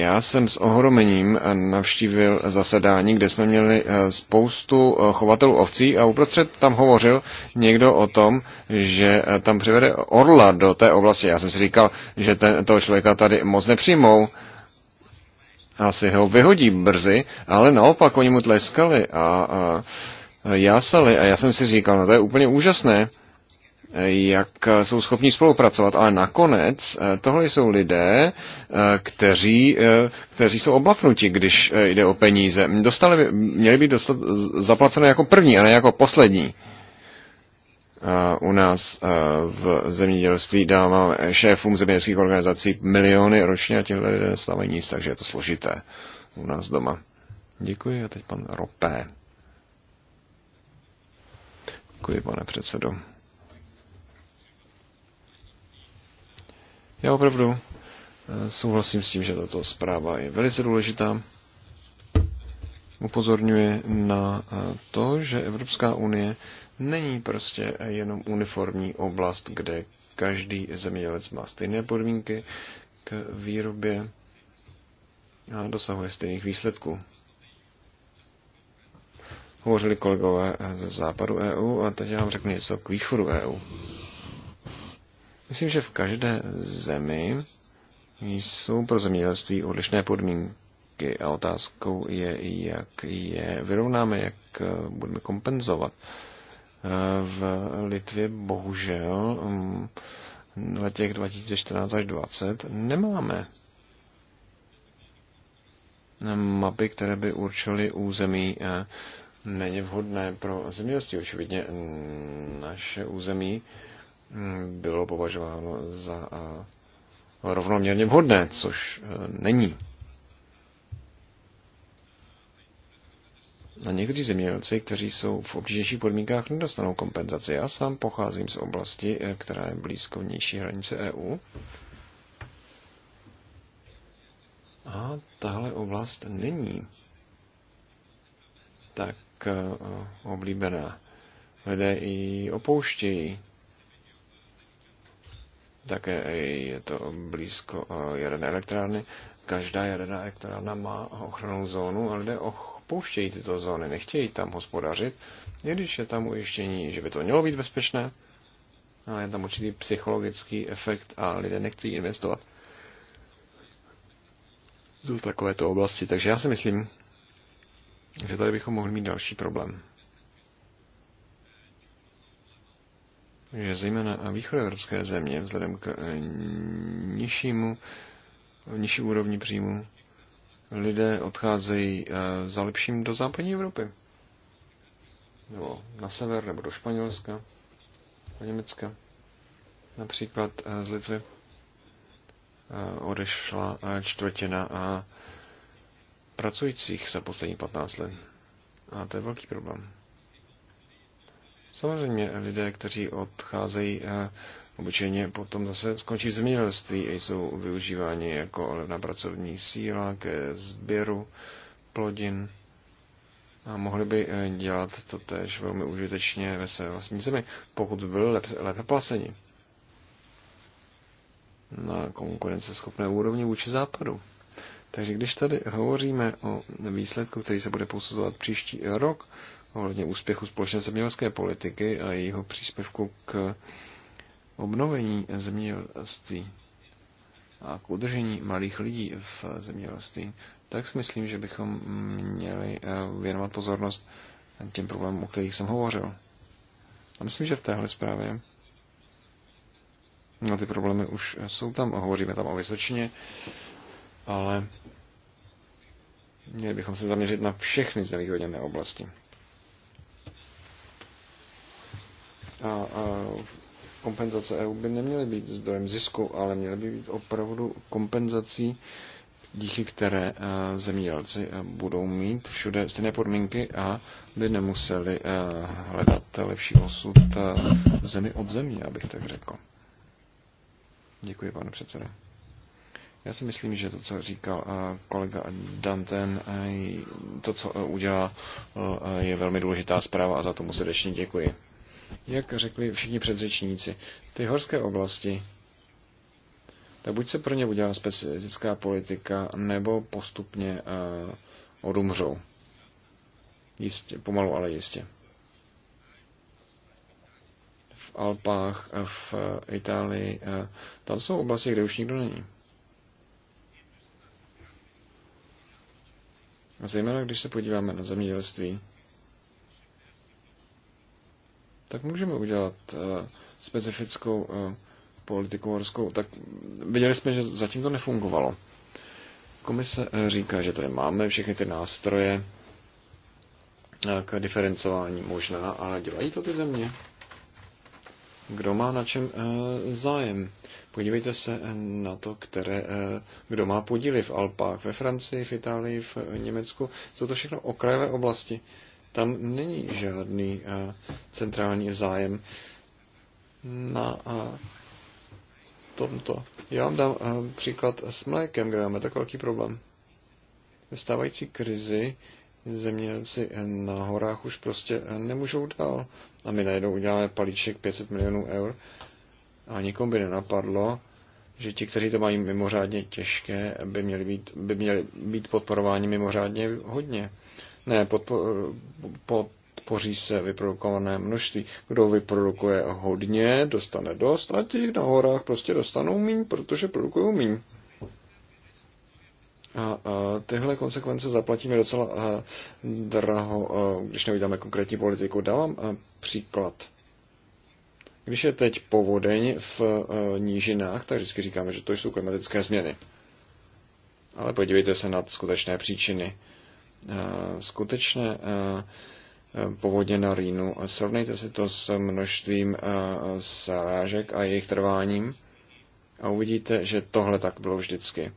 já jsem s ohromením eh, navštívil zasedání, kde jsme měli eh, spoustu eh, chovatelů ovcí a uprostřed tam hovořil někdo o tom, že tam přivede orla do té oblasti. Já jsem si říkal, že ten, toho člověka tady moc nepřijmou, asi ho vyhodí brzy, ale naopak oni mu tleskali a, a jásali a já jsem si říkal, no to je úplně úžasné, jak jsou schopni spolupracovat. Ale nakonec eh, tohle jsou lidé, eh, kteří, eh, kteří jsou obafnuti, když jde o peníze. Dostali měli by dostat zaplacené jako první, a ne jako poslední. U nás v zemědělství dáváme šéfům zemědělských organizací miliony ročně a těchto lidé dostávají nic, takže je to složité u nás doma. Děkuji a teď pan Ropé. Děkuji, pane předsedo. Já opravdu eh, souhlasím s tím, že tato zpráva je velice důležitá. Upozorňuje na eh, to, že Evropská unie není prostě jenom uniformní oblast, kde každý zemědělec má stejné podmínky k výrobě a dosahuje stejných výsledků. Hovořili kolegové eh, ze západu EU a teď já vám řeknu něco k východu EU. Myslím, že v každé zemi jsou pro zemědělství odlišné podmínky a otázkou je, jak je vyrovnáme, jak eh, budeme kompenzovat. Eh, v Litvě bohužel mm, v letech 2014 až 2020 nemáme mapy, které by určily území eh, méně vhodné pro zemědělství. Očividně mm, naše území bylo považováno za rovnoměrně vhodné, což e, není. A někteří zemědělci, kteří jsou v obtížnějších podmínkách, nedostanou kompenzaci. Já sám pocházím z oblasti, e, která je blízko vnější hranice EU. A tahle oblast není tak e, oblíbená. Lidé ji opouštějí také je to blízko eh, jaderné elektrárny. Každá jaderná elektrárna má ochranou zónu, ale lidé opouštějí tyto zóny, nechtějí tam hospodařit, i když je tam ujištění, že by to mělo být bezpečné, ale je tam určitý psychologický efekt a lidé nechtějí investovat do takovéto oblasti. Takže já si myslím, že tady bychom mohli mít další problém. že zejména východoevropské země vzhledem k eh, nižšímu, nižší úrovni příjmu lidé odcházejí eh, za lepším do západní Evropy. Nebo na sever, nebo do Španělska, do Německa. Například eh, z Litvy odešla čtvrtina a pracujících za poslední 15 let. A to je velký problém. Samozřejmě lidé, kteří odcházejí, eh, obyčejně potom zase skončí v zemědělství a jsou využíváni jako levná pracovní síla ke sběru plodin a mohli by eh, dělat to tež velmi užitečně ve své vlastní zemi, pokud by byli lépe, placeni na konkurenceschopné úrovni vůči západu. Takže když tady hovoříme o výsledku, který se bude posuzovat příští rok, ohledně úspěchu společné zemědělské politiky a jejího příspěvku k obnovení zemědělství a k udržení malých lidí v zemědělství, tak si myslím, že bychom měli eh, věnovat pozornost těm problémům, o kterých jsem hovořil. A myslím, že v téhle zprávě no, ty problémy už jsou tam a hovoříme tam o Vysočině, ale měli bychom se zaměřit na všechny znevýhodněné oblasti. A kompenzace EU by neměly být zdrojem zisku, ale měly by být opravdu kompenzací, díky které e, zemědělci e, budou mít všude stejné podmínky a by nemuseli e, hledat lepší osud zemi od země, abych tak řekl. Děkuji, pane předsedo. Já si myslím, že to, co říkal kolega Danten, to, co udělal, je velmi důležitá zpráva a za tomu srdečně děkuji. Jak řekli všichni předřečníci, ty horské oblasti, tak buď se pro ně udělá specifická politika, nebo postupně uh, odumřou. Jistě, pomalu, ale jistě. V Alpách, eh, v eh, Itálii, uh, tam jsou oblasti, kde už nikdo není. A zejména, když se podíváme na zemědělství, tak můžeme udělat eh, specifickou eh, politiku morskou. Tak viděli jsme, že zatím to nefungovalo. Komise eh, říká, že tady máme všechny ty nástroje k diferencování možná, ale dělají to ty země. Kdo má na čem zájem? Podívejte se na to, které, kdo má podíly v Alpách, ve Francii, v Itálii, v Německu. Jsou to všechno okrajové oblasti. Tam není žádný eh, centrální zájem na eh, tomto. Já vám dám eh, příklad s mlékem, kde máme tak velký problém. Ve stávající krizi zemědělci na horách už prostě nemůžou dál. A my najednou uděláme palíček 500 milionů eur a nikomu by nenapadlo, že ti, kteří to mají mimořádně těžké, by měli být, by měli být podporováni mimořádně hodně. Ne, podpo- podpoří se vyprodukované množství. Kdo vyprodukuje hodně, dostane dost a ti na horách prostě dostanou míň, protože produkují míň. A, a tyhle konsekvence zaplatíme docela a, draho, a, když neuděláme konkrétní politiku. Dávám a, příklad. Když je teď povodeň v a, nížinách, tak vždycky říkáme, že to jsou klimatické změny. Ale podívejte se na skutečné příčiny. Eh, skutečné eh, eh, povodně na Rýnu. Srovnejte si to s množstvím srážek a jejich trváním a uvidíte, že tohle tak bylo vždycky.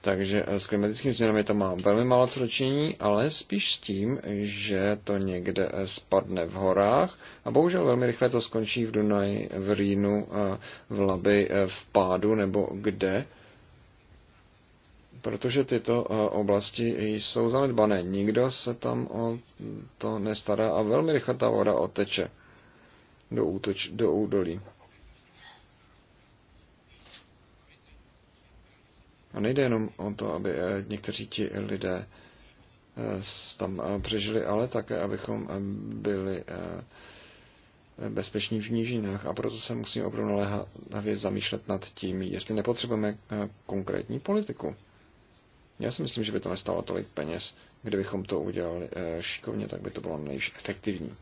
Takže s klimatickými změnami to má velmi málo co dočinění, ale spíš s tím, že to někde spadne v horách a bohužel velmi rychle to skončí v Dunaji, v Rýnu, v Labi, v Pádu nebo kde protože tyto eh, oblasti jsou zanedbané. Nikdo se tam o to nestará a velmi rychle ta voda oteče do, útoč, do údolí. A nejde jenom o to, aby eh, někteří ti lidé eh, tam přežili, ale také, abychom byli bezpeční v nížinách. A proto se musíme opravdu naléhavě zamýšlet nad tím, jestli nepotřebujeme konkrétní politiku. Já si myslím, že by to nestalo tolik peněz. Kdybychom to udělali eh, šikovně, tak by to bylo nejvíc efektivní.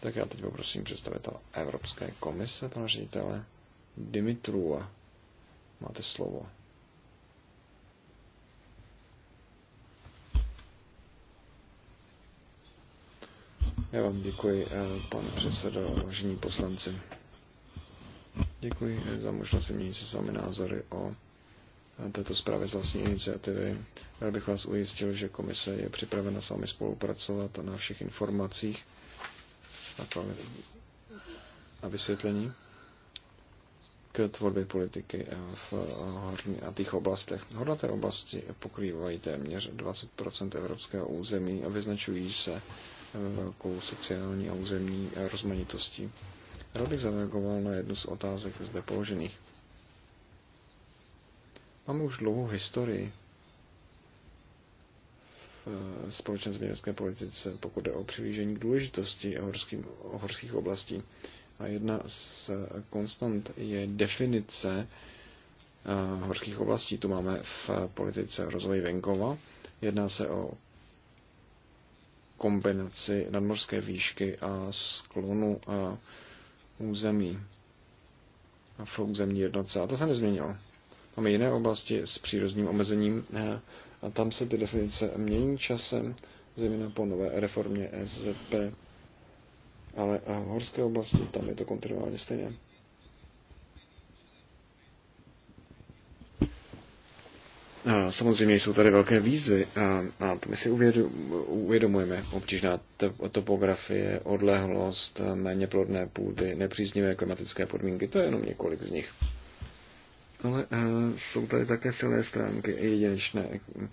Tak já teď poprosím představitele Evropské komise, pana ředitele Dimitrua. Máte slovo. Já vám děkuji, eh, pane předsedo, vážení poslanci. Děkuji za možnost měnit se s vámi názory o této zprávě z vlastní iniciativy. Já bych vás ujistil, že komise je připravena s vámi spolupracovat na všech informacích a vysvětlení k tvorbě politiky v a těch oblastech. Hornaté oblasti pokrývají téměř 20 evropského území a vyznačují se velkou sociální a územní rozmanitostí. Rád bych zareagoval na jednu z otázek zde položených. Máme už dlouhou historii v eh, společné zemědělské politice, pokud jde o přihlížení k důležitosti horským, horských oblastí. A jedna z konstant je definice eh, horských oblastí. Tu máme v politice rozvoj venkova. Jedná se o kombinaci nadmorské výšky a sklonu a eh, území a v územní jednotce. A to se nezměnilo. Máme jiné oblasti s přírodním omezením eh, a tam se ty definice mění časem, zejména po nové reformě SZP. Ale a eh, v horské oblasti tam je to kontinuálně stejné. Samozřejmě jsou tady velké výzvy a, a to my si uvědomujeme. Obtížná topografie, odlehlost, méně plodné půdy, nepříznivé klimatické podmínky, to je jenom několik z nich. Ale a, e, jsou tady také silné stránky, jedinečné, e,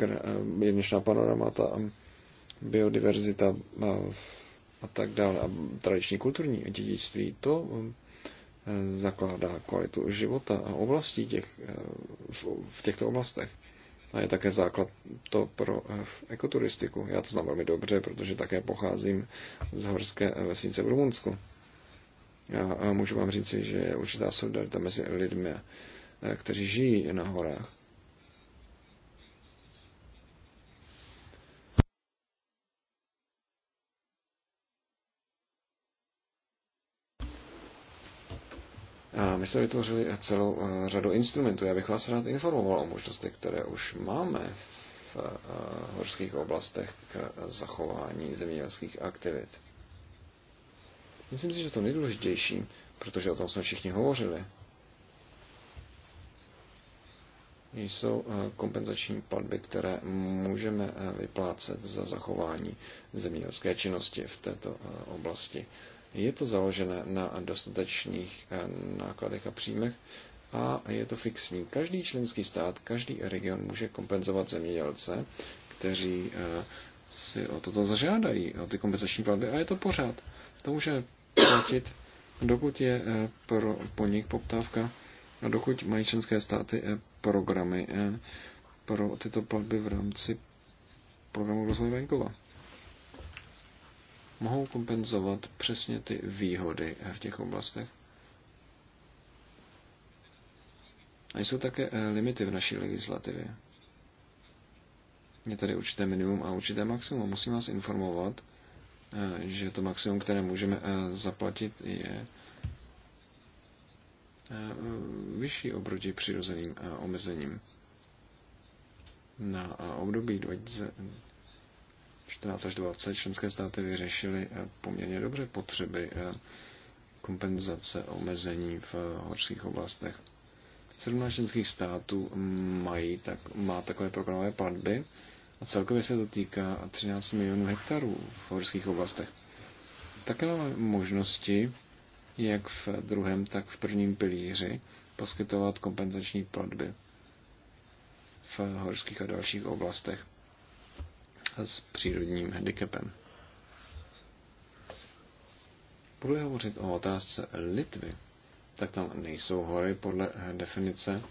e, jedinečná panoramata, biodiverzita a, a tak dále a tradiční kulturní dědictví. To zakládá kvalitu života a oblastí těch, eh, v těchto oblastech. A je také základ to pro eh, ekoturistiku. Já to znám velmi dobře, protože také pocházím z horské eh, vesnice v Rumunsku. A, můžu vám říct, že je určitá solidarita mezi lidmi, kteří žijí na horách My jsme vytvořili celou eh, řadu instrumentů. Já bych vás rád informoval o možnostech, které už máme v eh, horských oblastech k zachování zemědělských aktivit. Myslím si, že to nejdůležitější, protože o tom jsme všichni hovořili, jsou eh, kompenzační platby, které můžeme vyplácet za zachování zemědělské činnosti v této oblasti. Je to založené na dostatečných eh, nákladech a příjmech a je to fixní. Každý členský stát, každý region může kompenzovat zemědělce, kteří eh, si o toto zažádají, o ty kompenzační platby a je to pořád. To může platit, dokud je eh, pro, po nich poptávka a dokud mají členské státy programy pro tyto platby v rámci programu rozvoje venkova mohou kompenzovat přesně ty výhody v těch oblastech. A jsou také eh, limity v naší legislativě. Je tady určité minimum a určité maximum. Musím vás informovat, eh, že to maximum, které můžeme eh, zaplatit, je vyšší oproti přirozeným omezením na období 20, 14 až 20 členské státy vyřešily eh, poměrně dobře potřeby eh, kompenzace omezení v eh, horských oblastech. 17 členských států mají, tak, má takové programové platby a celkově se to týká 13 milionů hektarů v horských oblastech. Také máme možnosti, jak v druhém, tak v prvním pilíři, poskytovat kompenzační platby v horských a dalších oblastech s přírodním handicapem. Budu hovořit o otázce Litvy, tak tam nejsou hory podle definice.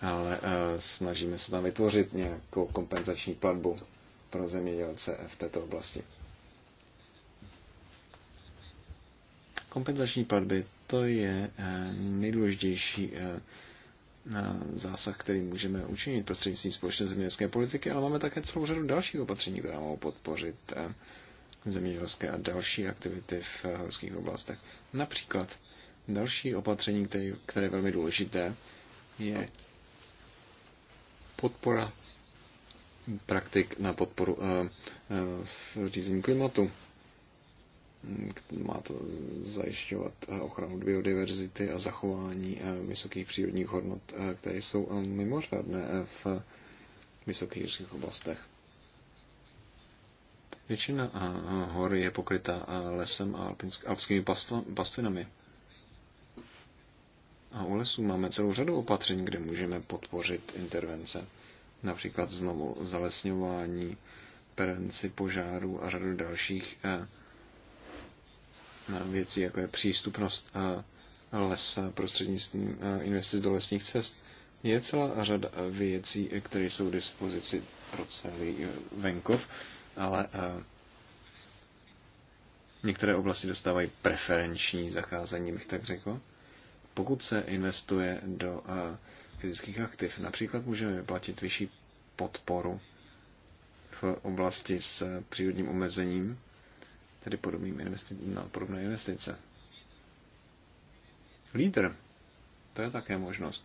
Ale eh, snažíme se tam vytvořit nějakou kompenzační platbu pro zemědělce v této oblasti. Kompenzační platby to je eh, nejdůležitější eh, zásah, který můžeme učinit prostřednictvím společné zemědělské politiky, ale máme také celou řadu dalších opatření, která mohou podpořit eh, zemědělské a další aktivity v eh, horských oblastech. Například další opatření, které, které je velmi důležité, je podpora praktik na podporu eh, v řízení klimatu. Hm, má to zajišťovat eh, ochranu biodiverzity a zachování eh, vysokých přírodních hodnot, eh, které jsou mimořádné v vysokých jižních oblastech. Většina hor je pokrytá lesem a alpskými pastvinami. A u lesů máme celou řadu opatření, kde můžeme podpořit intervence. Například znovu zalesňování, perenci požáru a řadu dalších eh, věcí, jako je přístupnost lesa prostřednictvím investic do lesních cest. Je celá řada věcí, které jsou v dispozici pro celý e, venkov, ale e, některé oblasti dostávají preferenční zacházení, bych tak řekl. Pokud se investuje do e, fyzických aktiv, například můžeme platit vyšší podporu v oblasti s přírodním omezením, tedy podobným investi- na no, podobné investice. Lídr, to je také možnost.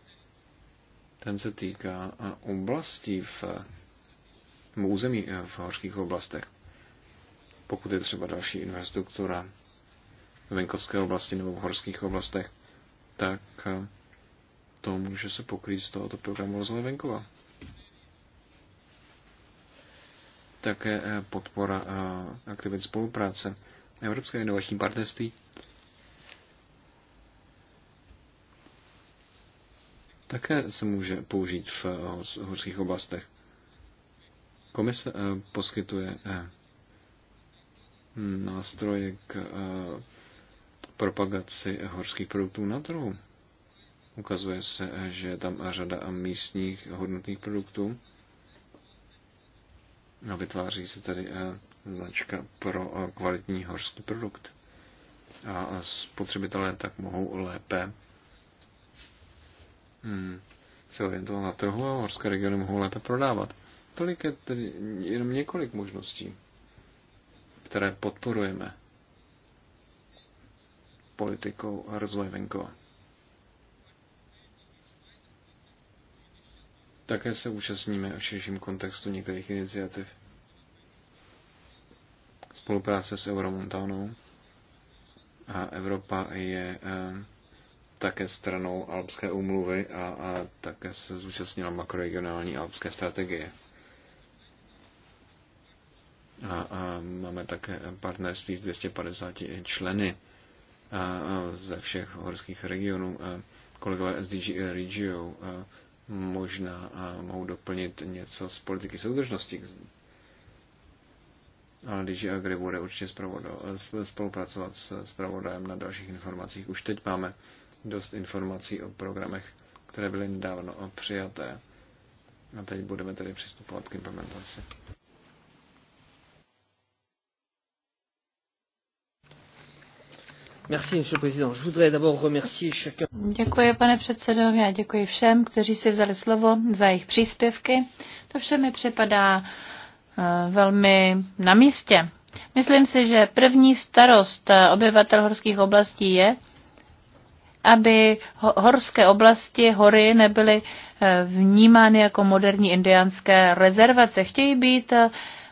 Ten se týká eh, oblastí v eh, území eh, v horských oblastech. Pokud je třeba další infrastruktura v venkovské oblasti nebo v horských oblastech, tak to může se pokrýt z tohoto programu rozvoje venkova. také eh, podpora eh, aktivit spolupráce. Evropské inovační partnerství také se může použít v eh, horských oblastech. Komise poskytuje nástroje k propagaci horských produktů na trhu. Ukazuje se, že je tam řada místních hodnotných produktů a no, vytváří se tady eh, značka pro eh, kvalitní horský produkt. A spotřebitelé tak mohou lépe hmm, se orientovat na trhu a horské regiony mohou lépe prodávat. Tolik je tedy jenom několik možností, které podporujeme politikou rozvoje venkova. Také se účastníme v širším kontextu některých iniciativ. Spolupráce s Euromontanou a Evropa je eh, také stranou Alpské úmluvy a, a také se zúčastnila makroregionální alpské strategie. A, a máme také partnerství s 250 členy a, eh, a eh, ze všech horských regionů. A kolegové SDG Regio možná a mohou doplnit něco z politiky soudržnosti. Ale DJ Agri bude určitě spolupracovat s zpravodajem na dalších informacích. Už teď máme dost informací o programech, které byly nedávno přijaté. A teď budeme tedy přistupovat k implementaci. Děkuji, pane předsedo, já děkuji všem, kteří si vzali slovo za jejich příspěvky. To vše mi připadá eh, velmi na místě. Myslím si, že první starost eh, obyvatel horských oblastí je, aby horské oblasti, hory nebyly eh, vnímány jako moderní indiánské rezervace. Chtějí být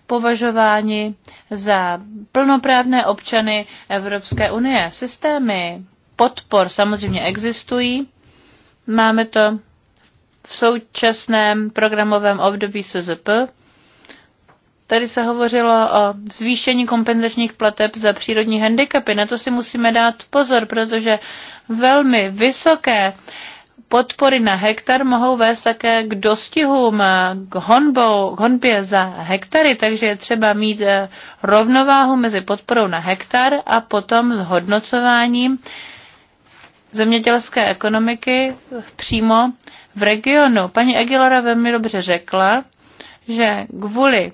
považováni za plnoprávné občany Evropské unie. Systémy podpor samozřejmě existují. Máme to v současném programovém období SZP. Tady se hovořilo o zvýšení kompenzačních plateb za přírodní handicapy. Na to si musíme dát pozor, protože velmi vysoké podpory na hektar mohou vést také k dostihům, k, honbou, k honbě za hektary, takže je třeba mít eh, rovnováhu mezi podporou na hektar a potom s hodnocováním zemědělské ekonomiky přímo v regionu. Paní Aguilera velmi dobře řekla, že kvůli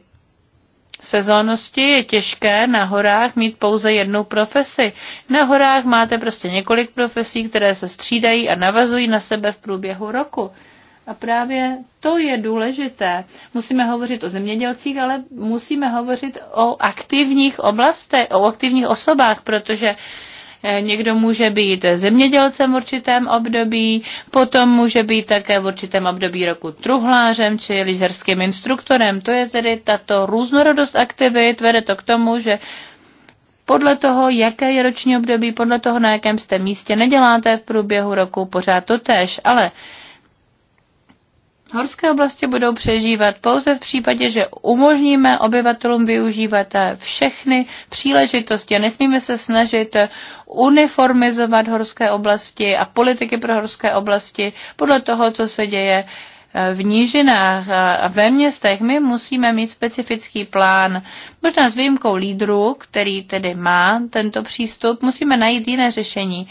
sezónnosti je těžké na horách mít pouze jednu profesi. Na horách máte prostě několik profesí, které se střídají a navazují na sebe v průběhu roku. A právě to je důležité. Musíme hovořit o zemědělcích, ale musíme hovořit o aktivních oblastech, o aktivních osobách, protože Eh, někdo může být zemědělcem v určitém období, potom může být také v určitém období roku truhlářem či lyžerským instruktorem. To je tedy tato různorodost aktivit, vede to k tomu, že podle toho, jaké je roční období, podle toho, na jakém jste místě, neděláte v průběhu roku pořád to tež, ale Horské oblasti budou přežívat pouze v případě, že umožníme obyvatelům využívat všechny příležitosti. Nesmíme se snažit uniformizovat horské oblasti a politiky pro horské oblasti podle toho, co se děje eh, v nížinách a ve městech. My musíme mít specifický plán. Možná s výjimkou lídru, který tedy má tento přístup, musíme najít jiné řešení.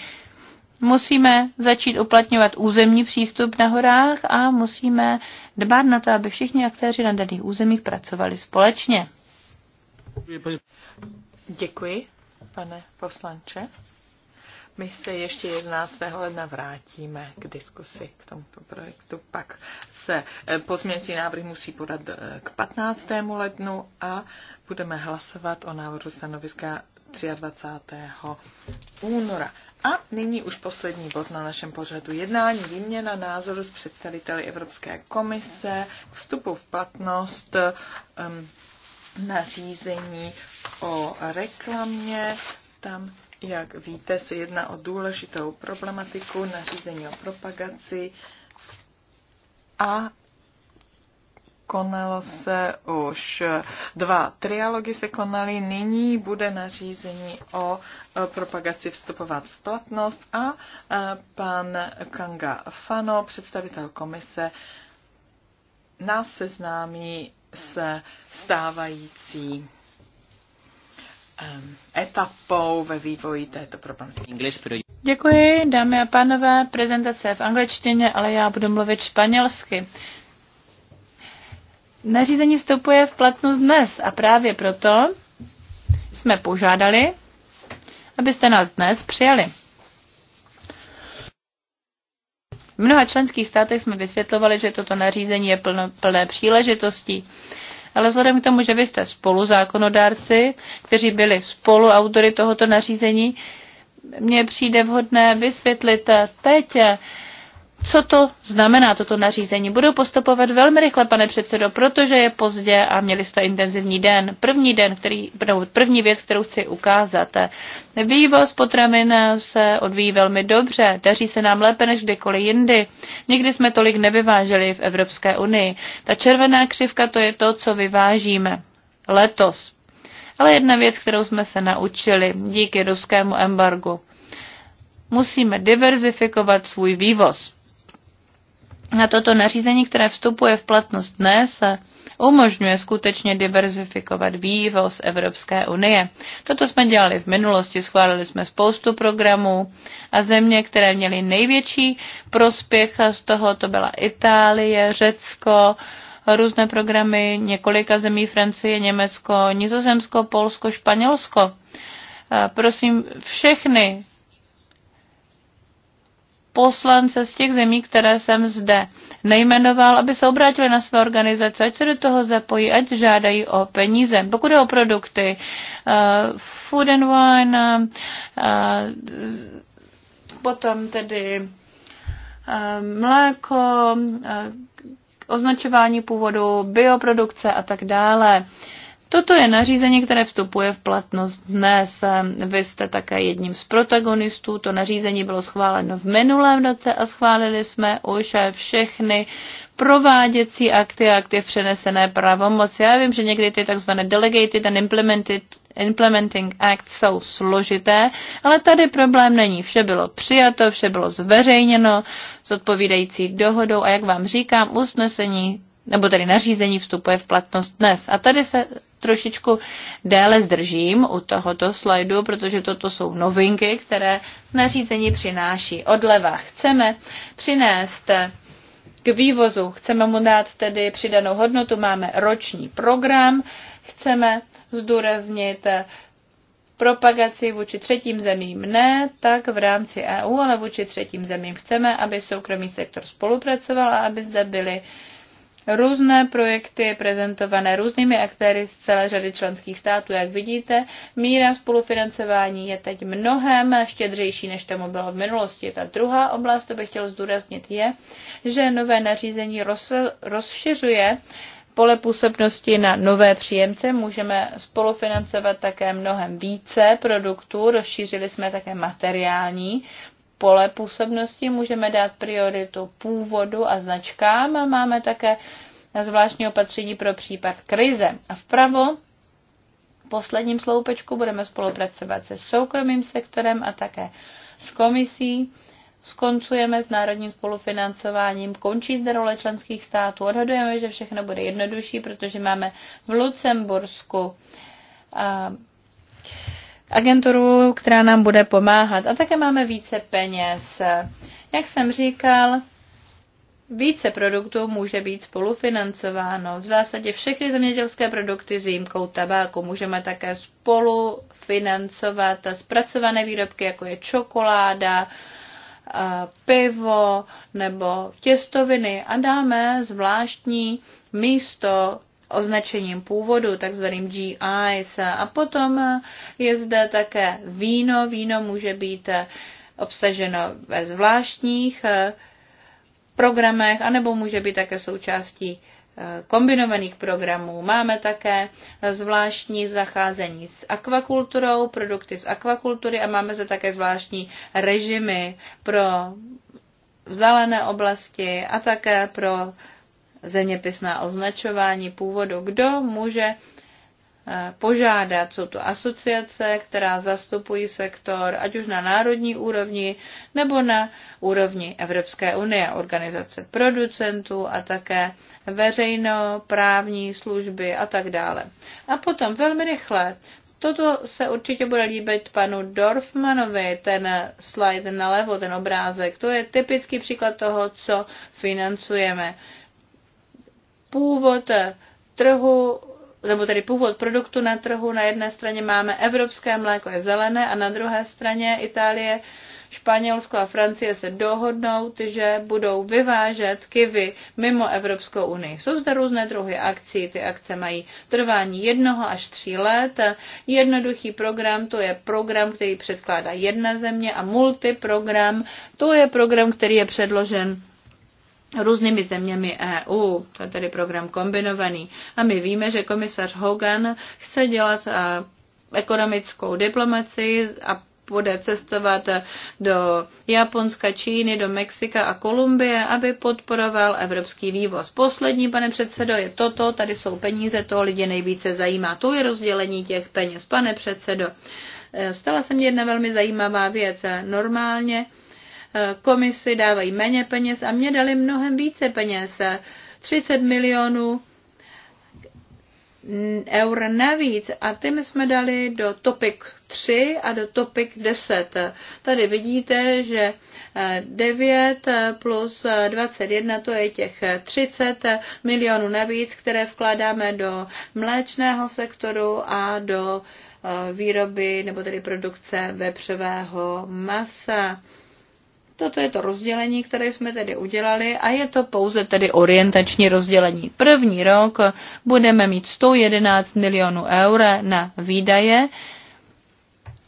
Musíme začít uplatňovat územní přístup na horách a musíme dbát na to, aby všichni aktéři na daných územích pracovali společně. Děkuji, pane poslanče. My se ještě 11. ledna vrátíme k diskusi k tomuto projektu. Pak se eh, pozměnící návrh musí podat eh, k 15. lednu a budeme hlasovat o návrhu stanoviska 23. února. A nyní už poslední bod na našem pořadu jednání, výměna názoru s představiteli Evropské komise k vstupu v platnost um, nařízení o reklamě. Tam, jak víte, se jedná o důležitou problematiku nařízení o propagaci a konalo se už dva trialogy se konaly, nyní bude nařízení o e, propagaci vstupovat v platnost a e, pan Kanga Fano, představitel komise, nás seznámí se stávající etapou ve vývoji této problematiky. Děkuji, dámy a pánové. Prezentace je v angličtině, ale já budu mluvit španělsky. Nařízení vstupuje v platnost dnes a právě proto jsme požádali, abyste nás dnes přijali. V mnoha členských státech jsme vysvětlovali, že toto nařízení je plno, plné příležitostí, ale vzhledem k tomu, že vy jste zákonodárci, kteří byli spoluautory tohoto nařízení, mně přijde vhodné vysvětlit teď, co to znamená, toto nařízení. Budou postupovat velmi rychle, pane předsedo, protože je pozdě a měli jste intenzivní den. První den, který, no, první věc, kterou chci ukázat. Vývoz potravin se odvíjí velmi dobře, daří se nám lépe než kdykoliv jindy. Nikdy jsme tolik nevyváželi v Evropské unii. Ta červená křivka to je to, co vyvážíme letos. Ale jedna věc, kterou jsme se naučili díky ruskému embargu. Musíme diverzifikovat svůj vývoz na toto nařízení, které vstupuje v platnost dnes, umožňuje skutečně diverzifikovat vývoz Evropské unie. Toto jsme dělali v minulosti, schválili jsme spoustu programů a země, které měly největší prospěch z toho, to byla Itálie, Řecko, různé programy několika zemí, Francie, Německo, Nizozemsko, Polsko, Španělsko. Prosím všechny poslance z těch zemí, které jsem zde nejmenoval, aby se obrátili na své organizace, ať se do toho zapojí, ať žádají o peníze. Pokud je o produkty, uh, food and wine, uh, potom tedy uh, mléko, uh, označování původu, bioprodukce a tak dále. Uh, Toto je nařízení, které vstupuje v platnost dnes. Vy jste také jedním z protagonistů. To nařízení bylo schváleno v minulém roce a schválili jsme už všechny prováděcí akty a akty v přenesené pravomoci. Já vím, že někdy ty tzv. delegated and implemented, implementing act jsou složité, ale tady problém není. Vše bylo přijato, vše bylo zveřejněno s odpovídající dohodou a jak vám říkám, usnesení nebo tedy nařízení vstupuje v platnost dnes. A tady se trošičku déle zdržím u tohoto slajdu, protože toto jsou novinky, které nařízení přináší. Odleva chceme přinést k vývozu, chceme mu dát tedy přidanou hodnotu, máme roční program, chceme zdůraznit propagaci vůči třetím zemím ne, tak v rámci EU, ale vůči třetím zemím chceme, aby soukromý sektor spolupracoval a aby zde byly různé projekty prezentované různými aktéry z celé řady členských států. Jak vidíte, míra spolufinancování je teď mnohem štědřejší, než tomu bylo v minulosti. Ta druhá oblast, to bych chtěl zdůraznit, je, že nové nařízení roz, rozšiřuje pole působnosti na nové příjemce. Můžeme spolufinancovat také mnohem více produktů. Rozšířili jsme také materiální pole působnosti, můžeme dát prioritu původu a značkám a máme také zvláštní opatření pro případ krize. A vpravo v posledním sloupečku budeme spolupracovat se soukromým sektorem a také s komisí. Skoncujeme s národním spolufinancováním, končí zde role členských států. Odhadujeme, že všechno bude jednodušší, protože máme v Lucembursku agenturu, která nám bude pomáhat. A také máme více peněz. Jak jsem říkal, více produktů může být spolufinancováno. V zásadě všechny zemědělské produkty s výjimkou tabáku můžeme také spolufinancovat zpracované výrobky, jako je čokoláda, pivo nebo těstoviny a dáme zvláštní místo označením původu, takzvaným GIs. A potom je zde také víno. Víno může být obsaženo ve zvláštních eh, programech, anebo může být také součástí eh, kombinovaných programů. Máme také zvláštní zacházení s akvakulturou, produkty z akvakultury a máme zde také zvláštní režimy pro vzdálené oblasti a také pro zeměpisná označování původu, kdo může eh, požádat. Jsou to asociace, která zastupují sektor, ať už na národní úrovni nebo na úrovni Evropské unie, organizace producentů a také veřejnoprávní služby a tak dále. A potom velmi rychle. Toto se určitě bude líbit panu Dorfmanovi, ten slide nalevo, ten obrázek. To je typický příklad toho, co financujeme původ trhu nebo tedy původ produktu na trhu. Na jedné straně máme evropské mléko je zelené a na druhé straně Itálie, Španělsko a Francie se dohodnou, že budou vyvážet kivy mimo Evropskou unii. Jsou zde různé druhy akcí, ty akce mají trvání jednoho až tří let. Jednoduchý program to je program, který předkládá jedna země a multiprogram to je program, který je předložen různými zeměmi EU. To je tedy program kombinovaný. A my víme, že komisař Hogan chce dělat eh, ekonomickou diplomaci a bude cestovat do Japonska, Číny, do Mexika a Kolumbie, aby podporoval evropský vývoz. Poslední, pane předsedo, je toto, tady jsou peníze, to lidi nejvíce zajímá. To je rozdělení těch peněz, pane předsedo. Eh, stala se mně jedna velmi zajímavá věc. Normálně komisi dávají méně peněz a mě dali mnohem více peněz. 30 milionů eur navíc a ty my jsme dali do topik 3 a do topik 10. Tady vidíte, že 9 eh, eh, plus 21 eh, to je těch 30 milionů navíc, které vkládáme do mléčného sektoru a do výroby nebo tedy produkce vepřového masa. Toto je to rozdělení, které jsme tedy udělali a je to pouze tedy orientační rozdělení. První rok budeme mít 111 milionů eur na výdaje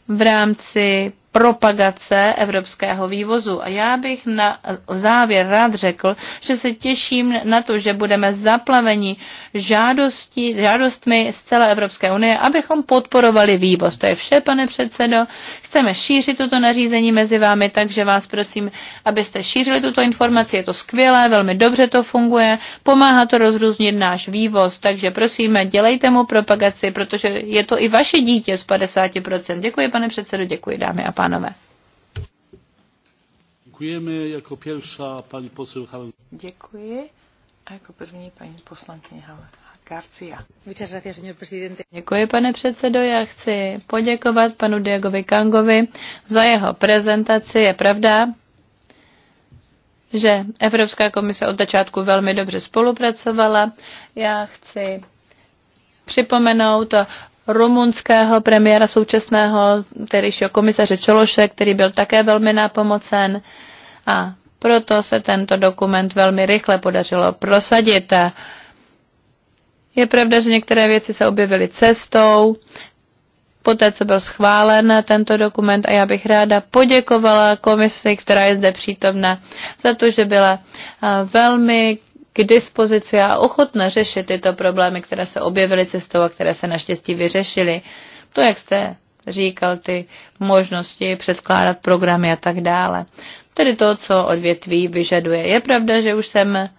v rámci propagace evropského vývozu. A já bych na závěr rád řekl, že se těším na to, že budeme zaplaveni žádostí, žádostmi z celé Evropské unie, abychom podporovali vývoz. To je vše, pane předsedo. Chceme šířit toto nařízení mezi vámi, takže vás prosím, abyste šířili tuto informaci. Je to skvělé, velmi dobře to funguje, pomáhá to rozrůznit náš vývoz, takže prosíme, dělejte mu propagaci, protože je to i vaše dítě z 50%. Děkuji, pane předsedo, děkuji, dámy a pánové pánové. Děkujeme jako pierwsza paní poseł Děkuji. A jako první paní poslankyně Garcia. Děkuji, pane předsedo. Já chci poděkovat panu Diegovi Kangovi za jeho prezentaci. Je pravda, že Evropská komise od začátku velmi dobře spolupracovala. Já chci připomenout rumunského premiéra současného, tedyšího komisaře Čološe, který byl také velmi nápomocen a proto se tento dokument velmi rychle podařilo prosadit. Je pravda, že některé věci se objevily cestou, poté co byl schválen tento dokument a já bych ráda poděkovala komisi, která je zde přítomna, za to, že byla velmi k dispozici a ochotna řešit tyto problémy, které se objevily cestou a které se naštěstí vyřešily. To, jak jste říkal, ty možnosti předkládat programy a tak dále. Tedy to, co odvětví vyžaduje. Je pravda, že už jsem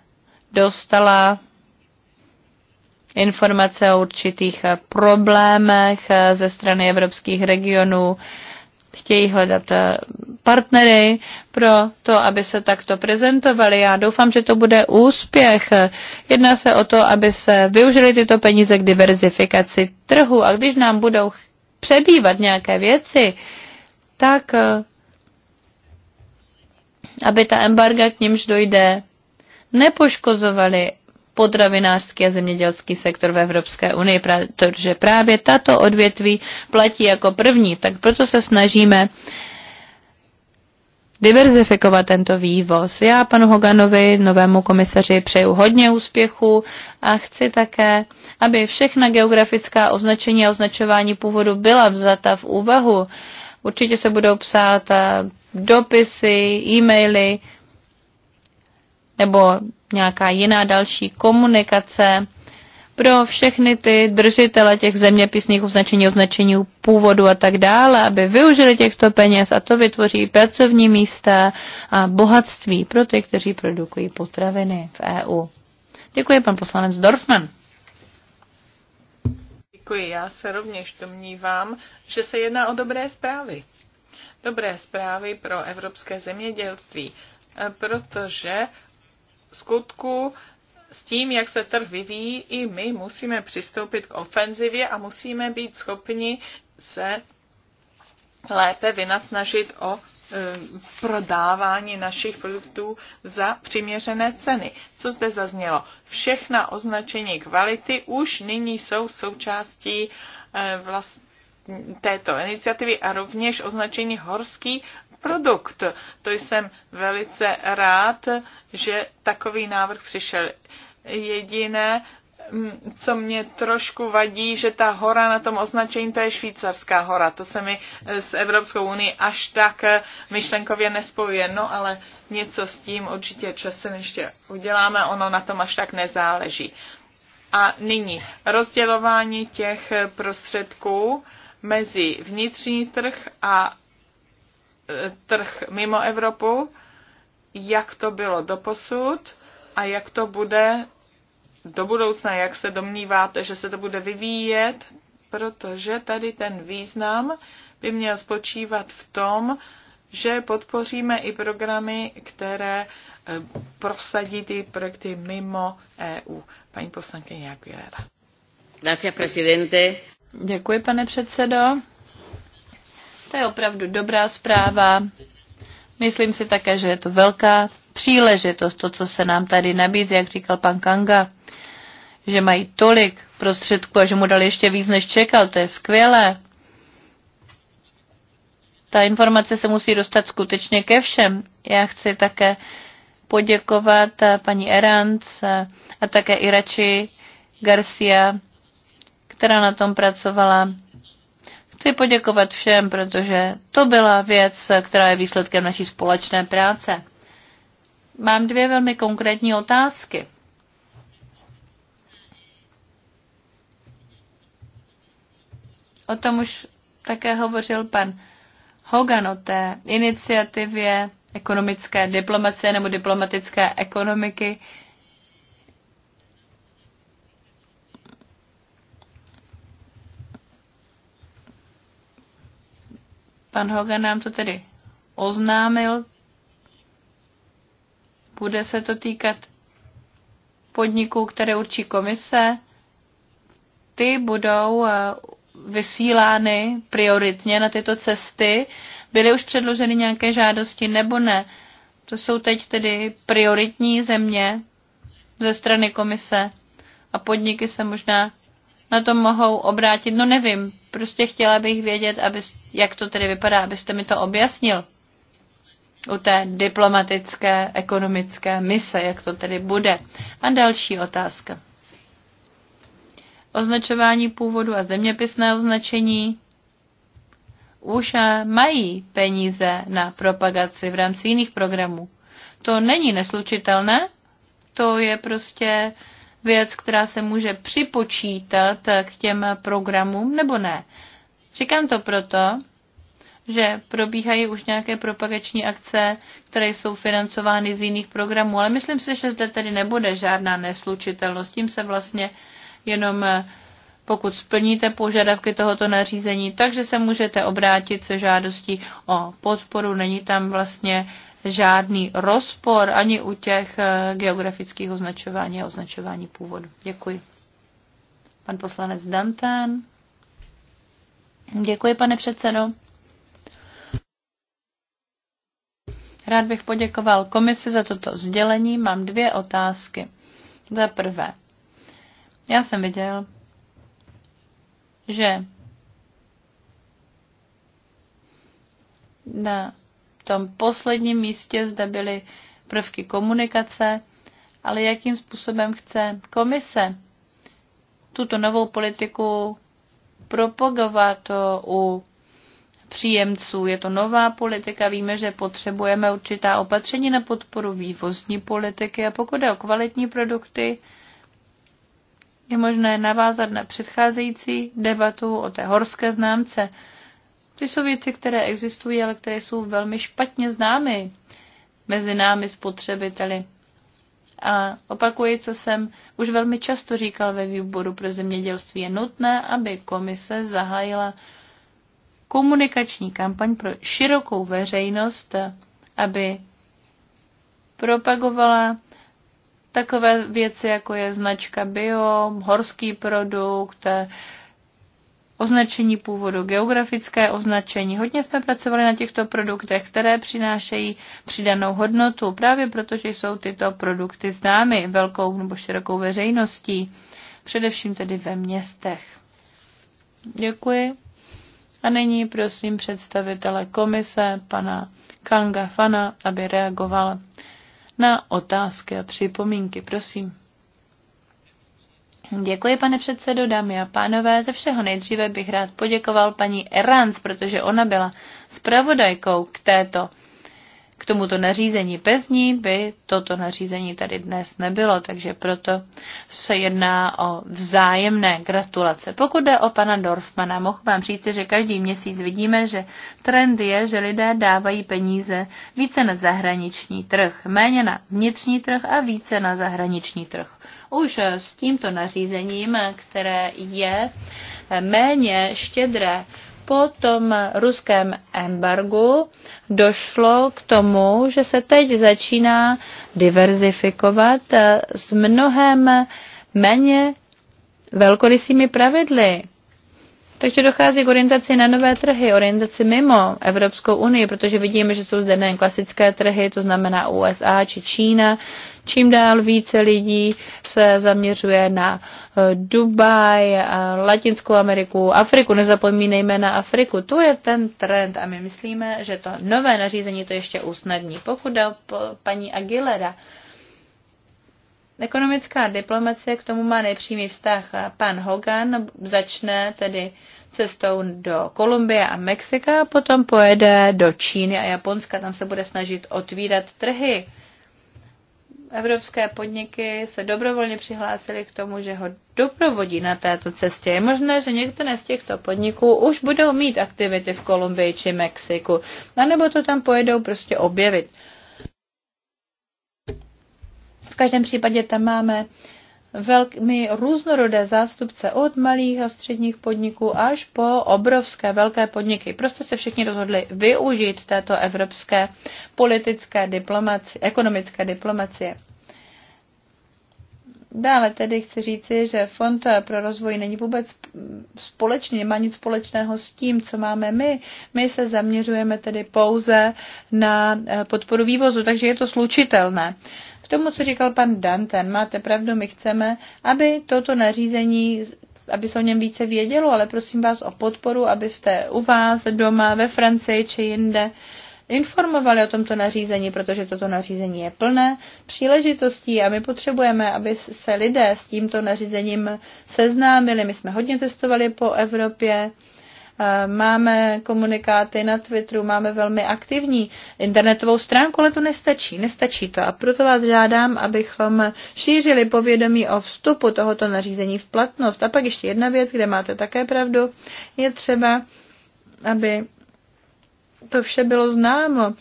dostala informace o určitých problémech ze strany evropských regionů, chtějí hledat eh, partnery pro to, aby se takto prezentovali. Já doufám, že to bude úspěch. Jedná se o to, aby se využili tyto peníze k diverzifikaci trhu a když nám budou přebývat nějaké věci, tak eh, aby ta embarga, k nímž dojde, nepoškozovali potravinářský a zemědělský sektor v Evropské unii, protože právě tato odvětví platí jako první, tak proto se snažíme diverzifikovat tento vývoz. Já panu Hoganovi, novému komisaři, přeju hodně úspěchu a chci také, aby všechna geografická označení a označování původu byla vzata v úvahu. Určitě se budou psát eh, dopisy, e-maily nebo nějaká jiná další komunikace pro všechny ty držitele těch zeměpisných označení, označení původu a tak dále, aby využili těchto peněz a to vytvoří pracovní místa a bohatství pro ty, kteří produkují potraviny v EU. Děkuji, pan poslanec Dorfman. Děkuji, já se rovněž domnívám, že se jedná o dobré zprávy. Dobré zprávy pro evropské zemědělství, protože skutku s tím, jak se trh vyvíjí, i my musíme přistoupit k ofenzivě a musíme být schopni se lépe vynasnažit o e, prodávání našich produktů za přiměřené ceny. Co zde zaznělo? Všechna označení kvality už nyní jsou součástí e, vlast... této iniciativy a rovněž označení horský produkt. To jsem velice rád, že takový návrh přišel. Jediné, mm, co mě trošku vadí, že ta hora na tom označení, to je švýcarská hora. To se mi eh, s Evropskou unii až tak eh, myšlenkově nespojuje. No ale něco s tím určitě časem ještě uděláme, ono na tom až tak nezáleží. A nyní rozdělování těch eh, prostředků mezi vnitřní trh a trh mimo Evropu, jak to bylo doposud a jak to bude do budoucna, jak se domníváte, že se to bude vyvíjet, protože tady ten význam by měl spočívat v tom, že podpoříme i programy, které eh, prosadí ty projekty mimo EU. Paní poslankyně Aguilera. Děkuji, pane předsedo. To je opravdu dobrá zpráva. Myslím si také, že je to velká příležitost, to, co se nám tady nabízí, jak říkal pan Kanga, že mají tolik prostředků a že mu dali ještě víc, než čekal. To je skvělé. Ta informace se musí dostat skutečně ke všem. Já chci také poděkovat paní Eranc a také Irači Garcia, která na tom pracovala Chci poděkovat všem, protože to byla věc, která je výsledkem naší společné práce. Mám dvě velmi konkrétní otázky. O tom už také hovořil pan Hogan o té iniciativě ekonomické diplomacie nebo diplomatické ekonomiky. Pan Hogan nám to tedy oznámil. Bude se to týkat podniků, které určí komise. Ty budou eh, vysílány prioritně na tyto cesty. Byly už předloženy nějaké žádosti nebo ne? To jsou teď tedy prioritní země ze strany komise a podniky se možná na to mohou obrátit? No nevím, prostě chtěla bych vědět, aby, jak to tedy vypadá, abyste mi to objasnil u té diplomatické ekonomické mise, jak to tedy bude. A další otázka. Označování původu a zeměpisné označení už eh, mají peníze na propagaci v rámci jiných programů. To není neslučitelné, to je prostě věc, která se může připočítat k těm programům, nebo ne? Říkám to proto, že probíhají už nějaké propagační akce, které jsou financovány z jiných programů, ale myslím si, že zde tedy nebude žádná neslučitelnost. Tím se vlastně jenom eh, pokud splníte požadavky tohoto nařízení, takže se můžete obrátit se žádostí o podporu. Není tam vlastně žádný rozpor ani u těch eh, geografických označování a označování původu. Děkuji. Pan poslanec Dantén. Děkuji, pane předsedo. Rád bych poděkoval komisi za toto sdělení. Mám dvě otázky. Za prvé, já jsem viděl, že na tom posledním místě zde byly prvky komunikace, ale jakým způsobem chce komise tuto novou politiku propagovat u příjemců. Je to nová politika, víme, že potřebujeme určitá opatření na podporu vývozní politiky a pokud je o kvalitní produkty, je možné navázat na předcházející debatu o té horské známce ty jsou věci, které existují, ale které jsou velmi špatně známy mezi námi spotřebiteli. A opakuji, co jsem už velmi často říkal ve výboru pro zemědělství, je nutné, aby komise zahájila komunikační kampaň pro širokou veřejnost, aby propagovala takové věci, jako je značka bio, horský produkt, označení původu, geografické označení. Hodně jsme pracovali na těchto produktech, které přinášejí přidanou hodnotu, právě protože jsou tyto produkty známy velkou nebo širokou veřejností, především tedy ve městech. Děkuji. A nyní prosím představitele komise, pana Kanga Fana, aby reagoval na otázky a připomínky. Prosím. Děkuji, pane předsedo, dámy a pánové. Ze všeho nejdříve bych rád poděkoval paní Erans, protože ona byla zpravodajkou k této k tomuto nařízení. Bez ní by toto nařízení tady dnes nebylo, takže proto se jedná o vzájemné gratulace. Pokud jde o pana Dorfmana, mohu vám říct, že každý měsíc vidíme, že trend je, že lidé dávají peníze více na zahraniční trh, méně na vnitřní trh a více na zahraniční trh už s tímto nařízením, které je méně štědré, po tom ruském embargu došlo k tomu, že se teď začíná diverzifikovat s mnohem méně velkorysými pravidly, takže dochází k orientaci na nové trhy, orientaci mimo Evropskou unii, protože vidíme, že jsou zde nejen klasické trhy, to znamená USA či Čína. Čím dál více lidí se zaměřuje na eh, Dubaj, eh, Latinskou Ameriku, Afriku. Nezapomínejme na Afriku. To je ten trend a my myslíme, že to nové nařízení to ještě usnadní. Pokud dá paní Aguilera, Ekonomická diplomacie k tomu má nejpřímý vztah. Pan Hogan začne tedy cestou do Kolumbie a Mexika a potom pojede do Číny a Japonska. Tam se bude snažit otvírat trhy. Evropské podniky se dobrovolně přihlásily k tomu, že ho doprovodí na této cestě. Je možné, že některé z těchto podniků už budou mít aktivity v Kolumbii či Mexiku, anebo to tam pojedou prostě objevit. V každém případě tam máme velmi různorodé zástupce od malých a středních podniků až po obrovské velké podniky. Prostě se všichni rozhodli využít této evropské politické diplomaci, ekonomické diplomacie. Dále tedy chci říci, že Fond pro rozvoj není vůbec společný, nemá nic společného s tím, co máme my. My se zaměřujeme tedy pouze na podporu vývozu, takže je to slučitelné. Uh, k tomu, co říkal pan Danten, máte pravdu, my chceme, aby toto nařízení aby se o něm více vědělo, ale prosím vás o podporu, abyste u vás doma, ve Francii či jinde informovali o tomto nařízení, protože toto nařízení je plné příležitostí a my potřebujeme, aby se lidé s tímto nařízením seznámili. My jsme hodně testovali po Evropě, máme komunikáty na Twitteru, máme velmi aktivní internetovou stránku, ale to nestačí, nestačí to. A proto vás žádám, abychom šířili povědomí o vstupu tohoto nařízení v platnost. A pak ještě jedna věc, kde máte také pravdu, je třeba, aby to vše bylo známo.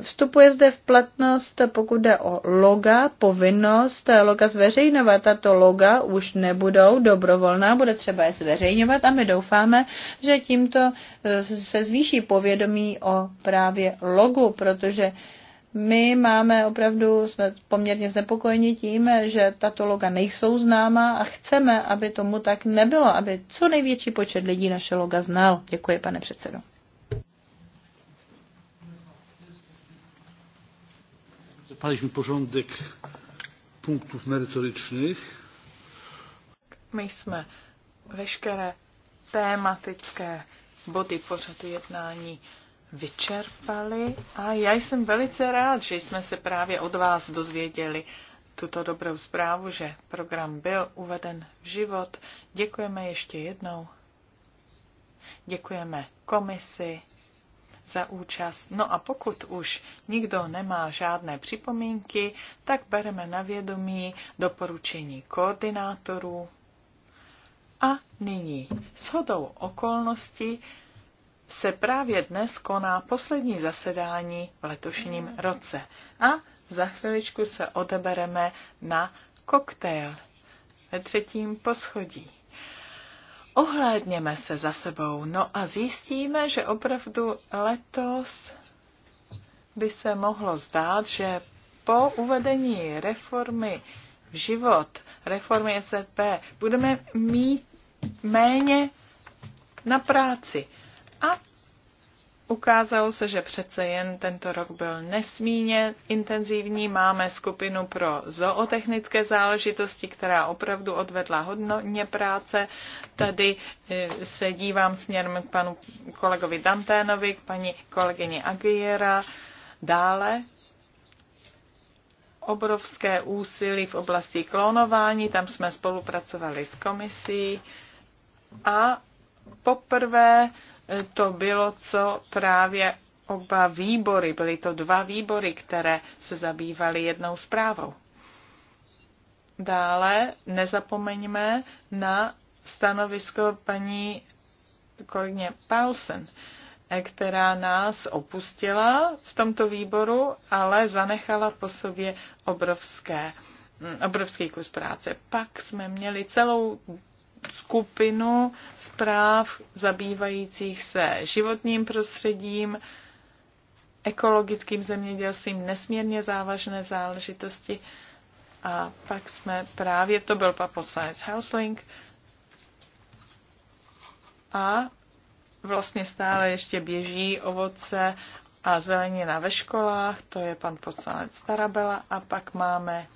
Vstupuje zde v platnost, pokud jde o loga, povinnost loga zveřejňovat. Tato loga už nebudou dobrovolná, bude třeba je zveřejňovat a my doufáme, že tímto eh, se zvýší povědomí o právě logu, protože my máme opravdu, jsme poměrně znepokojeni tím, že tato loga nejsou známa a chceme, aby tomu tak nebylo, aby co největší počet lidí naše loga znal. Děkuji, pane předsedo. wyczerpaliśmy porządek punktów merytorycznych. My jsme veškeré tématické body pořadu jednání vyčerpali a já jsem velice rád, že jsme se právě od vás dozvěděli tuto dobrou zprávu, že program byl uveden v život. Děkujeme ještě jednou. Děkujeme komisi za účast. No a pokud už nikdo nemá žádné připomínky, tak bereme na vědomí doporučení koordinátorů. A nyní shodou okolností se právě dnes koná poslední zasedání v letošním roce. A za chviličku se odebereme na koktejl ve třetím poschodí ohlédněme se za sebou, no a zjistíme, že opravdu letos by se mohlo zdát, že po uvedení reformy v život, reformy SZP, budeme mít méně na práci. A Ukázalo se, že přece jen tento rok byl nesmíně intenzivní. Máme skupinu pro zootechnické záležitosti, která opravdu odvedla hodně práce. Tady eh, se dívám směrem k panu kolegovi Danténovi, k paní kolegyni Aguiera. Dále obrovské úsilí v oblasti klonování, tam jsme spolupracovali s komisí a poprvé to bylo, co právě oba výbory, byly to dva výbory, které se zabývaly jednou zprávou. Dále nezapomeňme na stanovisko paní kolegyně Paulsen, která nás opustila v tomto výboru, ale zanechala po sobě obrovské, obrovský kus práce. Pak jsme měli celou skupinu zpráv zabývajících se životním prostředím, ekologickým zemědělstvím, nesmírně závažné záležitosti. A pak jsme právě, to byl pan poslanec Helsling, a vlastně stále ještě běží ovoce a zelenina ve školách, to je pan poslanec Tarabela a pak máme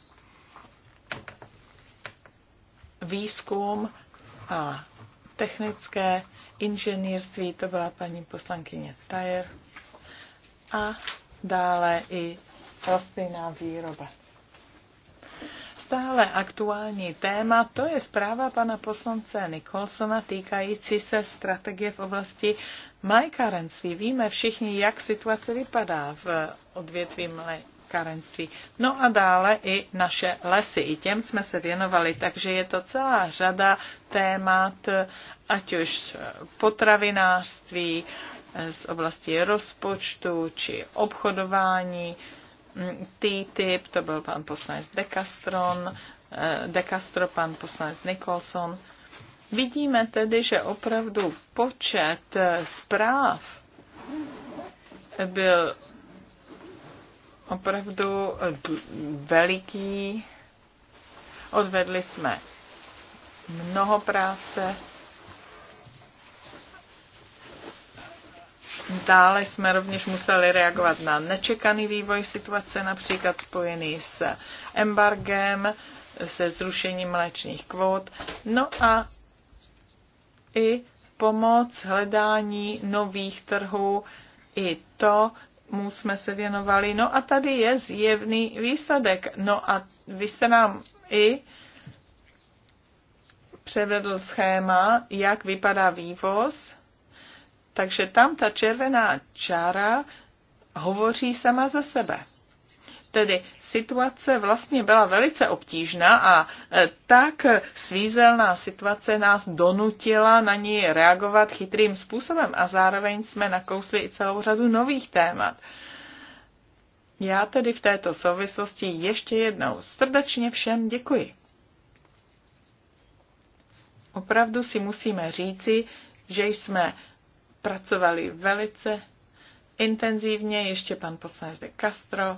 výzkum a technické inženýrství, to byla paní poslankyně Tajer, a dále i rostlinná výroba. Stále aktuální téma, to je zpráva pana poslance Nikolsona týkající se strategie v oblasti mlékárenství. Víme všichni, jak situace vypadá v odvětví mlékárenství. No a dále i naše lesy, i těm jsme se věnovali, takže je to celá řada témat, ať už potravinářství, z oblasti rozpočtu či obchodování, TTIP, to byl pan poslanec De, Castron, eh, De Castro, pan poslanec Nicholson. Vidíme tedy, že opravdu počet eh, zpráv byl opravdu veliký. Odvedli jsme mnoho práce. Dále jsme rovněž museli reagovat na nečekaný vývoj situace, například spojený s embargem, se zrušením mléčných kvót, no a i pomoc hledání nových trhů, i to mu jsme se věnovali. No a tady je zjevný výsledek. No a vy jste nám i převedl schéma, jak vypadá vývoz. Takže tam ta červená čára hovoří sama za sebe. Tedy situace vlastně byla velice obtížná a e, tak svízelná situace nás donutila na ní reagovat chytrým způsobem a zároveň jsme nakousli i celou řadu nových témat. Já tedy v této souvislosti ještě jednou srdečně všem děkuji. Opravdu si musíme říci, že jsme pracovali velice intenzivně, ještě pan poslanec de Castro,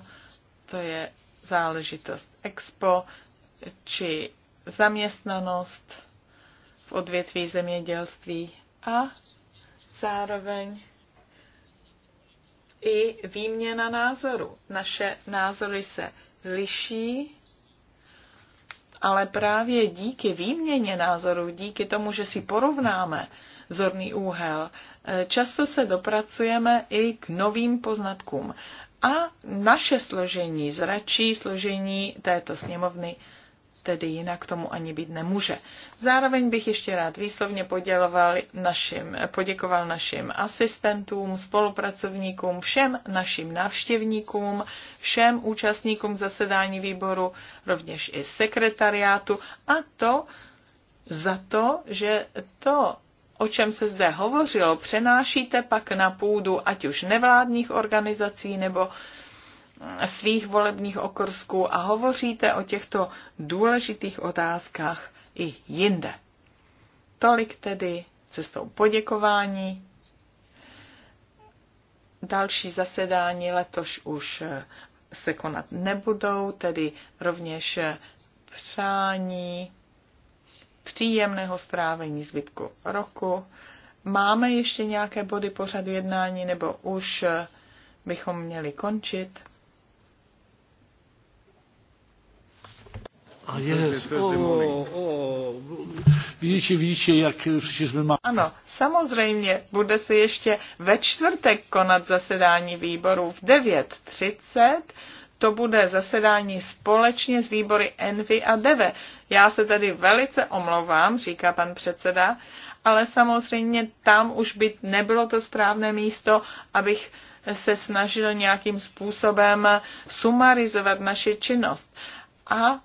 to je záležitost expo či zaměstnanost v odvětví zemědělství a zároveň i výměna názoru. Naše názory se liší, ale právě díky výměně názorů, díky tomu, že si porovnáme zorný úhel, často se dopracujeme i k novým poznatkům. A naše složení, zračí složení této sněmovny, tedy jinak tomu ani být nemůže. Zároveň bych ještě rád výslovně našim, poděkoval našim asistentům, spolupracovníkům, všem našim návštěvníkům, všem účastníkům zasedání výboru, rovněž i sekretariátu a to za to, že to o čem se zde hovořilo, přenášíte pak na půdu ať už nevládních organizací nebo eh, svých volebních okrsků a hovoříte o těchto důležitých otázkách i jinde. Tolik tedy cestou poděkování. Další zasedání letoš už eh, se konat nebudou, tedy rovněž eh, přání příjemného strávení zbytku roku. Máme ještě nějaké body pořadu jednání, nebo už eh, bychom měli končit? A je o, o, vidíte, vidíte, jak jsme má... Ano, samozřejmě, bude se ještě ve čtvrtek konat zasedání výboru v 9.30 to bude zasedání společně s výbory Envy a Deve. Já se tedy velice omlouvám, říká pan předseda, ale samozřejmě tam už by nebylo to správné místo, abych se snažil nějakým způsobem sumarizovat naši činnost. A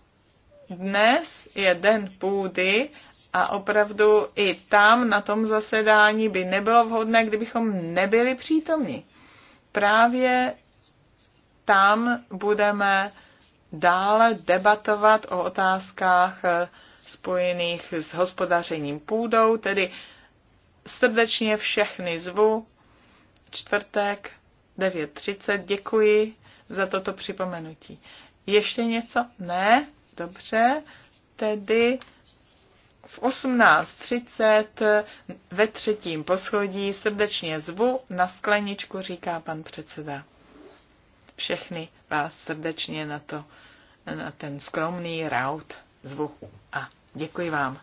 dnes je den půdy a opravdu i tam na tom zasedání by nebylo vhodné, kdybychom nebyli přítomni. Právě tam budeme dále debatovat o otázkách eh, spojených s hospodařením půdou, tedy srdečně všechny zvu. Čtvrtek 9.30. Děkuji za toto připomenutí. Ještě něco? Ne? Dobře. Tedy v 18.30 eh, ve třetím poschodí srdečně zvu na skleničku, říká pan předseda všechny vás srdečně na, to, na ten skromný raut zvuku. A děkuji vám.